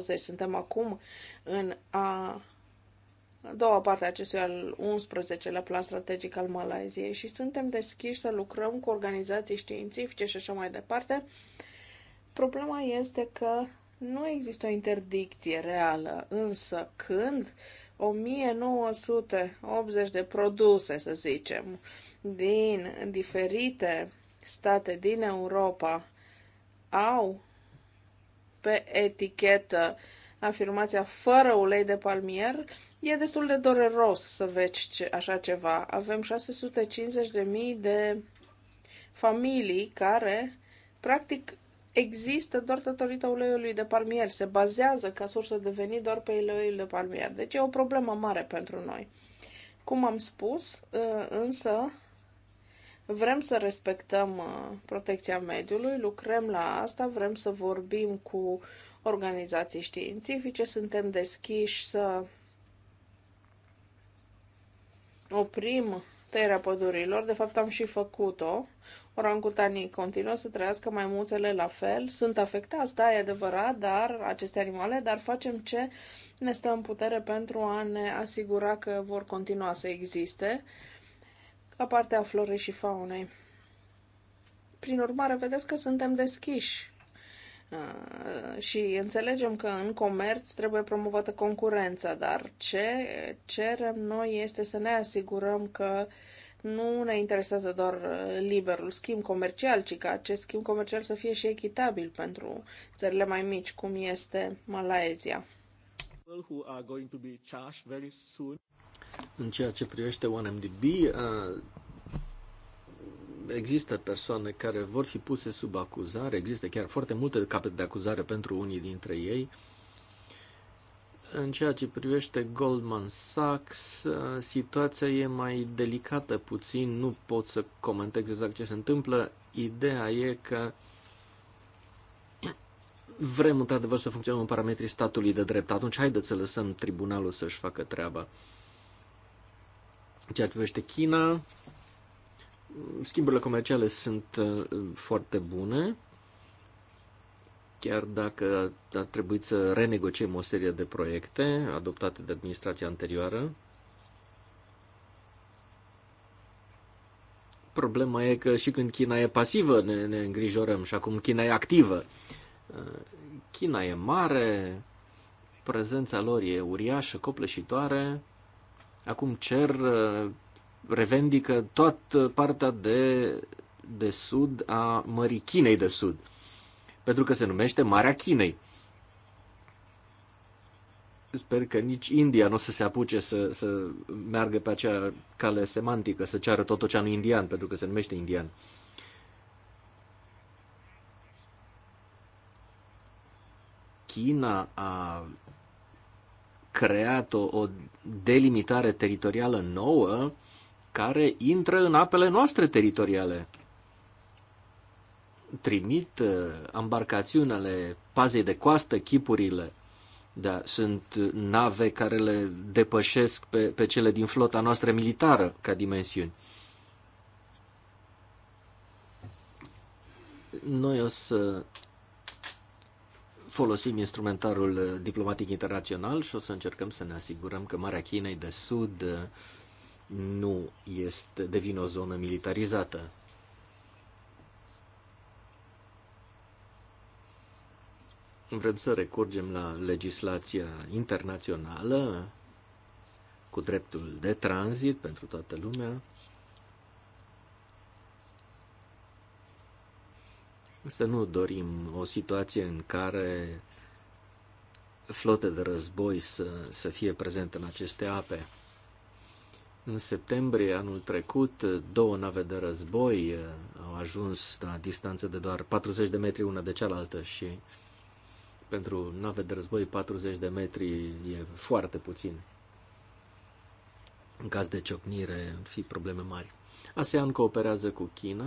2016-2020. Suntem acum în a a doua parte a acestui al 11-lea plan strategic al Malaeziei și suntem deschiși să lucrăm cu organizații științifice și așa mai departe. Problema este că nu există o interdicție reală, însă când 1980 de produse, să zicem, din diferite state din Europa au pe etichetă uh, afirmația fără ulei de palmier, e destul de doreros să vezi așa ceva. Avem 650.000 de familii care, practic, există doar datorită uleiului de palmier, se bazează ca sursă de venit doar pe uleiul de palmier. Deci e o problemă mare pentru noi. Cum am spus, ă, însă vrem să respectăm ă, protecția mediului, lucrăm la asta, vrem să vorbim cu uh, organizații științifice, suntem deschiși să oprim tăierea pădurilor. De fapt, am și făcut-o. Orangutanii continuă să trăiască mai mulțele la fel. Sunt afectați, da, e adevărat, dar aceste animale, dar facem ce ne stă în putere pentru a ne asigura că vor continua să existe ca partea a florii și faunei. Prin urmare, vedeți că suntem deschiși Ah, și înțelegem că în comerț trebuie promovată concurența, dar ce cerem noi este să ne asigurăm că nu ne interesează doar eh, liberul schimb comercial, ci ca acest schimb comercial să fie și echitabil pentru țările mai mici, cum este Malaezia. În ceea ce privește OneMDB, există persoane care vor fi puse sub acuzare, există chiar foarte multe capete de acuzare pentru unii dintre ei. În ceea ce privește Goldman Sachs, situația e mai delicată puțin, nu pot să comentez exact ce se întâmplă. Ideea e că vrem într-adevăr să funcționăm în parametrii statului de drept, atunci haideți să lăsăm tribunalul să-și facă treaba. Ceea ce privește China, Schimburile comerciale sunt uh, foarte bune, chiar dacă a trebuit să renegociem o serie de proiecte adoptate de administrația anterioară. Problema e că și când China e pasivă ne, ne îngrijorăm și acum China e activă. Uh, China e mare, prezența lor e uriașă, copleșitoare. Acum cer uh, revendică toată partea de, de sud a Mării Chinei de Sud, pentru că se numește Marea Chinei. Sper că nici India nu o să se apuce să, să meargă pe acea cale semantică, să ceară tot oceanul indian, pentru că se numește indian. China a creat o, o delimitare teritorială nouă care intră în apele noastre teritoriale. Trimit uh, embarcațiunile pazei de coastă, chipurile, da, sunt nave care le depășesc pe, pe cele din flota noastră militară ca dimensiuni. Noi o să folosim instrumentarul diplomatic internațional și o să încercăm să ne asigurăm că Marea Chinei de Sud uh, nu este, devine o zonă militarizată. Vrem să recurgem la legislația internațională cu dreptul de tranzit pentru toată lumea. Să nu dorim o situație în care flote de război să, să fie prezente în aceste ape. În septembrie anul trecut, două nave de război eh, au ajuns la distanță de doar 40 de metri una de cealaltă și pentru nave de război 40 de metri e foarte puțin. În caz de ciocnire, fi probleme mari. ASEAN cooperează cu China.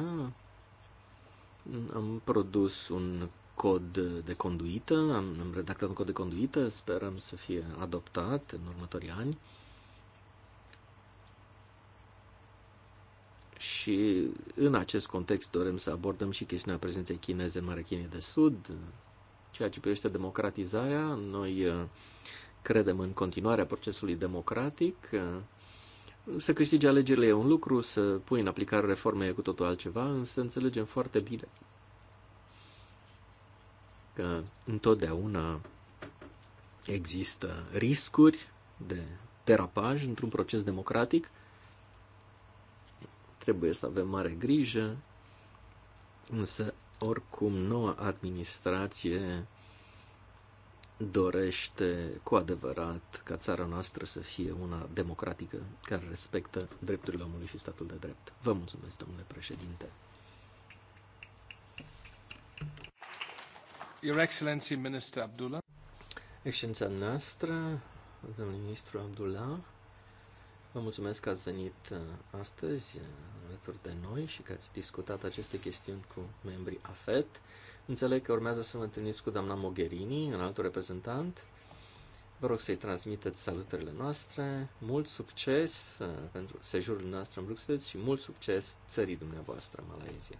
Am produs un cod de conduită, am redactat un cod de conduită, sperăm să fie adoptat în următorii ani. Și în acest context dorem să abordăm și chestiunea prezenței chineze în Marea Chinie de Sud, ceea ce privește democratizarea. Noi uh, credem în continuarea procesului democratic. Uh, să câștigi alegerile e un lucru, să pui în aplicare reforme e cu totul altceva, însă înțelegem foarte bine că întotdeauna există riscuri de derapaj într-un proces democratic – Trebuie să avem mare grijă, însă oricum noua administrație dorește cu adevărat ca țara noastră să fie una democratică care respectă drepturile omului și statul de drept. Vă mulțumesc, domnule președinte. Your Excellency Minister Abdullah. Excelența noastră, domnul ministru Abdullah, Vă mulțumesc că ați venit uh, astăzi uh, alături de noi și că ați discutat aceste chestiuni cu membrii AFET. Înțeleg că urmează să vă întâlniți cu doamna Mogherini, un alt reprezentant. Vă rog să-i transmiteți salutările noastre, mult succes uh, pentru sejurul noastră în Bruxelles și mult succes țării dumneavoastră, Malaezia.